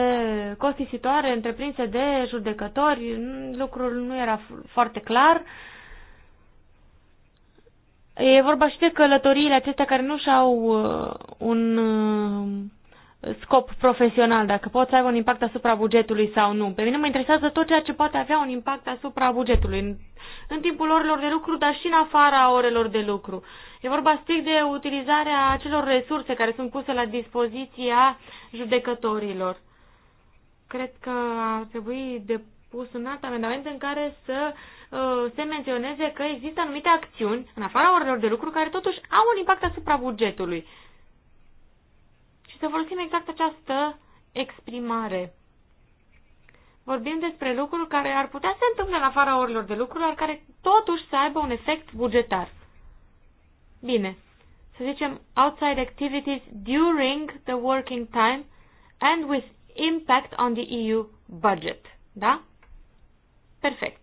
costisitoare întreprinse de judecători, lucrul nu era foarte clar E vorba și de călătoriile acestea care nu și-au uh, un uh, scop profesional, dacă pot să aibă un impact asupra bugetului sau nu. Pe mine mă interesează tot ceea ce poate avea un impact asupra bugetului, în, în timpul orelor de lucru, dar și în afara orelor de lucru. E vorba strict de utilizarea acelor resurse care sunt puse la dispoziția judecătorilor. Cred că ar trebui depus un alt amendament în care să uh, Uh, se menționeze că există anumite acțiuni, în afara orelor de lucru, care totuși au un impact asupra bugetului. Și să folosim exact această exprimare. Vorbim despre lucruri care ar putea să se întâmple în afara orelor de lucru, dar care totuși să aibă un efect bugetar. Bine, să zicem outside activities during the working time and with impact on the EU budget. Da? Perfect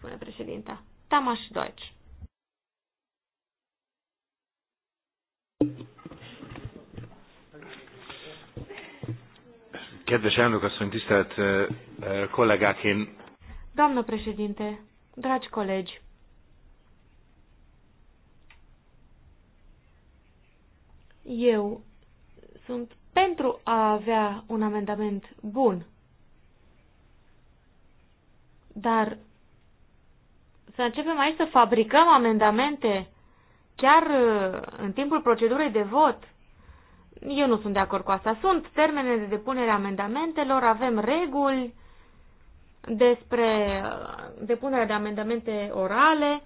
spune președinta. Tamas Deutsch. Kedves elnök tisztelt kollégák, én... Doamnă președinte, dragi colegi, eu sunt pentru a avea un amendament bun, dar să începem aici să fabricăm amendamente chiar uh, în timpul procedurii de vot. Eu nu sunt de acord cu asta. Sunt termene de depunere a amendamentelor, avem reguli despre uh, depunerea de amendamente orale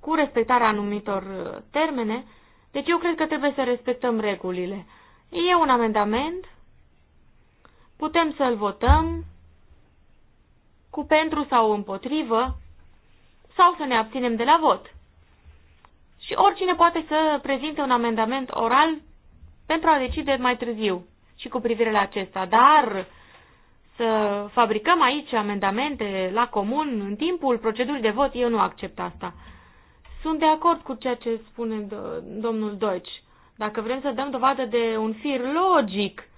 cu respectarea anumitor uh, termene. Deci eu cred că trebuie să respectăm regulile. E un amendament, putem să-l votăm, cu pentru sau împotrivă, sau să ne abținem de la vot. Și oricine poate să prezinte un amendament oral pentru a decide mai târziu și cu privire la acesta. Dar să fabricăm aici amendamente la comun în timpul procedurii de vot, eu nu accept asta. Sunt de acord cu ceea ce spune domnul Deutsch. Dacă vrem să dăm dovadă de un fir logic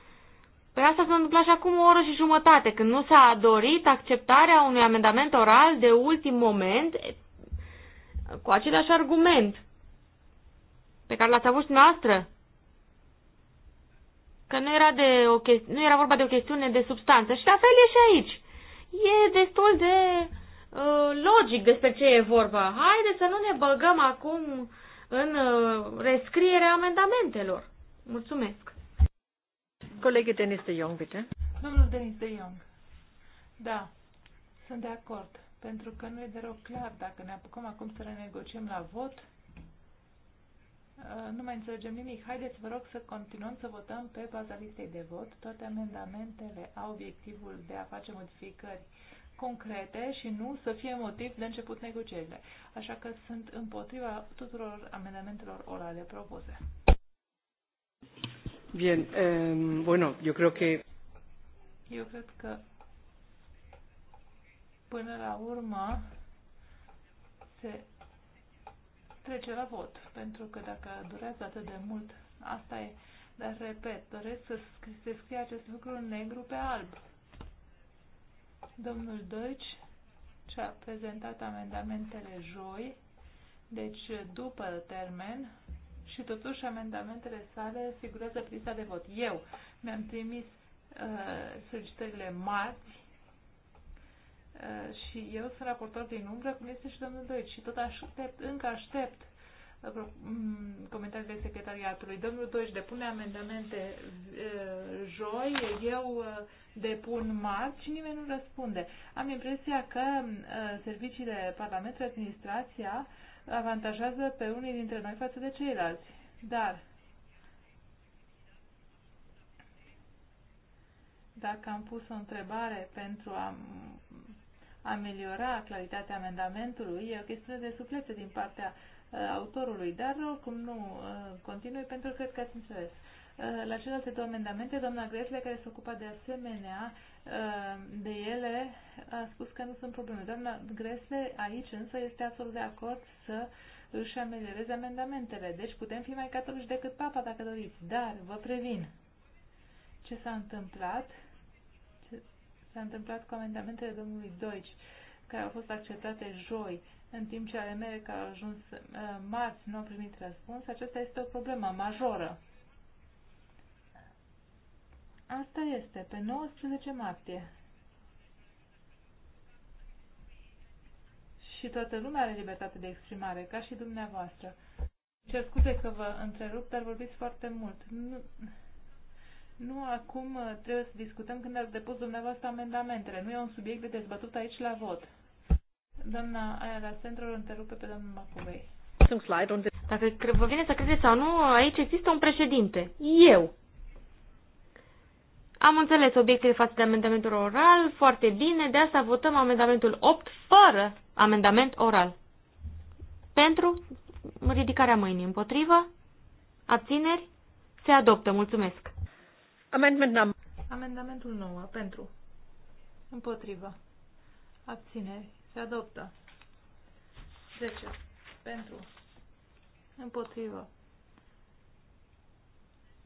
Păi asta s-a întâmplat și acum o oră și jumătate, când nu s-a dorit acceptarea unui amendament oral de ultim moment cu același argument pe care l-ați avut noastră. Că nu era, de o chesti- nu era vorba de o chestiune de substanță. Și la fel e și aici. E destul de uh, logic despre ce e vorba. Haideți să nu ne băgăm acum în uh, rescrierea amendamentelor. Mulțumesc. Colegii Denis de Jong, bitte. Domnul Denis de Jong. Da, sunt de acord. Pentru că nu e deloc clar dacă ne apucăm acum să renegociem la vot, uh, nu mai înțelegem nimic. Haideți, vă rog, să continuăm să votăm pe baza listei de vot. Toate amendamentele au obiectivul de a face modificări concrete și nu să fie motiv de început negocierile. Așa că sunt împotriva tuturor amendamentelor orale propuse. Bien, eh, bueno, yo creo que... Eu cred că până la urmă se trece la vot, pentru că dacă durează atât de mult, asta e. Dar, repet, doresc să se scrie acest lucru în negru pe alb. Domnul Deutsch și-a prezentat amendamentele joi, deci după termen, și totuși amendamentele sale figurează pe lista de vot. Eu mi-am trimis uh, solicitările marți uh, și eu sunt raportor din umbră, cum este și domnul Doit. Și tot aștept, încă aștept uh, mm, comentariile secretariatului. Domnul Doici depune amendamente uh, joi, eu uh, depun marți și nimeni nu răspunde. Am impresia că uh, serviciile Parlamentului, administrația, uh, avantajează pe unii dintre noi față de ceilalți. Dar dacă am pus o întrebare pentru a ameliora claritatea amendamentului, e o chestiune de suplețe din partea uh, autorului, dar oricum nu uh, continui pentru că cred că ați înțeles. Uh, la celelalte două amendamente, doamna Gresle, care se ocupa de asemenea Uh, de ele, a spus că nu sunt probleme. Doamna Gresle aici însă este absolut de acord să își amelioreze amendamentele. Deci putem fi mai catolici decât papa dacă doriți, dar vă previn. Ce s-a întâmplat? Ce s-a întâmplat cu amendamentele domnului Deutsch, care au fost acceptate joi, în timp ce ale mele care au ajuns uh, marți nu au primit răspuns, aceasta este o problemă majoră. Asta este, pe 19 martie. Și toată lumea are libertate de exprimare, ca și dumneavoastră. Cer scuze că vă întrerup, dar vorbiți foarte mult. Nu, nu acum uh, trebuie să discutăm când ați depus dumneavoastră amendamentele. Nu e un subiect de dezbătut aici la vot. Doamna aia la centru îl întrerupe pe domnul Macovei. Dacă vă vine să credeți sau nu, aici există un președinte. Eu. Am înțeles obiectele față de amendamentul oral foarte bine, de asta votăm amendamentul 8 fără amendament oral. Pentru ridicarea mâinii împotrivă, abțineri, se adoptă. Mulțumesc. Amendment number. Amendamentul 9 pentru împotrivă, abțineri, se adoptă. 10 pentru împotrivă,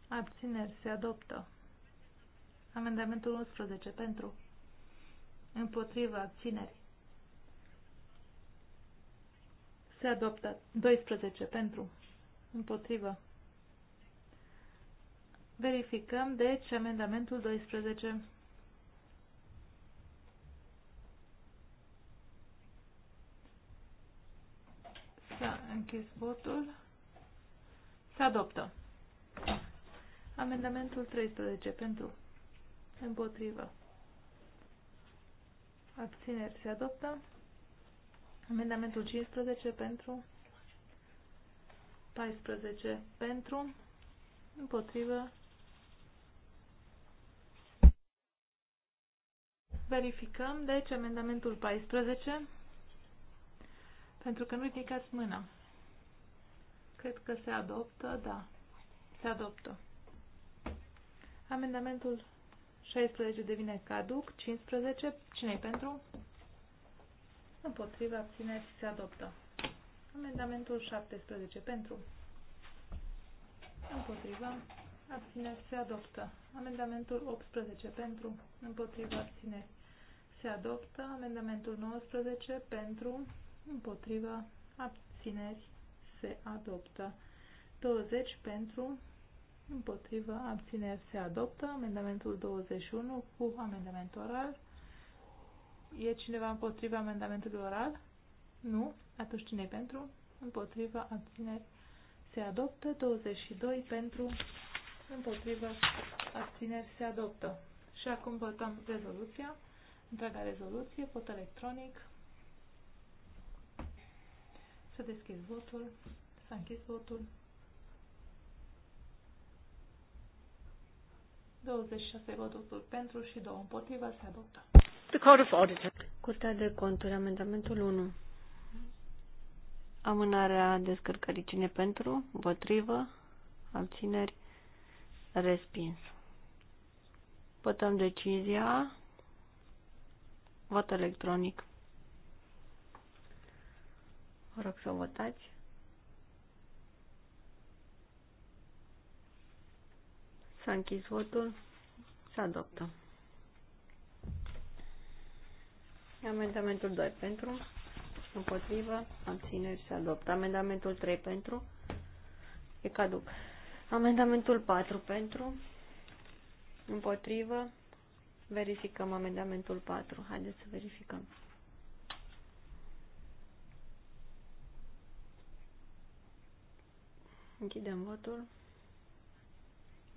abțineri, se adoptă. Amendamentul 11 pentru. Împotrivă abțineri. Se adoptă 12 pentru. Împotrivă. Verificăm, deci, amendamentul 12. S-a închis votul. Se adoptă. Amendamentul 13 pentru. Împotrivă. Abțineri se adoptă. Amendamentul 15 pentru 14 pentru împotrivă Verificăm, deci, amendamentul 14, pentru că nu ridicați mâna. Cred că se adoptă, da, se adoptă. Amendamentul 16 devine caduc, 15, cine e pentru? Împotriva, abțineri, se adoptă. Amendamentul 17 pentru. Împotriva, abțineri, se adoptă. Amendamentul 18 pentru. Împotriva, abțineri, se adoptă. Amendamentul 19 pentru. Împotriva, abțineri, se adoptă. 20 pentru. Împotrivă, abțineri se adoptă. Amendamentul 21 cu amendament oral. E cineva împotriva amendamentului oral? Nu. Atunci cine pentru? Împotriva, abțineri se adoptă. 22 pentru, împotriva, abțineri se adoptă. Și acum votăm rezoluția. Întreaga rezoluție, vot electronic. Să deschid votul. S-a închis votul. 26 voturi pentru și 2 împotriva se adoptă. The Court of Auditors. Curtea de conturi, amendamentul 1. Amânarea descărcării cine pentru, împotrivă, abțineri, respins. Votăm decizia. Vot electronic. Vă rog să votați. S-a închis votul. Se adoptă. Amendamentul 2 pentru. Împotrivă. Abțineri. Se adoptă. Amendamentul 3 pentru. E caduc. Amendamentul 4 pentru. Împotrivă. Verificăm amendamentul 4. Haideți să verificăm. Închidem votul.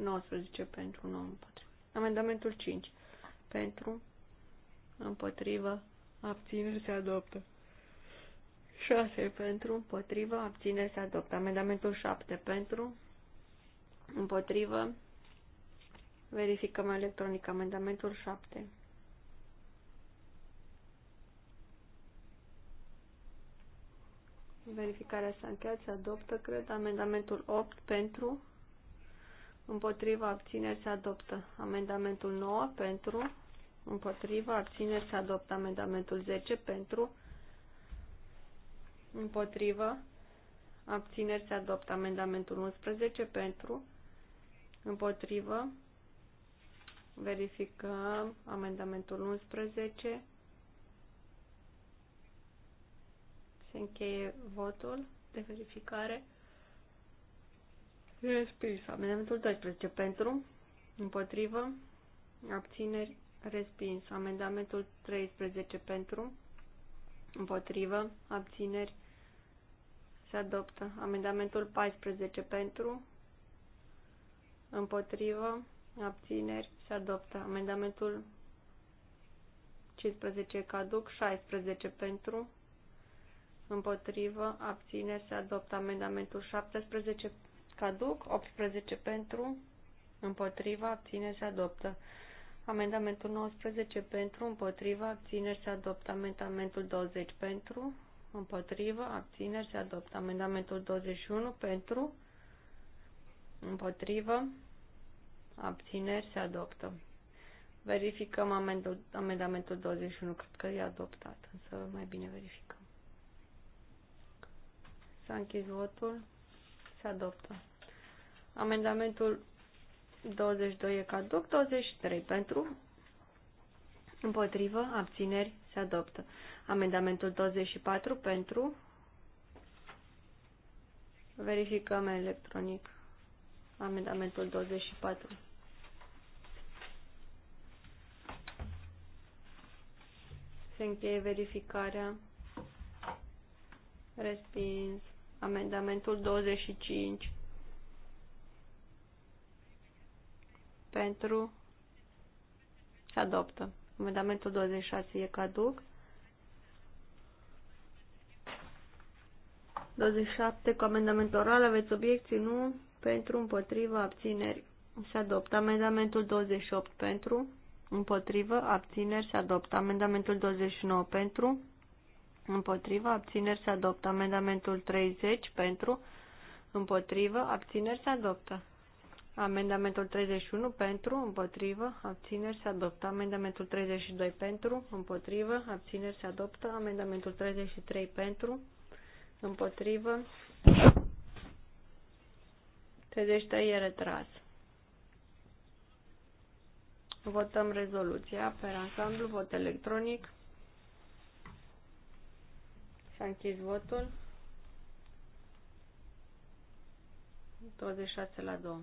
19 pentru, 9 împotrivă. Amendamentul 5 pentru, împotrivă, abținere se adoptă. 6 pentru, împotrivă, abținere se adoptă. Amendamentul 7 pentru, împotrivă, verificăm electronic. Amendamentul 7. Verificarea s-a încheiat, se adoptă, cred, amendamentul 8 pentru, împotriva abțineri se adoptă. Amendamentul 9 pentru, împotriva abțineri se adoptă. Amendamentul 10 pentru, împotriva abțineri se adoptă. Amendamentul 11 pentru, împotrivă. Verificăm amendamentul 11. Se încheie votul de verificare. Respins. Amendamentul 12 pentru, împotrivă, abțineri, respins. Amendamentul 13 pentru, împotrivă, abțineri, se adoptă. Amendamentul 14 pentru, împotrivă, abțineri, se adoptă. Amendamentul 15 caduc, 16 pentru, împotrivă, abțineri, se adoptă. Amendamentul 17 caduc, 18 pentru, împotriva, abține, se adoptă. Amendamentul 19 pentru, împotriva, abțineri se adoptă. Amendamentul 20 pentru, împotriva, abțineri se adoptă. Amendamentul 21 pentru, împotriva, abțineri se adoptă. Verificăm amendamentul 21, cred că e adoptat, însă mai bine verificăm. S-a închis votul, se adoptă. Amendamentul 22 e caduc, 23 pentru, împotrivă, abțineri, se adoptă. Amendamentul 24 pentru, verificăm electronic. Amendamentul 24. Se încheie verificarea. Respins. Amendamentul 25. pentru se adoptă. Amendamentul 26 e caduc. 27 cu amendament oral aveți obiecții? Nu. Pentru, împotriva, abțineri. Se adoptă amendamentul 28 pentru, împotrivă, abțineri. Se adoptă amendamentul 29 pentru, împotrivă, abțineri. Se adoptă amendamentul 30 pentru, împotrivă, abțineri. Se adoptă. Amendamentul 31 pentru, împotrivă, abțineri se adoptă. Amendamentul 32 pentru, împotrivă, abțineri se adoptă. Amendamentul 33 pentru, împotrivă. 33 e retras. Votăm rezoluția pe ansamblu, vot electronic. S-a închis votul. 26 la 2.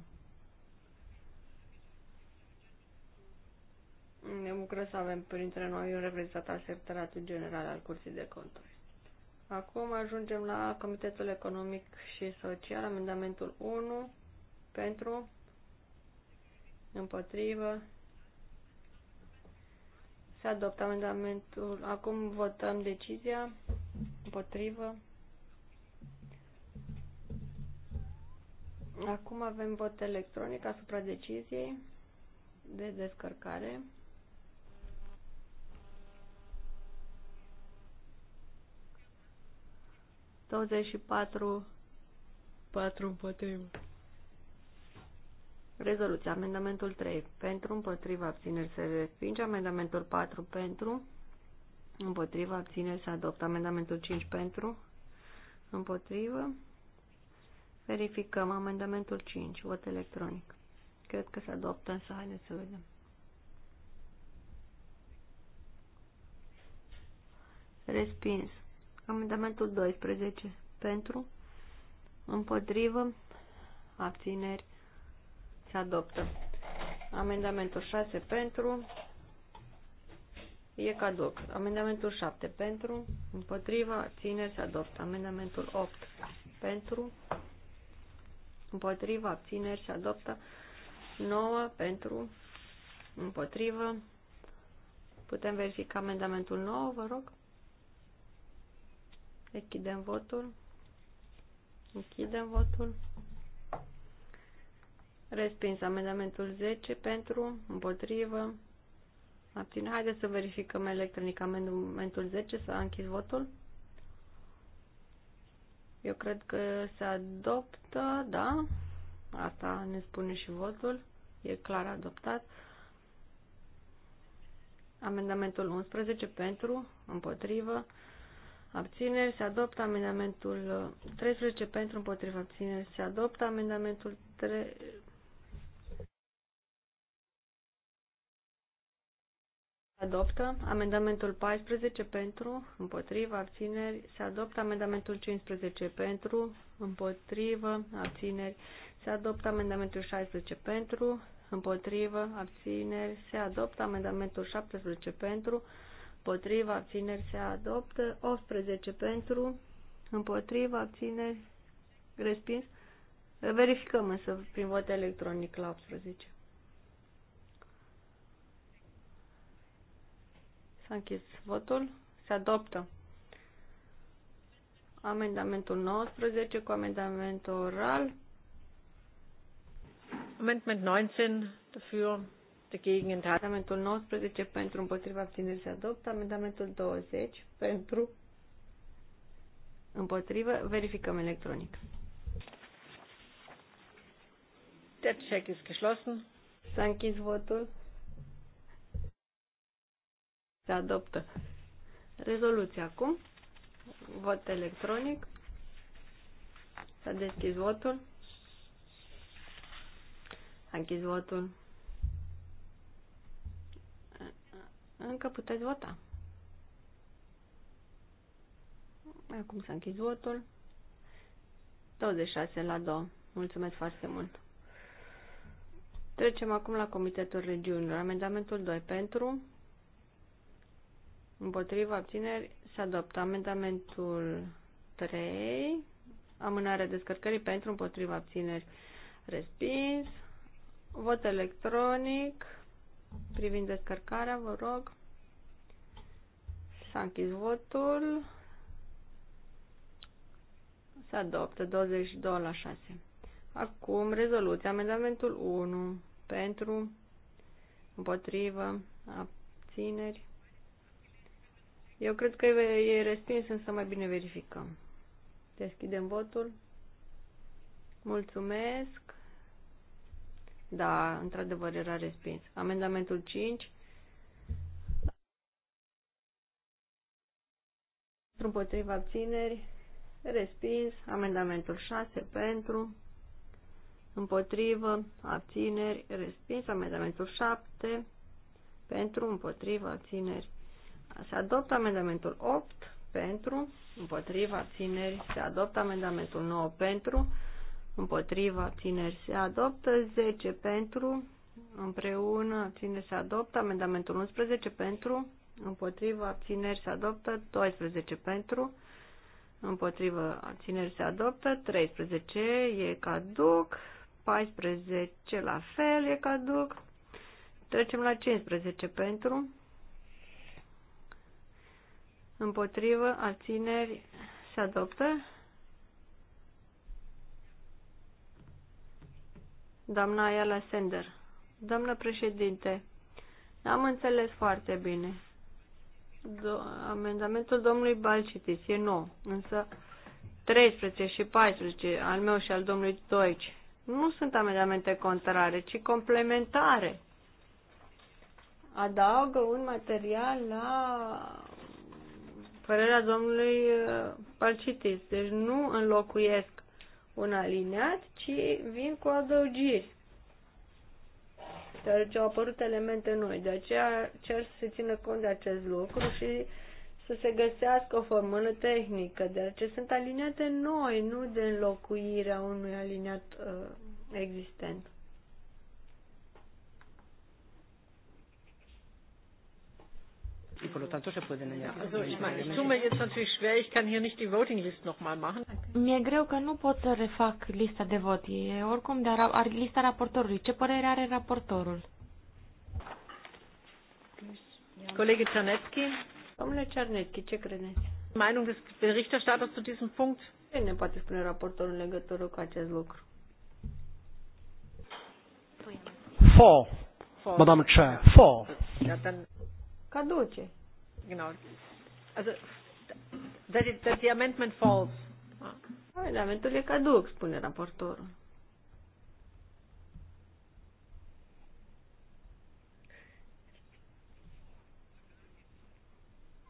Ne bucură să avem printre noi un reprezentant al Secretariatului General al Curții de Conturi. Acum ajungem la Comitetul Economic și Social, amendamentul 1, pentru, împotrivă, se adoptă amendamentul, acum votăm decizia, împotrivă. Acum avem vot electronic asupra deciziei de descărcare. 24 4 împotrivă. Rezoluția. Amendamentul 3. Pentru, împotriva, abțineri se respinge. Amendamentul 4. Pentru, împotriva, abțineri se adoptă. Amendamentul 5. Pentru, împotrivă. Verificăm amendamentul 5. Vot electronic. Cred că se adoptă, însă haideți să vedem. Respins. Amendamentul 12. Pentru, împotrivă, abțineri, se adoptă. Amendamentul 6 pentru, e caduc. Amendamentul 7 pentru, împotrivă, abțineri, se adoptă. Amendamentul 8 pentru, împotrivă, abțineri, se adoptă. 9 pentru, împotrivă, Putem verifica amendamentul 9, vă rog? Echidem votul. Închidem votul. Respins amendamentul 10 pentru, împotrivă, abține. Haideți să verificăm electronic amendamentul 10, s-a închis votul. Eu cred că se adoptă, da, asta ne spune și votul, e clar adoptat. Amendamentul 11 pentru, împotrivă, abțineri, se adoptă amendamentul 13 uh, pentru împotriva abțineri, se adoptă amendamentul 3... adoptă amendamentul 14 pentru, împotriva, abțineri, se adoptă amendamentul 15 pentru, împotrivă, abțineri, se adoptă amendamentul 16 pentru, împotrivă, abțineri, se adoptă amendamentul 17 pentru, împotriva abțineri se adoptă, 18 pentru, împotriva abțineri respins. Verificăm însă prin vot electronic la 18. S-a închis votul. Se adoptă amendamentul 19 cu amendamentul oral. Amendment 19 dafür dagegen enthalten. Amendamentul 19 pentru împotriva abținerii se adoptă. Amendamentul 20 pentru împotrivă. Verificăm electronic. Der check ist geschlossen. S-a închis votul. Se adoptă. Rezoluția acum. Vot electronic. S-a deschis votul. S-a închis votul. Încă puteți vota. Acum să închid votul. 26 la 2. Mulțumesc foarte mult. Trecem acum la Comitetul Regiunilor. Amendamentul 2 pentru. Împotriva abțineri se adoptă amendamentul 3. Amânarea descărcării pentru împotriva abțineri respins. Vot electronic privind descărcarea, vă rog. S-a închis votul. Se adoptă 22 la 6. Acum rezoluția, amendamentul 1 pentru, împotrivă, abțineri. Eu cred că e respins, însă mai bine verificăm. Deschidem votul. Mulțumesc. Da, într-adevăr era respins. Amendamentul 5. Pentru Împotriva abțineri. Respins. Amendamentul 6 pentru. Împotrivă. Abțineri. Respins. Amendamentul 7 pentru. Împotriva abțineri. Se adoptă amendamentul 8 pentru. Împotriva abțineri. Se adoptă amendamentul 9 pentru împotriva, abțineri se adoptă, 10 pentru, împreună, abțineri se adoptă, amendamentul 11 pentru, împotriva, abțineri se adoptă, 12 pentru, împotriva, abțineri se adoptă, 13 e caduc, 14 la fel e caduc, trecem la 15 pentru, împotriva abțineri se adoptă, doamna Ayala Sender. Doamnă președinte, am înțeles foarte bine. Do- amendamentul domnului Balcitis e nou, însă 13 și 14, al meu și al domnului Doici, nu sunt amendamente contrare, ci complementare. Adaugă un material la părerea domnului uh, Balcitis, Deci nu înlocuiesc un aliniat, ci vin cu adăugiri. Deoarece au apărut elemente noi. De aceea cer să se țină cont de acest lucru și să se găsească o formulă tehnică, deoarece sunt aliniate noi, nu de înlocuirea unui aliniat uh, existent. Y por lo tanto se pueden añadir. Also ich Mi-e greu că nu pot să refac lista de vot. E oricum de ra lista raportorului. Ce părere are raportorul? Colegi Czarnecki. Domnule Czarnecki, ce credeți? Meinung des Berichterstatters zu diesem Punkt? Ce ne poate spune raportorul în legătură cu acest lucru? Fo. Madame Chair, fo. Ja, dann caduce. Genau. Also, that, it, that the amendment falls. Ah. Amendamentul e caduc, spune raportorul.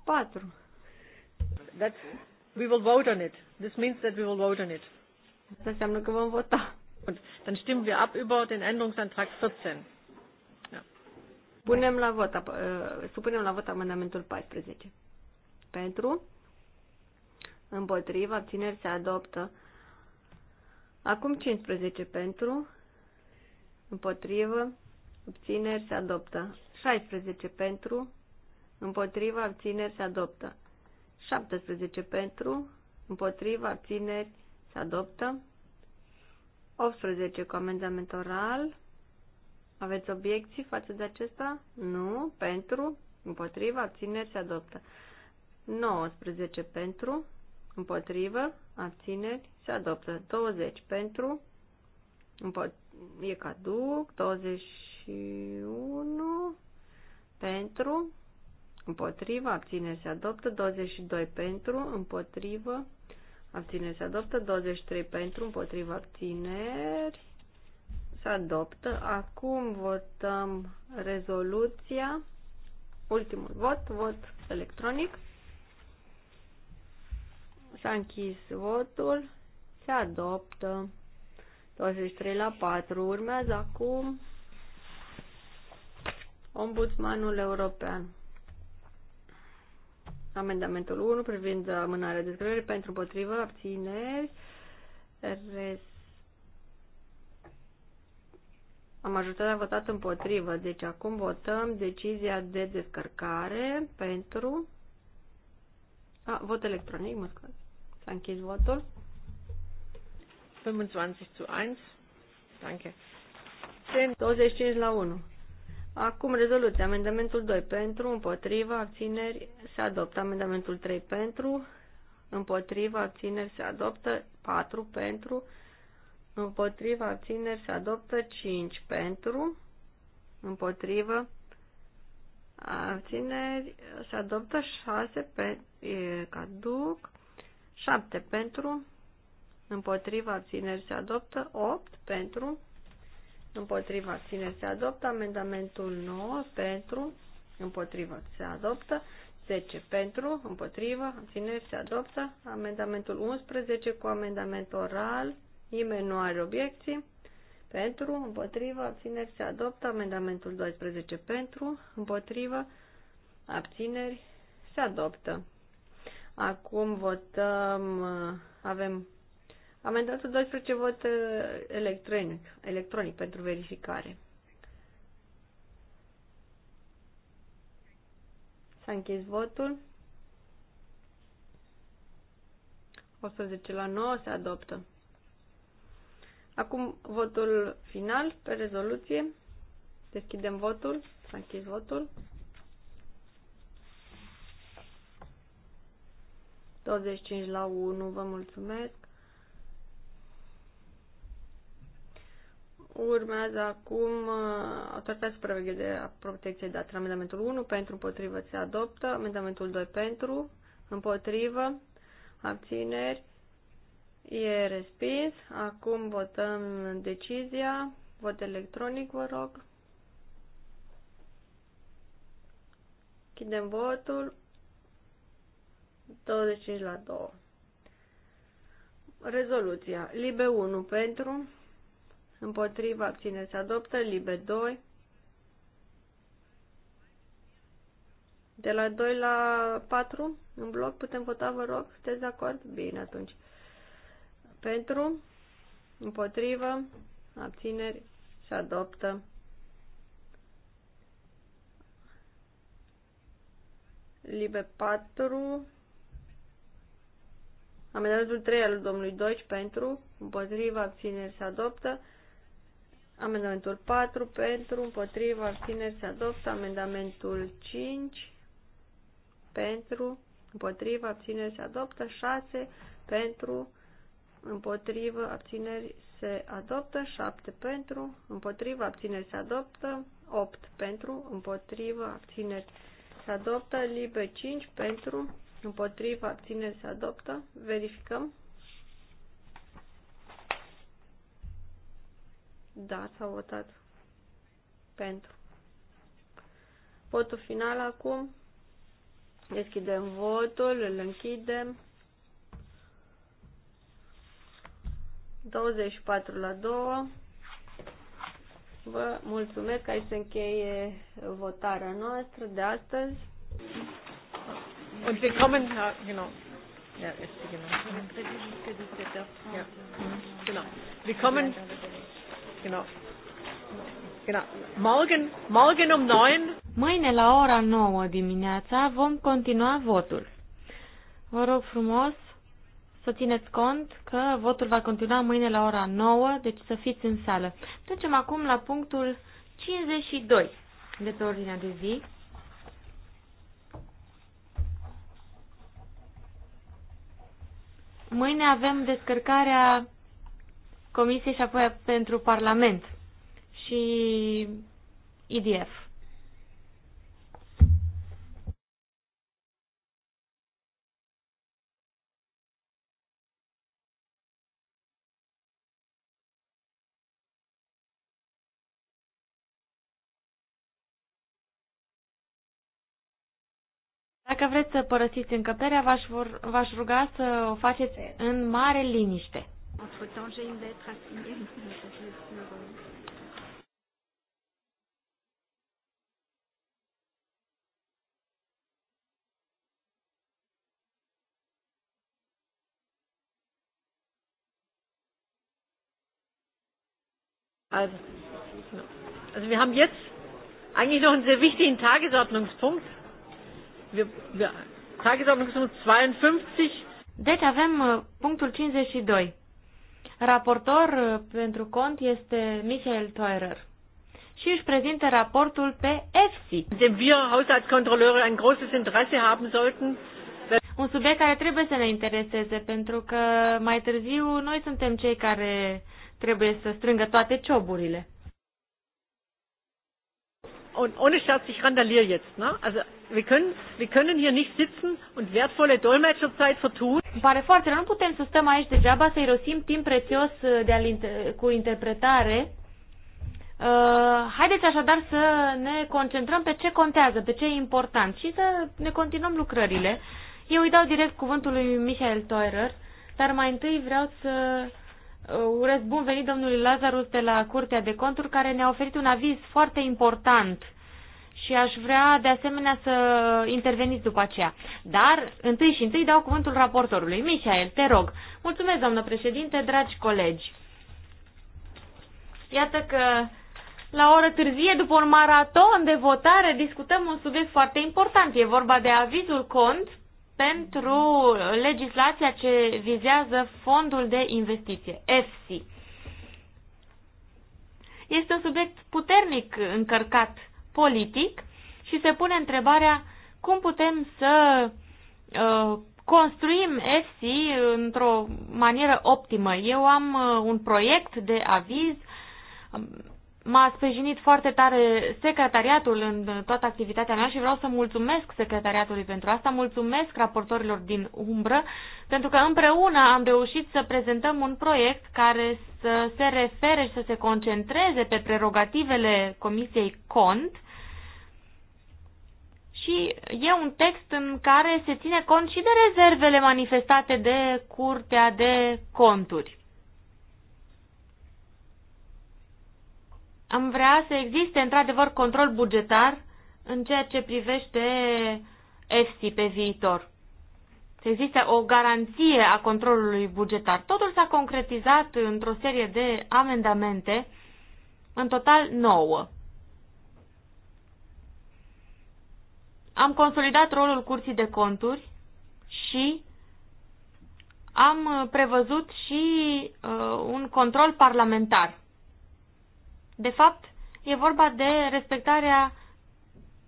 Patru. That's, we will vote on it. This means that we will vote on it. Asta înseamnă că vom vota. Und dann stimmen wir ab über den Änderungsantrag 14. Punem la vot, uh, supunem la vot amendamentul 14. Pentru, împotriva, abțineri se adoptă. Acum 15 pentru, împotrivă, abțineri se adoptă. 16 pentru, împotriva, abțineri se adoptă. 17 pentru, împotriva, abțineri se adoptă. 18 cu amendament oral aveți obiecții față de acesta? Nu. Pentru? Împotrivă? Abțineri? Se adoptă. 19 pentru? Împotrivă? Abțineri? Se adoptă. 20 pentru? E caduc. 21 pentru? Împotrivă? Abțineri? Se adoptă. 22 pentru? Împotrivă? Abțineri? Se adoptă. 23 pentru? Împotrivă? Abțineri? se adoptă. Acum votăm rezoluția. Ultimul vot, vot electronic. S-a închis votul. Se adoptă. 23 la 4. Urmează acum Ombudsmanul European. Amendamentul 1 privind amânarea descărcării pentru potrivă abțineri. Res Am ajutat, am votat împotrivă, deci acum votăm decizia de descărcare pentru... A, vot electronic, mă scuze. S-a închis votul. 25 zu 1. Danke. 25 la 1. Acum rezoluția. Amendamentul 2 pentru, împotrivă, abțineri, se adoptă. Amendamentul 3 pentru, împotrivă, abțineri, se adoptă. 4 pentru, împotriva abțineri se adoptă 5 pentru, împotrivă abțineri se adoptă 6 pentru, caduc, 7 pentru, împotriva abțineri se adoptă 8 pentru, împotriva abțineri se adoptă amendamentul 9 pentru, împotriva se adoptă 10 pentru, împotriva abțineri se adoptă amendamentul 11 cu amendament oral Nimeni nu are obiecții. Pentru, împotrivă, abțineri se adoptă. Amendamentul 12 pentru, împotrivă, abțineri se adoptă. Acum votăm, uh, avem amendamentul 12 vot uh, electronic, electronic pentru verificare. S-a închis votul. 11 la 9 se adoptă. Acum votul final pe rezoluție. Deschidem votul. S-a închis votul. 25 la 1, vă mulțumesc. Urmează acum uh, autoritatea supraveghere de protecție de Amendamentul 1 pentru împotrivă se adoptă, amendamentul 2 pentru, împotrivă, abțineri, E respins. Acum votăm decizia. Vot electronic, vă rog. Chidem votul. 25 la 2. Rezoluția. Libe 1 pentru. Împotriva abține se adoptă. Libe 2. De la 2 la 4 în bloc putem vota, vă rog. Sunteți de acord? Bine, atunci. Pentru, împotrivă, abțineri, și adoptă. Libe 4. Amendamentul 3 al domnului Doci pentru, împotrivă, abțineri și adoptă. Amendamentul 4 pentru, împotrivă, abțineri se adoptă. Amendamentul 5 pentru, împotrivă, abțineri se adoptă. 6 pentru, împotrivă, abțineri se adoptă, 7 pentru, împotrivă, abțineri se adoptă, 8 pentru, împotrivă, abțineri se adoptă, libe 5 pentru, împotrivă, abțineri se adoptă, verificăm. Da, s-a votat pentru. Votul final acum. Deschidem votul, îl închidem. 24 la 2. Vă mulțumesc, aici se încheie votarea noastră de astăzi. Und wir kommen, ja, genau. Ja, ist sie genau. Ja. Genau. Wir kommen, genau. Genau. Morgen, morgen um 9. Mâine la ora 9 dimineața vom continua votul. Vă rog frumos să țineți cont că votul va continua mâine la ora 9, deci să fiți în sală. Trecem acum la punctul 52 de pe ordinea de zi. Mâine avem descărcarea Comisiei și apoi pentru Parlament și IDF. Dacă vreți să părăsiți încăperea, v-aș, v-aș ruga să o faceți în mare liniște. Also, also wir haben jetzt eigentlich noch einen sehr wichtigen Tagesordnungspunkt. Deci avem uh, punctul 52. Raportor uh, pentru cont este Michael Teurer și își prezintă raportul pe EFSI. Un subiect care trebuie să ne intereseze, pentru că mai târziu noi suntem cei care trebuie să strângă toate cioburile und ohne Scherz, ich randaliere jetzt. Ne? Also wir können, wir können hier nicht sitzen und wertvolle Dolmetscherzeit vertun. Îmi pare foarte rău, nu putem să stăm aici degeaba, să irosim timp prețios uh, de a inter cu interpretare. Uh, haideți așadar să ne concentrăm pe ce contează, pe ce e important și să ne continuăm lucrările. Eu îi dau direct cuvântul lui Michael Teurer, dar mai întâi vreau să Uh, urez bun venit domnului Lazarus de la Curtea de Conturi, care ne-a oferit un aviz foarte important și aș vrea de asemenea să interveniți după aceea. Dar întâi și întâi dau cuvântul raportorului. Mișael, te rog. Mulțumesc, doamnă președinte, dragi colegi. Iată că la o oră târzie, după un maraton de votare, discutăm un subiect foarte important. E vorba de avizul cont pentru legislația ce vizează fondul de investiție, EFSI. Este un subiect puternic încărcat politic și se pune întrebarea cum putem să uh, construim EFSI într-o manieră optimă. Eu am uh, un proiect de aviz um, m-a sprijinit foarte tare secretariatul în toată activitatea mea și vreau să mulțumesc secretariatului pentru asta, mulțumesc raportorilor din umbră, pentru că împreună am reușit să prezentăm un proiect care să se refere și să se concentreze pe prerogativele Comisiei Cont și e un text în care se ține cont și de rezervele manifestate de Curtea de Conturi. am vrea să existe într-adevăr control bugetar în ceea ce privește EFSI pe viitor. Să existe o garanție a controlului bugetar. Totul s-a concretizat într-o serie de amendamente, în total 9. Am consolidat rolul curții de conturi și am prevăzut și uh, un control parlamentar de fapt, e vorba de respectarea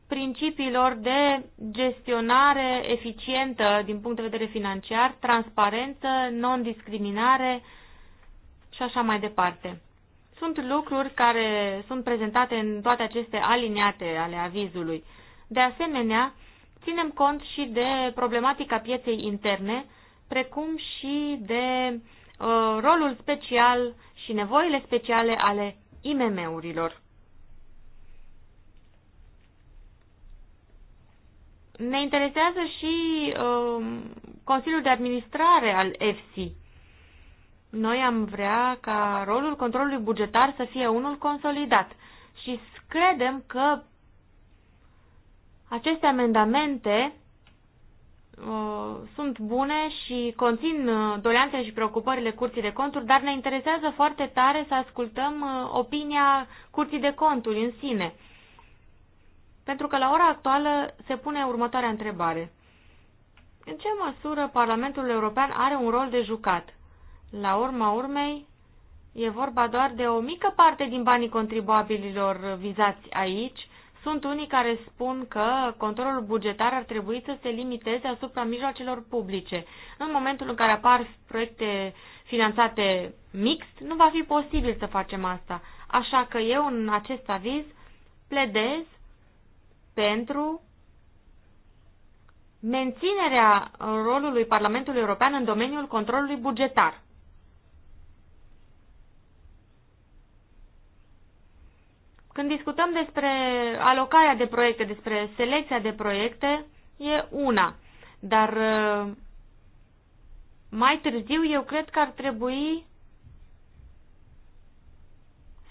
principiilor de gestionare eficientă din punct de vedere financiar, transparență, non-discriminare și așa mai departe. Sunt lucruri care sunt prezentate în toate aceste aliniate ale avizului. De asemenea, ținem cont și de problematica pieței interne, precum și de uh, rolul special și nevoile speciale ale IMM-urilor. Ne interesează și uh, Consiliul de Administrare al EFSI. Noi am vrea ca rolul controlului bugetar să fie unul consolidat și credem că aceste amendamente Uh, sunt bune și conțin uh, doleanțele și preocupările Curții de Conturi, dar ne interesează foarte tare să ascultăm uh, opinia Curții de Conturi în sine. Pentru că la ora actuală se pune următoarea întrebare. În ce măsură Parlamentul European are un rol de jucat? La urma urmei, e vorba doar de o mică parte din banii contribuabililor vizați aici, sunt unii care spun că controlul bugetar ar trebui să se limiteze asupra mijloacelor publice. În momentul în care apar proiecte finanțate mixt, nu va fi posibil să facem asta. Așa că eu, în acest aviz, pledez pentru menținerea rolului Parlamentului European în domeniul controlului bugetar. Când discutăm despre alocarea de proiecte, despre selecția de proiecte, e una. Dar uh, mai târziu eu cred că ar trebui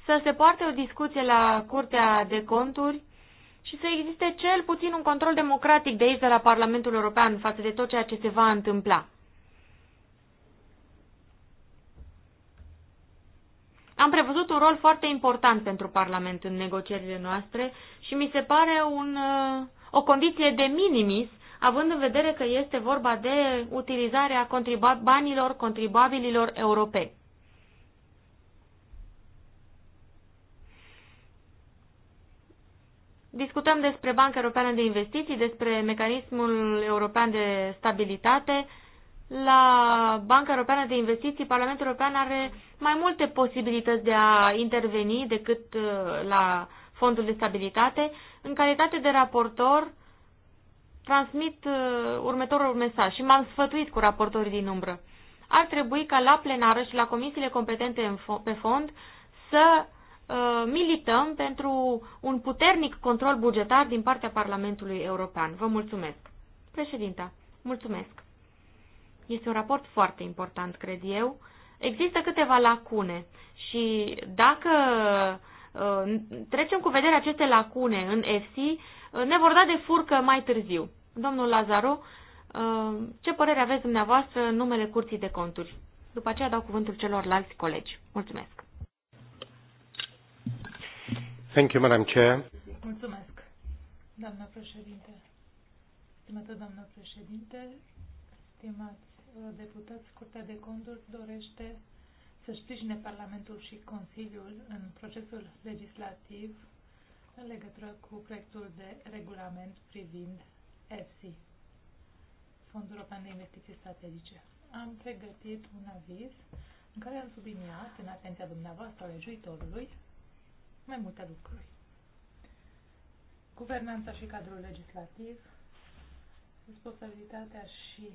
să se poarte o discuție la Curtea de Conturi și să existe cel puțin un control democratic de aici de la Parlamentul European față de tot ceea ce se va întâmpla. Am prevăzut un rol foarte important pentru Parlament în negocierile noastre și mi se pare un, uh, o condiție de minimis, având în vedere că este vorba de utilizarea contribu- banilor contribuabililor europeni. Discutăm despre Banca Europeană de Investiții, despre Mecanismul European de Stabilitate, la Banca Europeană de Investiții, Parlamentul European are mai multe posibilități de a interveni decât uh, la Fondul de Stabilitate. În calitate de raportor, transmit uh, următorul mesaj și m-am sfătuit cu raportorii din umbră. Ar trebui ca la plenară și la comisiile competente pe fond să uh, milităm pentru un puternic control bugetar din partea Parlamentului European. Vă mulțumesc. Președinta, mulțumesc. Este un raport foarte important, cred eu. Există câteva lacune și dacă uh, trecem cu vedere aceste lacune în FC, uh, ne vor da de furcă mai târziu. Domnul Lazaru, uh, ce părere aveți dumneavoastră în numele Curții de Conturi? După aceea dau cuvântul celorlalți colegi. Mulțumesc. Thank you, Madam Chair. Mulțumesc, doamna președinte. Stimată doamna președinte, stimați deputați, Curtea de Conturi dorește să sprijine Parlamentul și Consiliul în procesul legislativ în legătură cu proiectul de regulament privind EFSI, Fondul European de Investiții Strategice. Am pregătit un aviz în care am subliniat în atenția dumneavoastră a legiuitorului mai multe lucruri. Guvernanța și cadrul legislativ, responsabilitatea și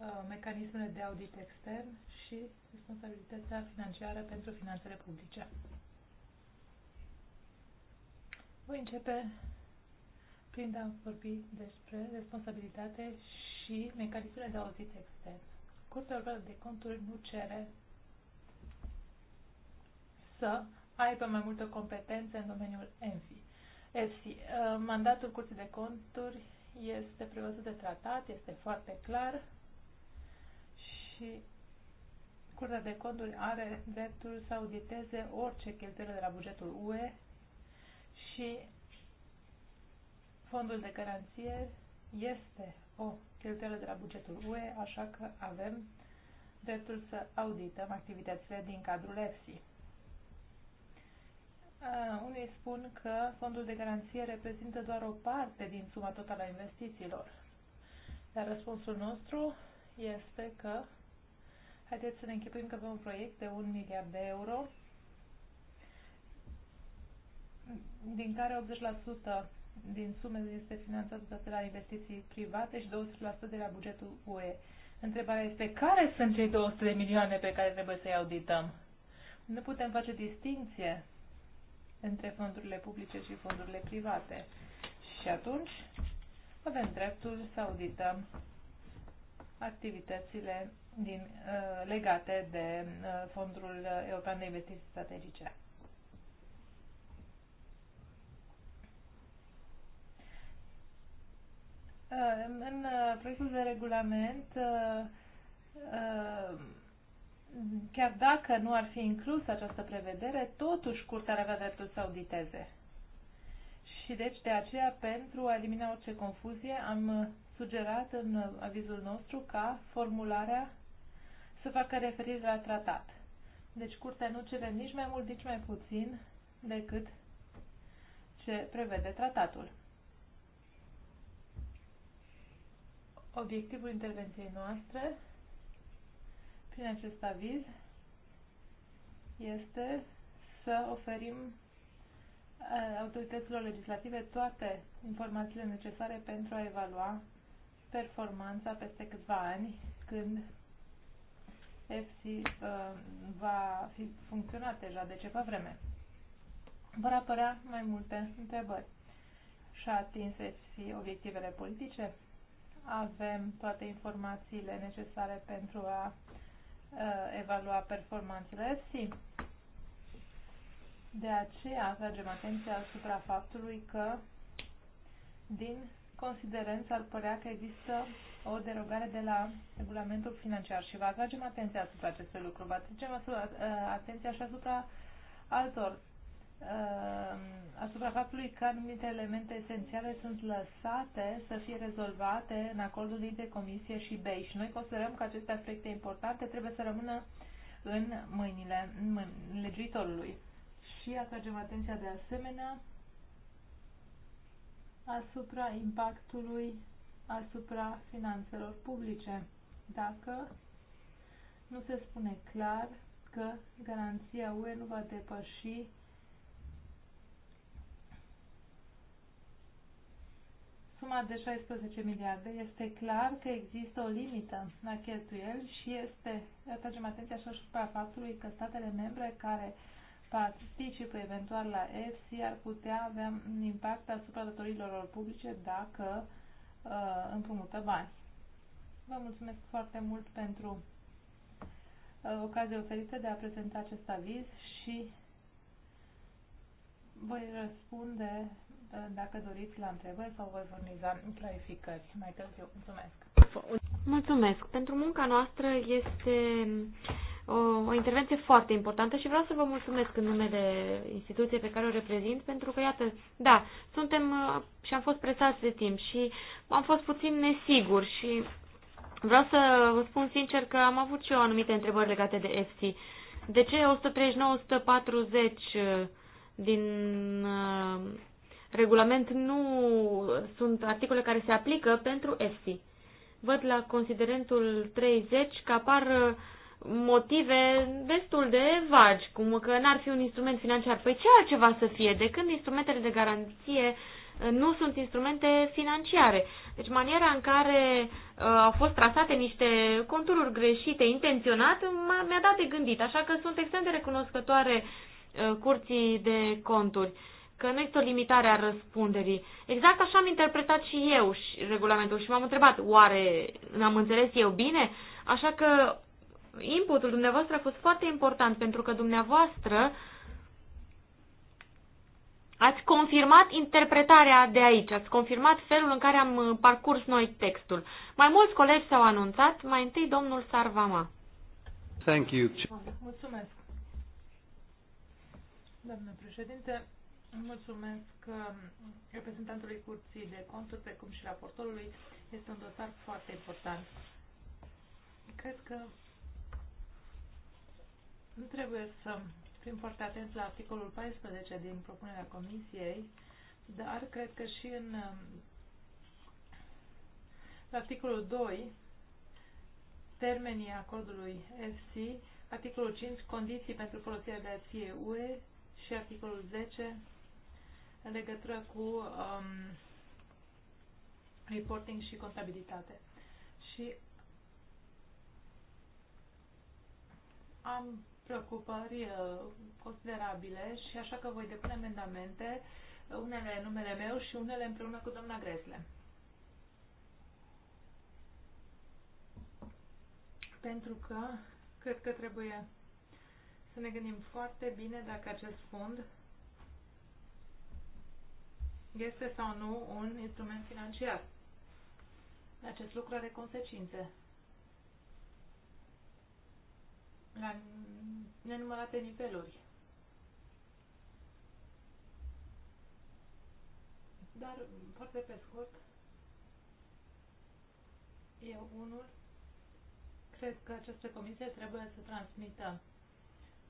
Uh, mecanismele de audit extern și responsabilitatea financiară pentru finanțele publice. Voi începe prin a vorbi despre responsabilitate și mecanismele de audit extern. Curtea Europeană de Conturi nu cere să aibă mai multă competență în domeniul ENFI. EFSI. Uh, mandatul Curții de Conturi este prevăzut de tratat, este foarte clar și Curtea de Conturi are dreptul să auditeze orice cheltuială de la bugetul UE și fondul de garanție este o cheltuială de la bugetul UE, așa că avem dreptul să audităm activitățile din cadrul EFSI. Uh, unii spun că fondul de garanție reprezintă doar o parte din suma totală a investițiilor. Dar răspunsul nostru este că Haideți să ne închipuim că avem un proiect de un miliard de euro, din care 80% din sume este finanțată de la investiții private și 20% de la bugetul UE. Întrebarea este care sunt cei 200 de milioane pe care trebuie să-i audităm? Nu putem face distinție între fondurile publice și fondurile private. Și atunci avem dreptul să audităm activitățile din, uh, legate de uh, Fondul European de Investiții Strategice. Uh, în proiectul de regulament, chiar dacă nu ar fi inclus această prevedere, totuși curtea ar avea dreptul să auditeze. Și deci, de aceea, pentru a elimina orice confuzie, am sugerat în avizul nostru ca formularea să facă referire la tratat. Deci curtea nu cere nici mai mult, nici mai puțin decât ce prevede tratatul. Obiectivul intervenției noastre prin acest aviz este să oferim uh, autorităților legislative toate informațiile necesare pentru a evalua performanța peste câțiva ani când EFSI uh, va fi funcționat deja de ceva vreme. Vor apărea mai multe întrebări. Și-a atins EFSI obiectivele politice? Avem toate informațiile necesare pentru a uh, evalua performanțele EFSI? De aceea atragem atenția asupra faptului că din considerent ar părea că există o derogare de la regulamentul financiar și vă atragem atenția asupra acestui lucru, vă atragem atenția și asupra altor uh, asupra faptului că anumite elemente esențiale sunt lăsate să fie rezolvate în acordul dintre Comisie și BEI și noi considerăm că aceste aspecte importante trebuie să rămână în mâinile, în mâinile legitorului. Și atragem atenția de asemenea asupra impactului asupra finanțelor publice, dacă nu se spune clar că garanția UE nu va depăși suma de 16 miliarde. Este clar că există o limită la cheltuieli și este, atragem atenția și asupra faptului că statele membre care participă eventual la EFSI ar putea avea un impact asupra datorilor publice dacă uh, uh, împrumută bani. Vă mulțumesc foarte mult pentru uh, ocazia oferită de a prezenta acest aviz și voi răspunde uh, dacă doriți la întrebări sau voi furniza clarificări mai târziu. Mulțumesc! Mulțumesc. Pentru munca noastră este o, o intervenție foarte importantă și vreau să vă mulțumesc în numele instituției pe care o reprezint, pentru că, iată, da, suntem uh, și am fost presați de timp și am fost puțin nesiguri și vreau să vă spun sincer că am avut și eu anumite întrebări legate de EFSI. De ce 139-140 uh, din uh, regulament nu sunt articole care se aplică pentru EFSI? văd la considerentul 30 că apar uh, motive destul de vagi, cum că n-ar fi un instrument financiar. Păi ce altceva să fie? De când instrumentele de garanție uh, nu sunt instrumente financiare. Deci maniera în care uh, au fost trasate niște contururi greșite, intenționat, mi-a dat de gândit. Așa că sunt extrem de recunoscătoare uh, curții de conturi. Uh, că nu este o limitare a răspunderii. Exact așa am interpretat și eu și regulamentul și m-am întrebat, oare n-am înțeles eu bine? Așa că inputul dumneavoastră a fost foarte important pentru că dumneavoastră ați confirmat interpretarea de aici, ați confirmat felul în care am parcurs noi textul. Mai mulți colegi s-au anunțat, mai întâi domnul Sarvama. Thank you. Mulțumesc. Doamne președinte, Mulțumesc um, reprezentantului Curții de Conturi, precum și raportorului. Este un dosar foarte important. Cred că nu trebuie să fim foarte atenți la articolul 14 din propunerea Comisiei, dar cred că și în um, articolul 2, termenii acordului FC, articolul 5, condiții pentru folosirea de FC UE și articolul 10, în legătură cu um, reporting și contabilitate. Și am preocupări uh, considerabile și așa că voi depune amendamente, unele în numele meu și unele împreună cu doamna Gresle. Pentru că cred că trebuie să ne gândim foarte bine dacă acest fond este sau nu un instrument financiar. Acest lucru are consecințe. La nenumărate niveluri. Dar, foarte pe scurt, eu unul cred că aceste comisie trebuie să transmită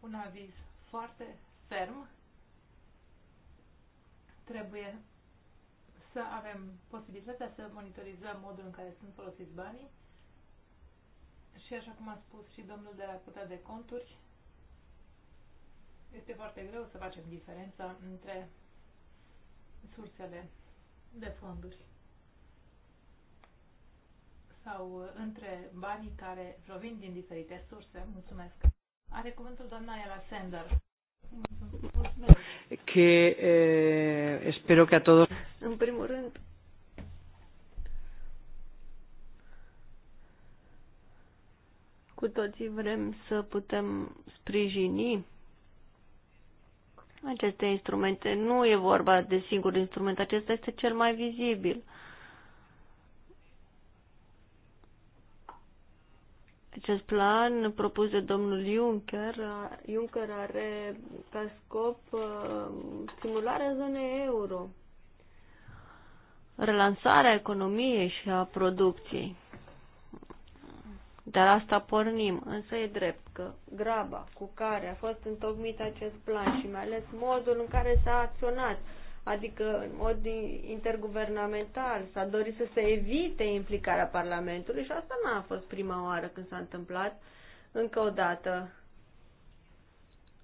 un aviz foarte ferm trebuie să avem posibilitatea să monitorizăm modul în care sunt folosiți banii și așa cum a spus și domnul de la Curtea de Conturi, este foarte greu să facem diferența între sursele de fonduri sau uh, între banii care provin din diferite surse. Mulțumesc. Are cuvântul doamna Ela Sender que eh, espero que a todos. În primul rând, cu toții vrem să putem sprijini aceste instrumente. Nu e vorba de singur instrument, acesta este cel mai vizibil. Uh, Acest plan propus de domnul Juncker, Juncker are ca scop uh, stimularea zonei euro, relansarea economiei și a producției. Dar asta pornim, însă e drept că graba cu care a fost întocmit acest plan și mai ales modul în care s-a acționat adică în mod interguvernamental. S-a dorit să se evite implicarea Parlamentului și asta n-a fost prima oară când s-a întâmplat. Încă o dată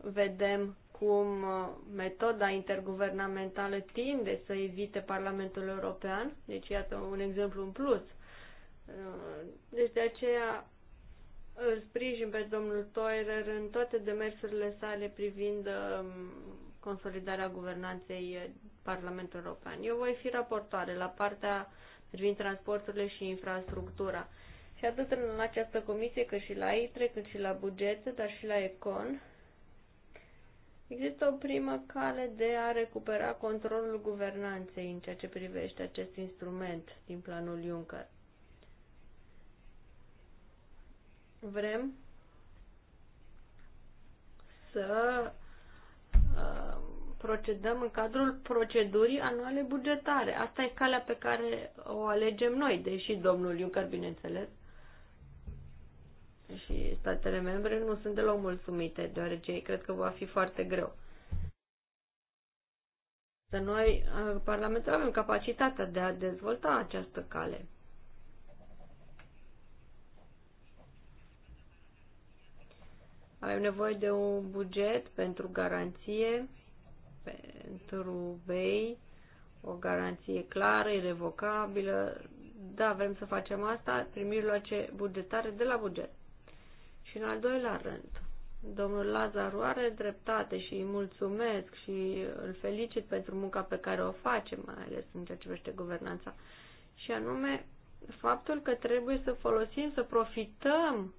vedem cum uh, metoda interguvernamentală tinde să evite Parlamentul European, deci iată un exemplu în plus. Uh, deci de aceea îl sprijin pe domnul Toirer în toate demersurile sale privind um, consolidarea guvernanței eh, Parlamentului European. Eu voi fi raportoare la partea privind transporturile și infrastructura. Și atât în această comisie, cât și la ITRE, cât și la bugete, dar și la ECON, există o primă cale de a recupera controlul guvernanței în ceea ce privește acest instrument din planul Juncker. Vrem să Uh, procedăm în cadrul procedurii anuale bugetare. Asta e calea pe care o alegem noi, deși domnul Juncker, bineînțeles, și statele membre nu sunt deloc mulțumite, deoarece ei cred că va fi foarte greu. Să noi, uh, Parlamentul, avem capacitatea de a dezvolta această cale. Avem nevoie de un buget pentru garanție, pentru BEI, o garanție clară, irrevocabilă. Da, vrem să facem asta la ce bugetare de la buget. Și în al doilea rând, domnul Lazaru are dreptate și îi mulțumesc și îl felicit pentru munca pe care o face, mai ales în ceea ce privește guvernanța. Și anume, faptul că trebuie să folosim, să profităm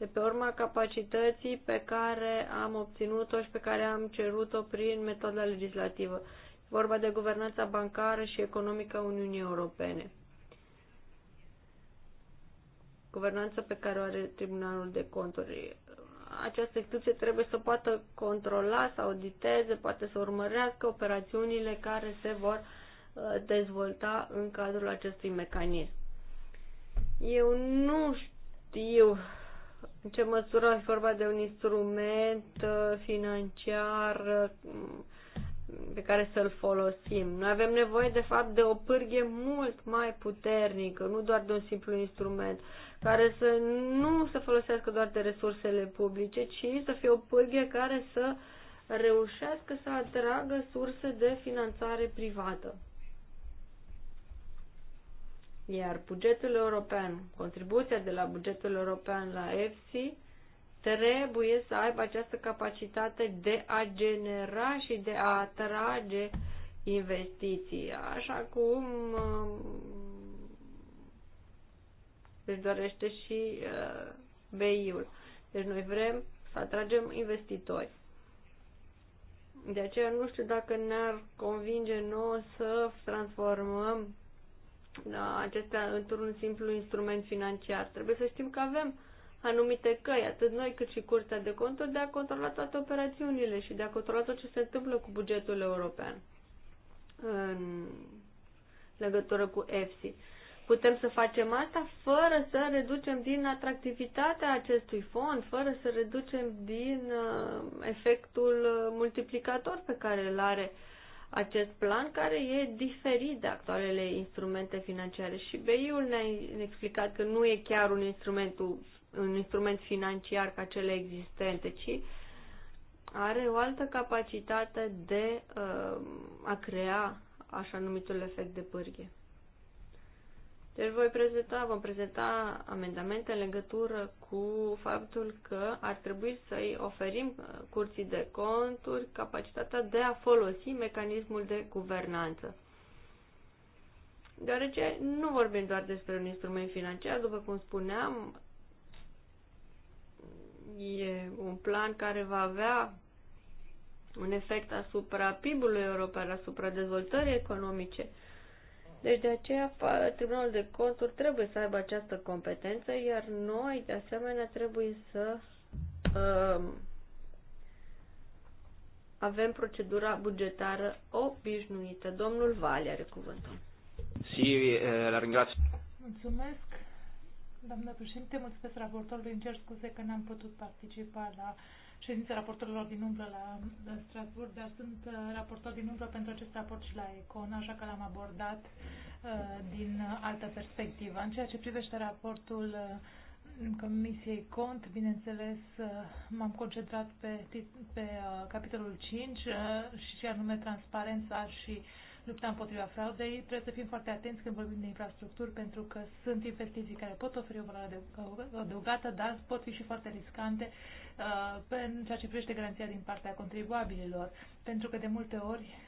de pe urma capacității pe care am obținut-o și pe care am cerut-o prin metoda legislativă. Vorba de guvernanța bancară și economică a Uniunii Europene. Guvernanța pe care o are Tribunalul de Conturi. Această instituție trebuie să poată controla, să auditeze, poate să urmărească operațiunile care se vor uh, dezvolta în cadrul acestui mecanism. Eu nu știu în ce măsură e vorba de un instrument uh, financiar uh, pe care să-l folosim. Noi avem nevoie, de fapt, de o pârghie mult mai puternică, nu doar de un simplu instrument, care să nu se folosească doar de resursele publice, ci să fie o pârghie care să reușească să atragă surse de finanțare privată. Iar bugetul european, contribuția de la bugetul european la EFSI, trebuie să aibă această capacitate de a genera și de a atrage investiții, așa cum um, își dorește și uh, BI-ul. Deci noi vrem să atragem investitori. De aceea nu știu dacă ne-ar convinge nouă să transformăm da, acestea într-un simplu instrument financiar. Trebuie să știm că avem anumite căi, atât noi cât și Curtea de Conturi, de a controla toate operațiunile și de a controla tot ce se întâmplă cu bugetul european în legătură cu EFSI. Putem să facem asta fără să reducem din atractivitatea acestui fond, fără să reducem din uh, efectul uh, multiplicator pe care îl are uh, acest plan care e diferit de actualele instrumente financiare și BI-ul ne-a explicat că nu e chiar un instrument, un instrument financiar ca cele existente, ci are o altă capacitate de uh, a crea așa numitul efect de pârghie. Deci voi prezenta, vom prezenta amendamente în legătură cu faptul că ar trebui să-i oferim uh, curții de conturi capacitatea de a folosi mecanismul de guvernanță. Deoarece nu vorbim doar despre un instrument financiar, după cum spuneam, e un plan care va avea un efect asupra PIB-ului european, asupra dezvoltării economice, deci de aceea Tribunalul de Conturi trebuie să aibă această competență, iar noi de asemenea trebuie să uh, avem procedura bugetară obișnuită. Domnul Vale are cuvântul. Si, eh, la ringrați. Mulțumesc, doamnă președinte, mulțumesc raportorului. cer scuze că n-am putut participa la ședința raportorilor din umbră la, la Strasburg, dar sunt uh, raportor din umbră pentru acest raport și la ECON, așa că l-am abordat uh, din altă perspectivă. În ceea ce privește raportul uh, Comisiei Cont, bineînțeles, m-am concentrat pe, pe capitolul 5 și anume transparența și lupta împotriva fraudei. Trebuie să fim foarte atenți când vorbim de infrastructuri, pentru că sunt investiții care pot oferi o valoare adăugată, dar pot fi și foarte riscante în uh, ceea ce privește garanția din partea contribuabililor, pentru că de multe ori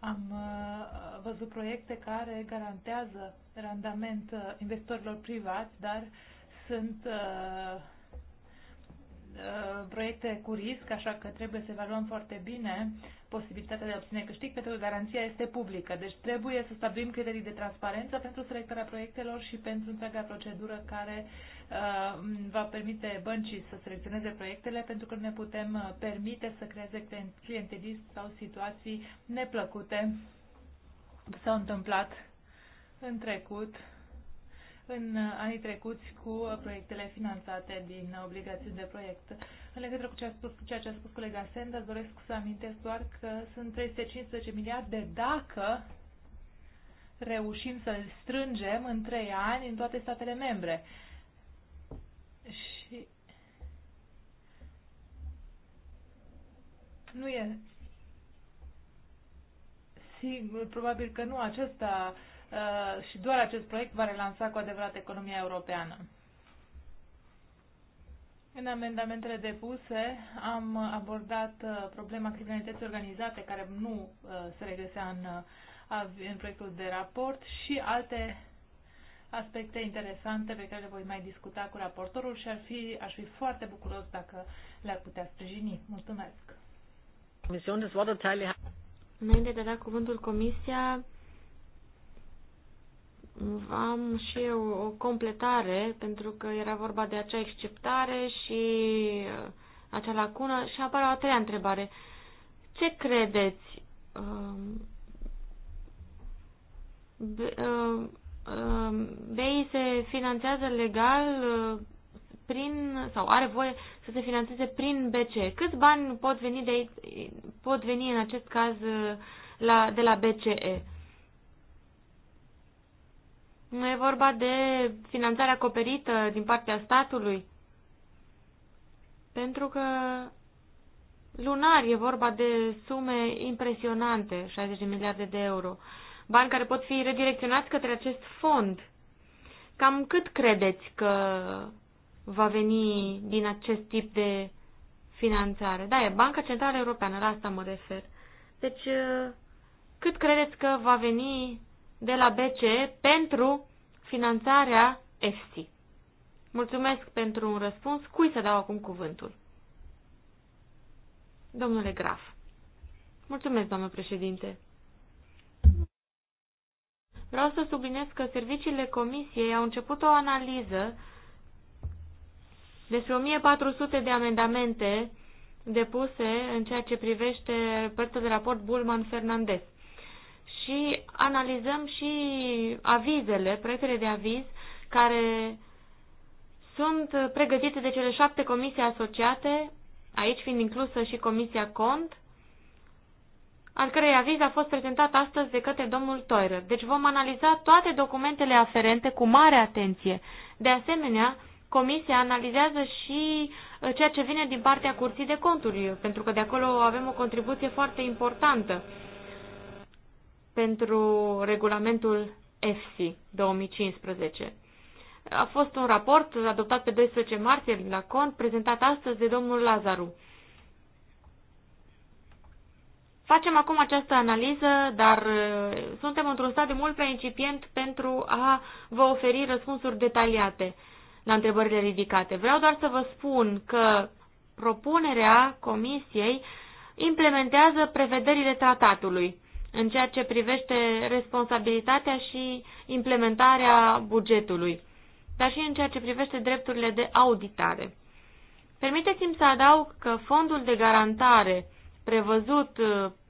am uh, văzut proiecte care garantează randament uh, investitorilor privați, dar sunt proiecte cu risc, așa că trebuie să evaluăm foarte bine posibilitatea de a obține câștig, pentru că garanția este publică. Deci trebuie să stabilim criterii de transparență pentru selectarea proiectelor și pentru întreaga procedură care Uh, va permite băncii să selecționeze proiectele pentru că ne putem uh, permite să creeze clientelism sau situații neplăcute s-au întâmplat în trecut, în uh, anii trecuți cu proiectele finanțate din obligațiuni de proiect. În legătură cu ce a spus, ceea ce a spus colega Senda, doresc să amintesc doar că sunt 315 miliarde dacă reușim să-l strângem în 3 ani în toate statele membre. nu e sigur, probabil că nu acesta uh, și doar acest proiect va relansa cu adevărat economia europeană. În amendamentele depuse am abordat uh, problema criminalității organizate care nu uh, se regăsea în, uh, în proiectul de raport și alte aspecte interesante pe care le voi mai discuta cu raportorul și ar fi, aș fi foarte bucuros dacă le-ar putea sprijini. Mulțumesc! Înainte de a da cuvântul Comisia, am și eu o completare, pentru că era vorba de acea exceptare și uh, acea lacună și apare o a treia întrebare. Ce credeți? Um, BEI um, um, se finanțează legal uh, prin, sau are voie să se finanțeze prin BCE. Câți bani pot veni, de, pot veni în acest caz uh, la, de la BCE? Nu e vorba de finanțare acoperită din partea statului? Pentru că lunar e vorba de sume impresionante, 60 de miliarde de euro. Bani care pot fi redirecționați către acest fond. Cam cât credeți că va veni din acest tip de finanțare. Da, e Banca Centrală Europeană, la asta mă refer. Deci, uh, cât credeți că va veni de la BCE pentru finanțarea EFSI? Mulțumesc pentru un răspuns. Cui să dau acum cuvântul? Domnule Graf. Mulțumesc, doamnă președinte. Vreau să subliniez că serviciile comisiei au început o analiză despre 1400 de amendamente depuse în ceea ce privește părțile de raport Bulman-Fernandez. Și analizăm și avizele, proiectele de aviz, care sunt pregătite de cele șapte comisii asociate, aici fiind inclusă și Comisia Cont, al cărei aviz a fost prezentat astăzi de către domnul Toirer. Deci vom analiza toate documentele aferente cu mare atenție. De asemenea, Comisia analizează și uh, ceea ce vine din partea Curții de Conturi, pentru că de acolo avem o contribuție foarte importantă pentru regulamentul EFSI 2015. A fost un raport adoptat pe 12 martie la cont, prezentat astăzi de domnul Lazaru. Facem acum această analiză, dar uh, suntem într-un stadiu mult prea incipient pentru a vă oferi răspunsuri detaliate la întrebările ridicate. Vreau doar să vă spun că propunerea Comisiei implementează prevederile tratatului în ceea ce privește responsabilitatea și implementarea bugetului, dar și în ceea ce privește drepturile de auditare. Permiteți-mi să adaug că fondul de garantare prevăzut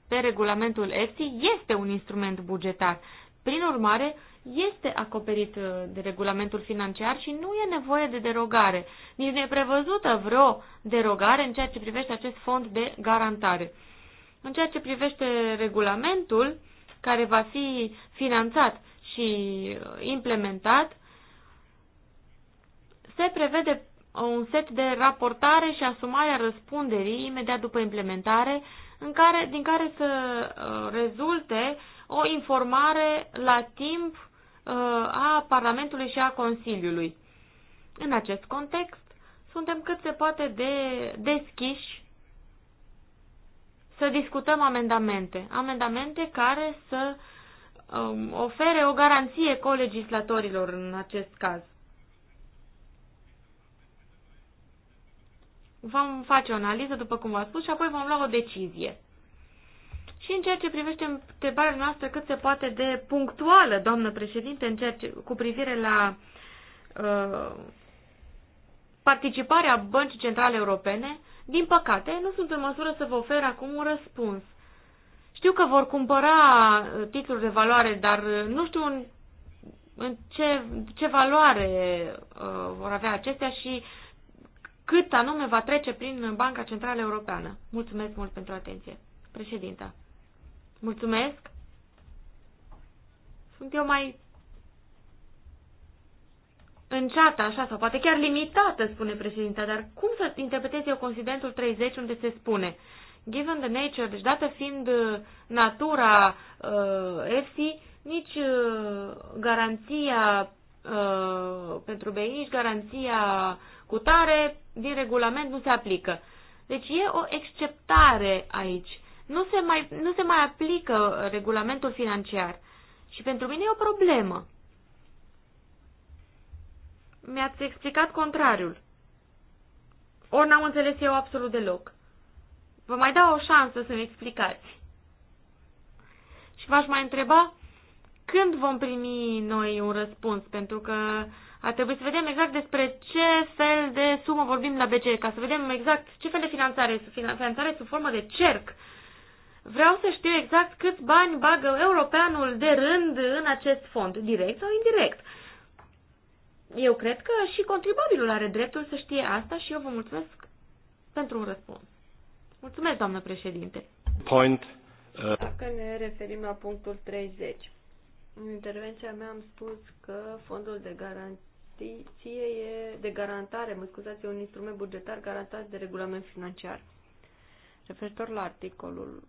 pe regulamentul EFSI este un instrument bugetar. Prin urmare, este acoperit uh, de regulamentul financiar și nu e nevoie de derogare. Nici nu e prevăzută vreo derogare în ceea ce privește acest fond de garantare. În ceea ce privește regulamentul care va fi finanțat și uh, implementat, se prevede uh, un set de raportare și asumarea răspunderii imediat după implementare, în care, din care să rezulte o informare la timp Uh, a Parlamentului și a Consiliului. În acest context, suntem cât se poate de deschiși să discutăm amendamente. Amendamente care să um, ofere o garanție colegislatorilor în acest caz. Vom face o analiză, după cum v-am spus, și apoi vom lua o decizie. Și în ceea ce privește întrebarea noastră cât se poate de punctuală, doamnă președinte, în ceea ce, cu privire la uh, participarea Băncii Centrale Europene, din păcate, nu sunt în măsură să vă ofer acum un răspuns. Știu că vor cumpăra uh, titluri de valoare, dar uh, nu știu în, în ce, ce valoare uh, vor avea acestea și cât anume va trece prin Banca Centrală Europeană. Mulțumesc mult pentru atenție. Președinta. Mulțumesc. Sunt eu mai înceată, așa, sau poate chiar limitată, spune președinta, dar cum să interpretez eu considentul 30 unde se spune given the nature, deci dată fiind uh, natura uh, FC, nici uh, garanția uh, pentru BI, nici garanția cutare din regulament nu se aplică. Deci e o exceptare aici nu se mai, nu se mai aplică regulamentul financiar. Și pentru mine e o problemă. Mi-ați explicat contrariul. Ori n-am înțeles eu absolut deloc. Vă mai dau o șansă să-mi explicați. Și v-aș mai întreba când vom primi noi un răspuns, pentru că a trebuit să vedem exact despre ce fel de sumă vorbim la BCE, ca să vedem exact ce fel de finanțare, finanțare sub formă de cerc Vreau să știu exact câți bani bagă europeanul de rând în acest fond, direct sau indirect. Eu cred că și contribuabilul are dreptul să știe asta și eu vă mulțumesc pentru un răspuns. Mulțumesc, doamnă președinte. Point. Uh... Dacă ne referim la punctul 30. În intervenția mea am spus că fondul de garanție e de garantare, mă scuzați, e un instrument bugetar garantat de regulament financiar. Referitor la articolul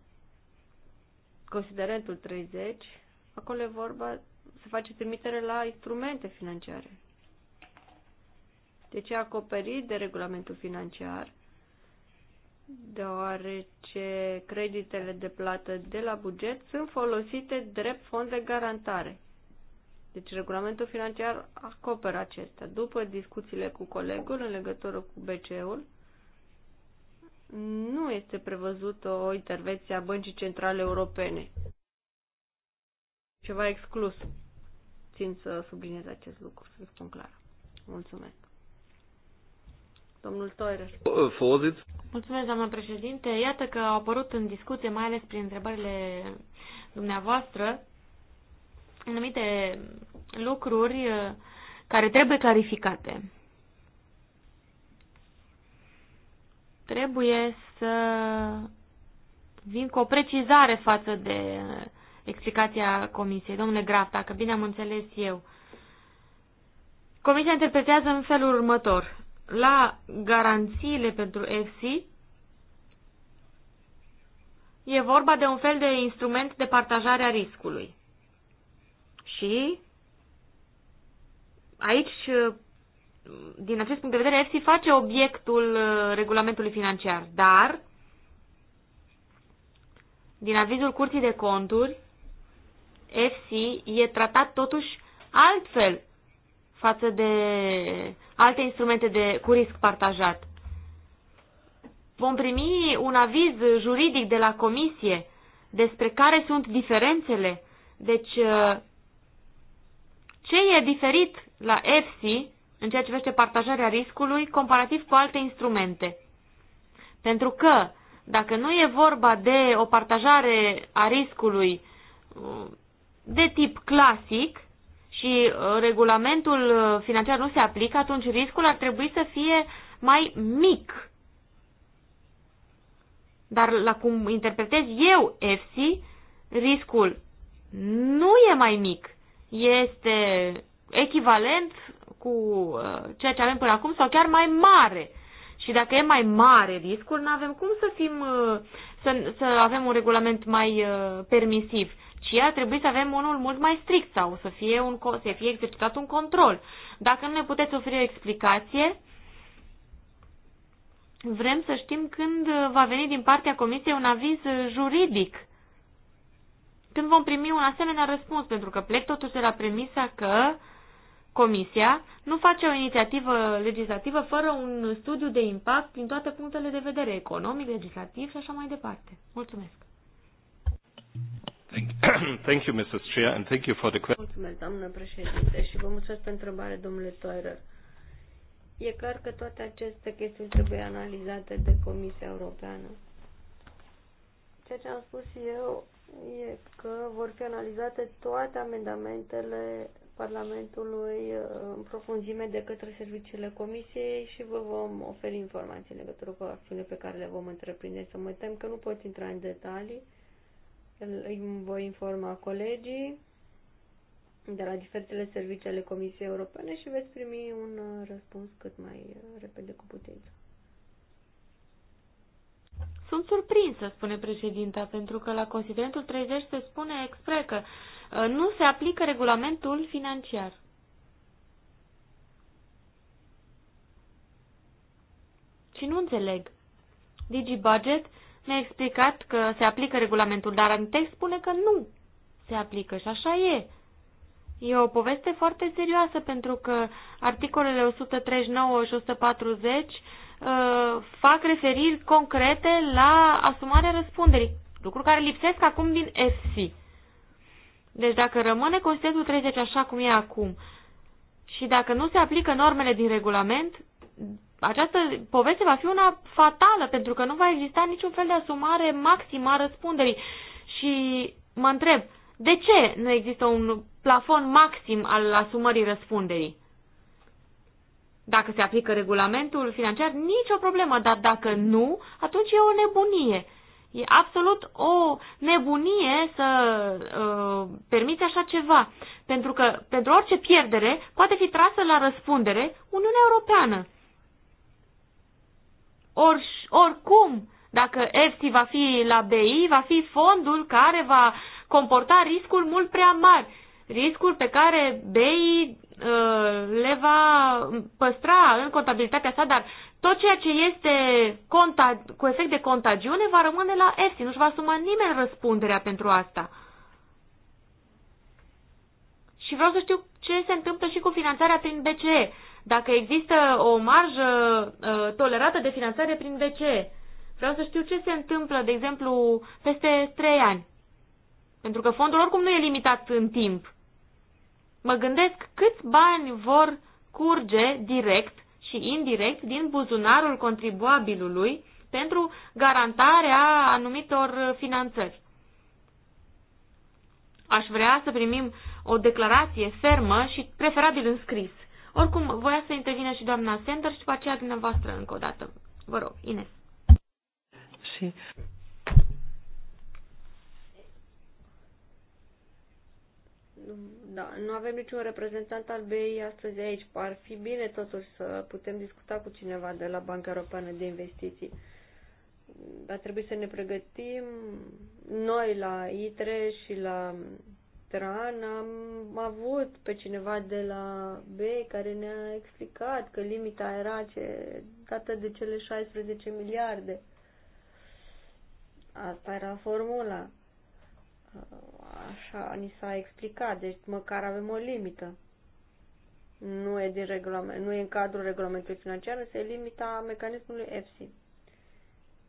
considerentul 30, acolo e vorba, se face trimitere la instrumente financiare. Deci e acoperit de regulamentul financiar, deoarece creditele de plată de la buget sunt folosite drept fond de garantare. Deci regulamentul financiar acoperă acestea. După discuțiile cu colegul în legătură cu BCE-ul, nu este prevăzută o intervenție a Băncii Centrale Europene. Ceva exclus. Țin să subliniez acest lucru, să spun clar. Mulțumesc. Domnul Toire. Mulțumesc, doamnă președinte. Iată că au apărut în discuție, mai ales prin întrebările dumneavoastră, anumite lucruri uh, care trebuie clarificate. trebuie să vin cu o precizare față de explicația comisiei. Domnule Graf, dacă bine am înțeles eu, comisia interpretează în felul următor. La garanțiile pentru EFSI e vorba de un fel de instrument de partajare a riscului. Și aici din acest punct de vedere, EFSI face obiectul uh, regulamentului financiar, dar din avizul Curții de Conturi, EFSI e tratat totuși altfel față de alte instrumente de, cu risc partajat. Vom primi un aviz juridic de la Comisie despre care sunt diferențele. Deci, uh, ce e diferit la EFSI în ceea ce vește partajarea riscului comparativ cu alte instrumente. Pentru că dacă nu e vorba de o partajare a riscului uh, de tip clasic și uh, regulamentul uh, financiar nu se aplică, atunci riscul ar trebui să fie mai mic. Dar la cum interpretez eu EFSI, riscul nu e mai mic, este echivalent cu uh, ceea ce avem până acum sau chiar mai mare. Și dacă e mai mare riscul, nu avem cum să, fim, uh, să, să avem un regulament mai uh, permisiv, ci ar trebui să avem unul mult mai strict sau să fie, un, să fie exercitat un control. Dacă nu ne puteți oferi o explicație, vrem să știm când va veni din partea Comisiei un aviz juridic. Când vom primi un asemenea răspuns, pentru că plec totuși de la premisa că uh, Comisia nu face o inițiativă legislativă fără un studiu de impact din toate punctele de vedere, economic, legislativ și așa mai departe. Mulțumesc. Thank you, <coughs> Mrs. Chair, and thank you for the question. Mulțumesc, doamnă președinte, și vă mulțumesc pentru întrebare, domnule Toirer. E clar că toate aceste chestiuni trebuie analizate de Comisia Europeană. Ceea ce am spus eu e că vor fi analizate toate amendamentele Parlamentului uh, în profunzime de către serviciile Comisiei și vă vom oferi informații în legătură cu acțiunile pe care le vom întreprinde. Să mă tem că nu pot intra în detalii, îi voi informa colegii de la diferitele servicii ale Comisiei Europene și veți primi un uh, răspuns cât mai uh, repede cu putință. Sunt surprinsă, spune președinta, pentru că la considerentul 30 se spune expre că Uh, nu se aplică regulamentul financiar. Și nu înțeleg. DigiBudget ne-a explicat că se aplică regulamentul, dar în text spune că nu se aplică și așa e. E o poveste foarte serioasă pentru că articolele 139 și 140 uh, fac referiri concrete la asumarea răspunderii, lucru care lipsesc acum din FC. Deci dacă rămâne Consiliul 30 așa cum e acum și dacă nu se aplică normele din regulament, această poveste va fi una fatală, pentru că nu va exista niciun fel de asumare maximă a răspunderii. Și mă întreb, de ce nu există un plafon maxim al asumării răspunderii? Dacă se aplică regulamentul financiar, nicio problemă, dar dacă nu, atunci e o nebunie. E absolut o nebunie să uh, permiți așa ceva, pentru că pentru orice pierdere poate fi trasă la răspundere Uniunea Europeană. Or, oricum, dacă EFSI va fi la BI, va fi fondul care va comporta riscul mult prea mari, riscul pe care BI uh, le va păstra în contabilitatea sa, dar tot ceea ce este cu efect de contagiune va rămâne la EFSI. Nu-și va asuma nimeni răspunderea pentru asta. Și vreau să știu ce se întâmplă și cu finanțarea prin BCE. Dacă există o marjă uh, tolerată de finanțare prin BCE. Vreau să știu ce se întâmplă, de exemplu, peste 3 ani. Pentru că fondul oricum nu e limitat în timp. Mă gândesc câți bani vor curge direct și indirect din buzunarul contribuabilului pentru garantarea anumitor finanțări. Aș vrea să primim o declarație fermă și preferabil în scris. Oricum, voia să intervină și doamna Sender și după aceea dumneavoastră încă o dată. Vă rog, Ines. Și da, nu avem niciun reprezentant al BEI astăzi aici. Ar fi bine totuși să putem discuta cu cineva de la Banca Europeană de Investiții. Ar trebui să ne pregătim. Noi la ITRE și la Tran am avut pe cineva de la BEI care ne-a explicat că limita era ce, dată de cele 16 miliarde. Asta era formula. Așa ni s-a explicat, deci măcar avem o limită. Nu e, din regulament, nu e în cadrul regulamentului financiar, însă e limita mecanismului EFSI.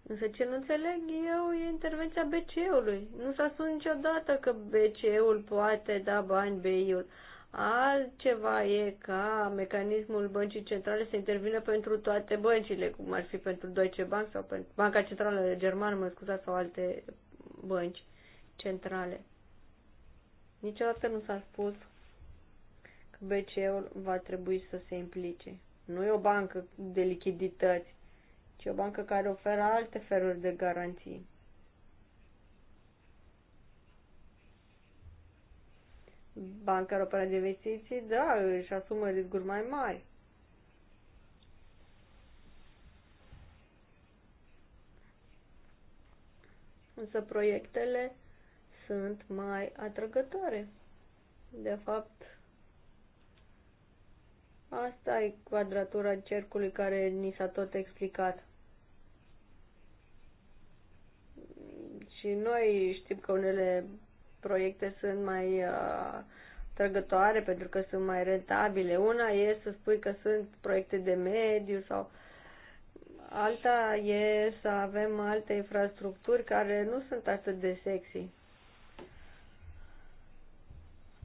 Însă ce nu înțeleg eu e intervenția BCE-ului. Nu s-a spus niciodată că BCE-ul poate da bani BI-ul. Altceva e ca mecanismul băncii centrale să intervină pentru toate băncile, cum ar fi pentru Deutsche Bank sau pentru Banca Centrală Germană, mă scuzați, sau alte bănci centrale. Niciodată nu s-a spus că BCE-ul va trebui să se implice. Nu e o bancă de lichidități, ci o bancă care oferă alte feluri de garanții. Banca Europeană de Investiții, da, își asumă riscuri mai mari. Însă proiectele sunt mai atrăgătoare. De fapt, asta e quadratura cercului care ni s-a tot explicat. Și noi știm că unele proiecte sunt mai uh, atrăgătoare, pentru că sunt mai rentabile. Una e să spui că sunt proiecte de mediu sau alta e să avem alte infrastructuri care nu sunt atât de sexy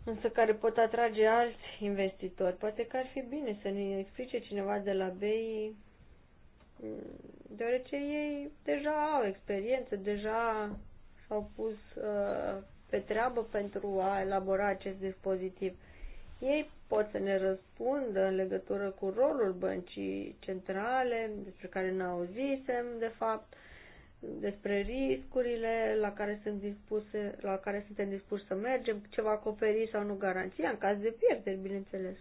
însă care pot atrage alți investitori. Poate că ar fi bine să ne explice cineva de la BEI, mm, deoarece ei deja au experiență, deja s-au pus uh, pe treabă pentru a elabora acest dispozitiv. Ei pot să ne răspundă în legătură cu rolul băncii centrale, despre care n-au zisem, de fapt, uh, despre riscurile la care, sunt dispuse, la care suntem dispuși să mergem, ce va acoperi sau nu garanția, în caz de pierderi, bineînțeles.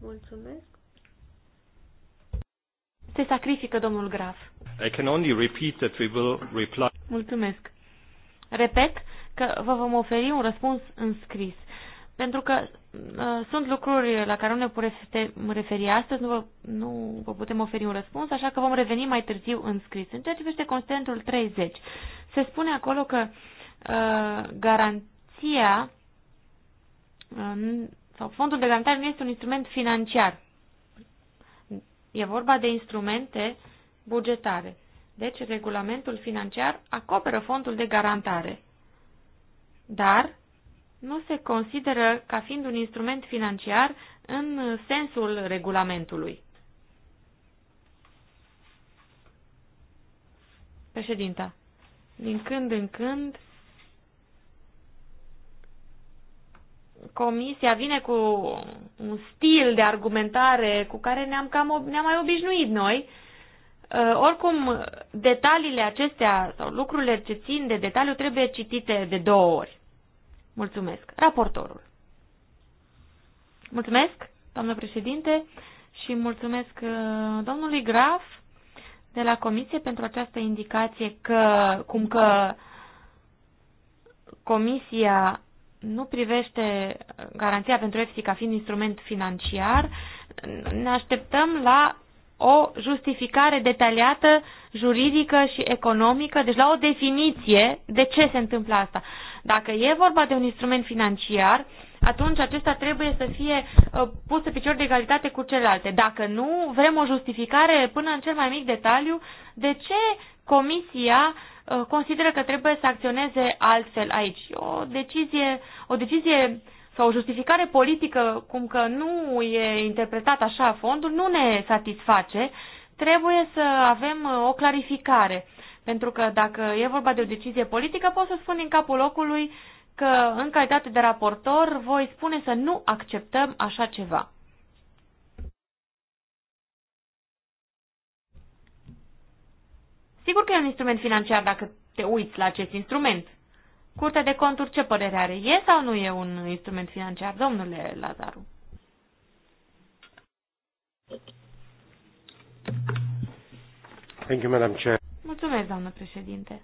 Mulțumesc. Se sacrifică domnul Graf. I can only repeat that we will reply. Mulțumesc. Repet că vă vom oferi un răspuns în scris pentru că uh, sunt lucruri la care nu ne putem referi astăzi, nu vă, nu vă putem oferi un răspuns, așa că vom reveni mai târziu în scris. În ceea ce privește constantul 30, se spune acolo că uh, garanția uh, sau fondul de garantare nu este un instrument financiar. E vorba de instrumente bugetare. Deci, regulamentul financiar acoperă fondul de garantare. Dar, nu se consideră ca fiind un instrument financiar în sensul regulamentului. Președinta, din când în când comisia vine cu un stil de argumentare cu care ne-am, cam, ne-am mai obișnuit noi. Ă, oricum, detaliile acestea sau lucrurile ce țin de detaliu trebuie citite de două ori. Mulțumesc. Raportorul. Mulțumesc, doamnă președinte, și mulțumesc uh, domnului Graf de la Comisie pentru această indicație că, cum că Comisia nu privește garanția pentru EFSI ca fiind instrument financiar, ne așteptăm la o justificare detaliată, juridică și economică, deci la o definiție de ce se întâmplă asta. Dacă e vorba de un instrument financiar, atunci acesta trebuie să fie uh, pus pe picior de egalitate cu celelalte. Dacă nu, vrem o justificare până în cel mai mic detaliu de ce Comisia uh, consideră că trebuie să acționeze altfel aici. O decizie, o decizie sau o justificare politică, cum că nu e interpretat așa fondul, nu ne satisface. Trebuie să avem uh, o clarificare. Pentru că dacă e vorba de o decizie politică, pot să spun din capul locului că, în calitate de raportor, voi spune să nu acceptăm așa ceva. Sigur că e un instrument financiar dacă te uiți la acest instrument. Curtea de conturi ce părere are? E sau nu e un instrument financiar, domnule Lazaru? Thank you, Madam Chair. Mulțumesc, doamnă președinte.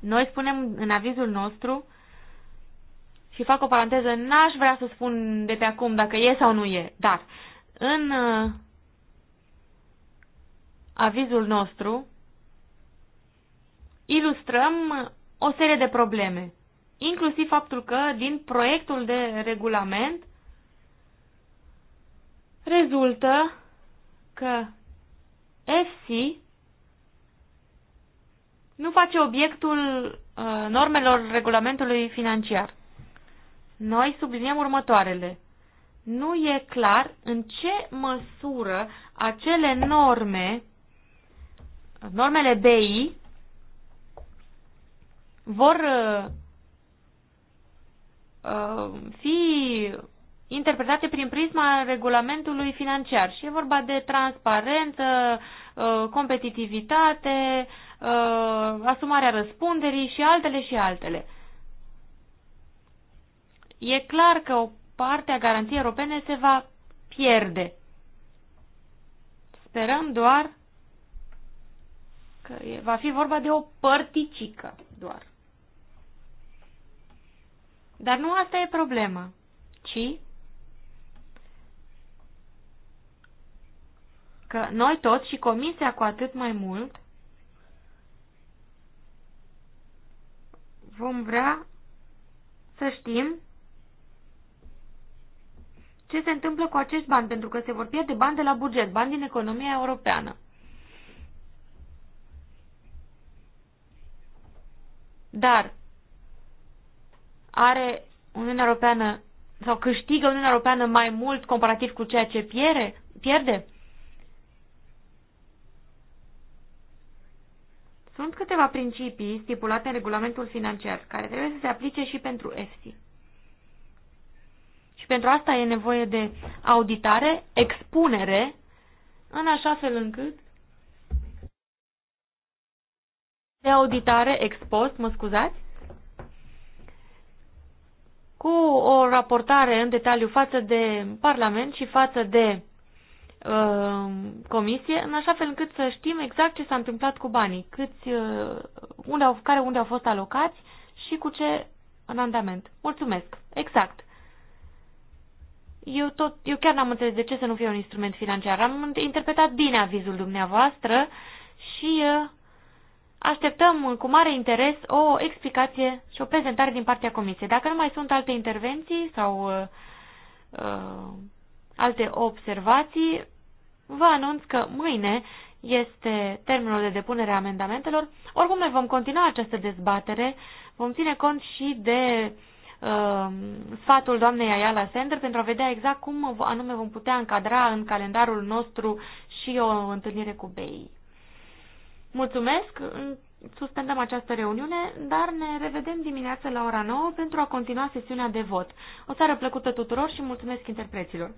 Noi spunem în avizul nostru și fac o paranteză, n-aș vrea să spun de pe acum dacă e sau nu e, dar în uh, avizul nostru ilustrăm o serie de probleme inclusiv faptul că din proiectul de regulament rezultă că FC nu face obiectul uh, normelor regulamentului financiar. Noi subliniem următoarele. Nu e clar în ce măsură acele norme, normele BI, vor uh, Uh, fi interpretate prin prisma regulamentului financiar. Și e vorba de transparență, uh, competitivitate, uh, asumarea răspunderii și altele și altele. E clar că o parte a garanției europene se va pierde. Sperăm doar că va fi vorba de o părticică doar. Dar nu asta e problema, ci că noi toți și comisia cu atât mai mult vom vrea să știm ce se întâmplă cu acești bani, pentru că se vor pierde bani de la buget, bani din economia europeană. Dar are Uniunea Europeană sau câștigă Uniunea Europeană mai mult comparativ cu ceea ce piere, pierde? Sunt câteva principii stipulate în regulamentul financiar care trebuie să se aplice și pentru EFSI. Și pentru asta e nevoie de auditare, expunere, în așa fel încât de auditare expost, mă scuzați, cu o raportare în detaliu față de Parlament și față de uh, Comisie, în așa fel încât să știm exact ce s-a întâmplat cu banii, câți, uh, unde au, care unde au fost alocați și cu ce în andament. Mulțumesc! Exact! Eu, tot, eu chiar n-am înțeles de ce să nu fie un instrument financiar. Am interpretat bine avizul dumneavoastră și uh, Așteptăm cu mare interes o explicație și o prezentare din partea Comisiei. Dacă nu mai sunt alte intervenții sau uh, uh, alte observații, vă anunț că mâine este termenul de depunere a amendamentelor. Oricum, noi vom continua această dezbatere, vom ține cont și de uh, sfatul doamnei Ayala Sender pentru a vedea exact cum anume vom putea încadra în calendarul nostru și o întâlnire cu BEI. Mulțumesc, suspendăm această reuniune, dar ne revedem dimineața la ora 9 pentru a continua sesiunea de vot. O seară plăcută tuturor și mulțumesc interpreților!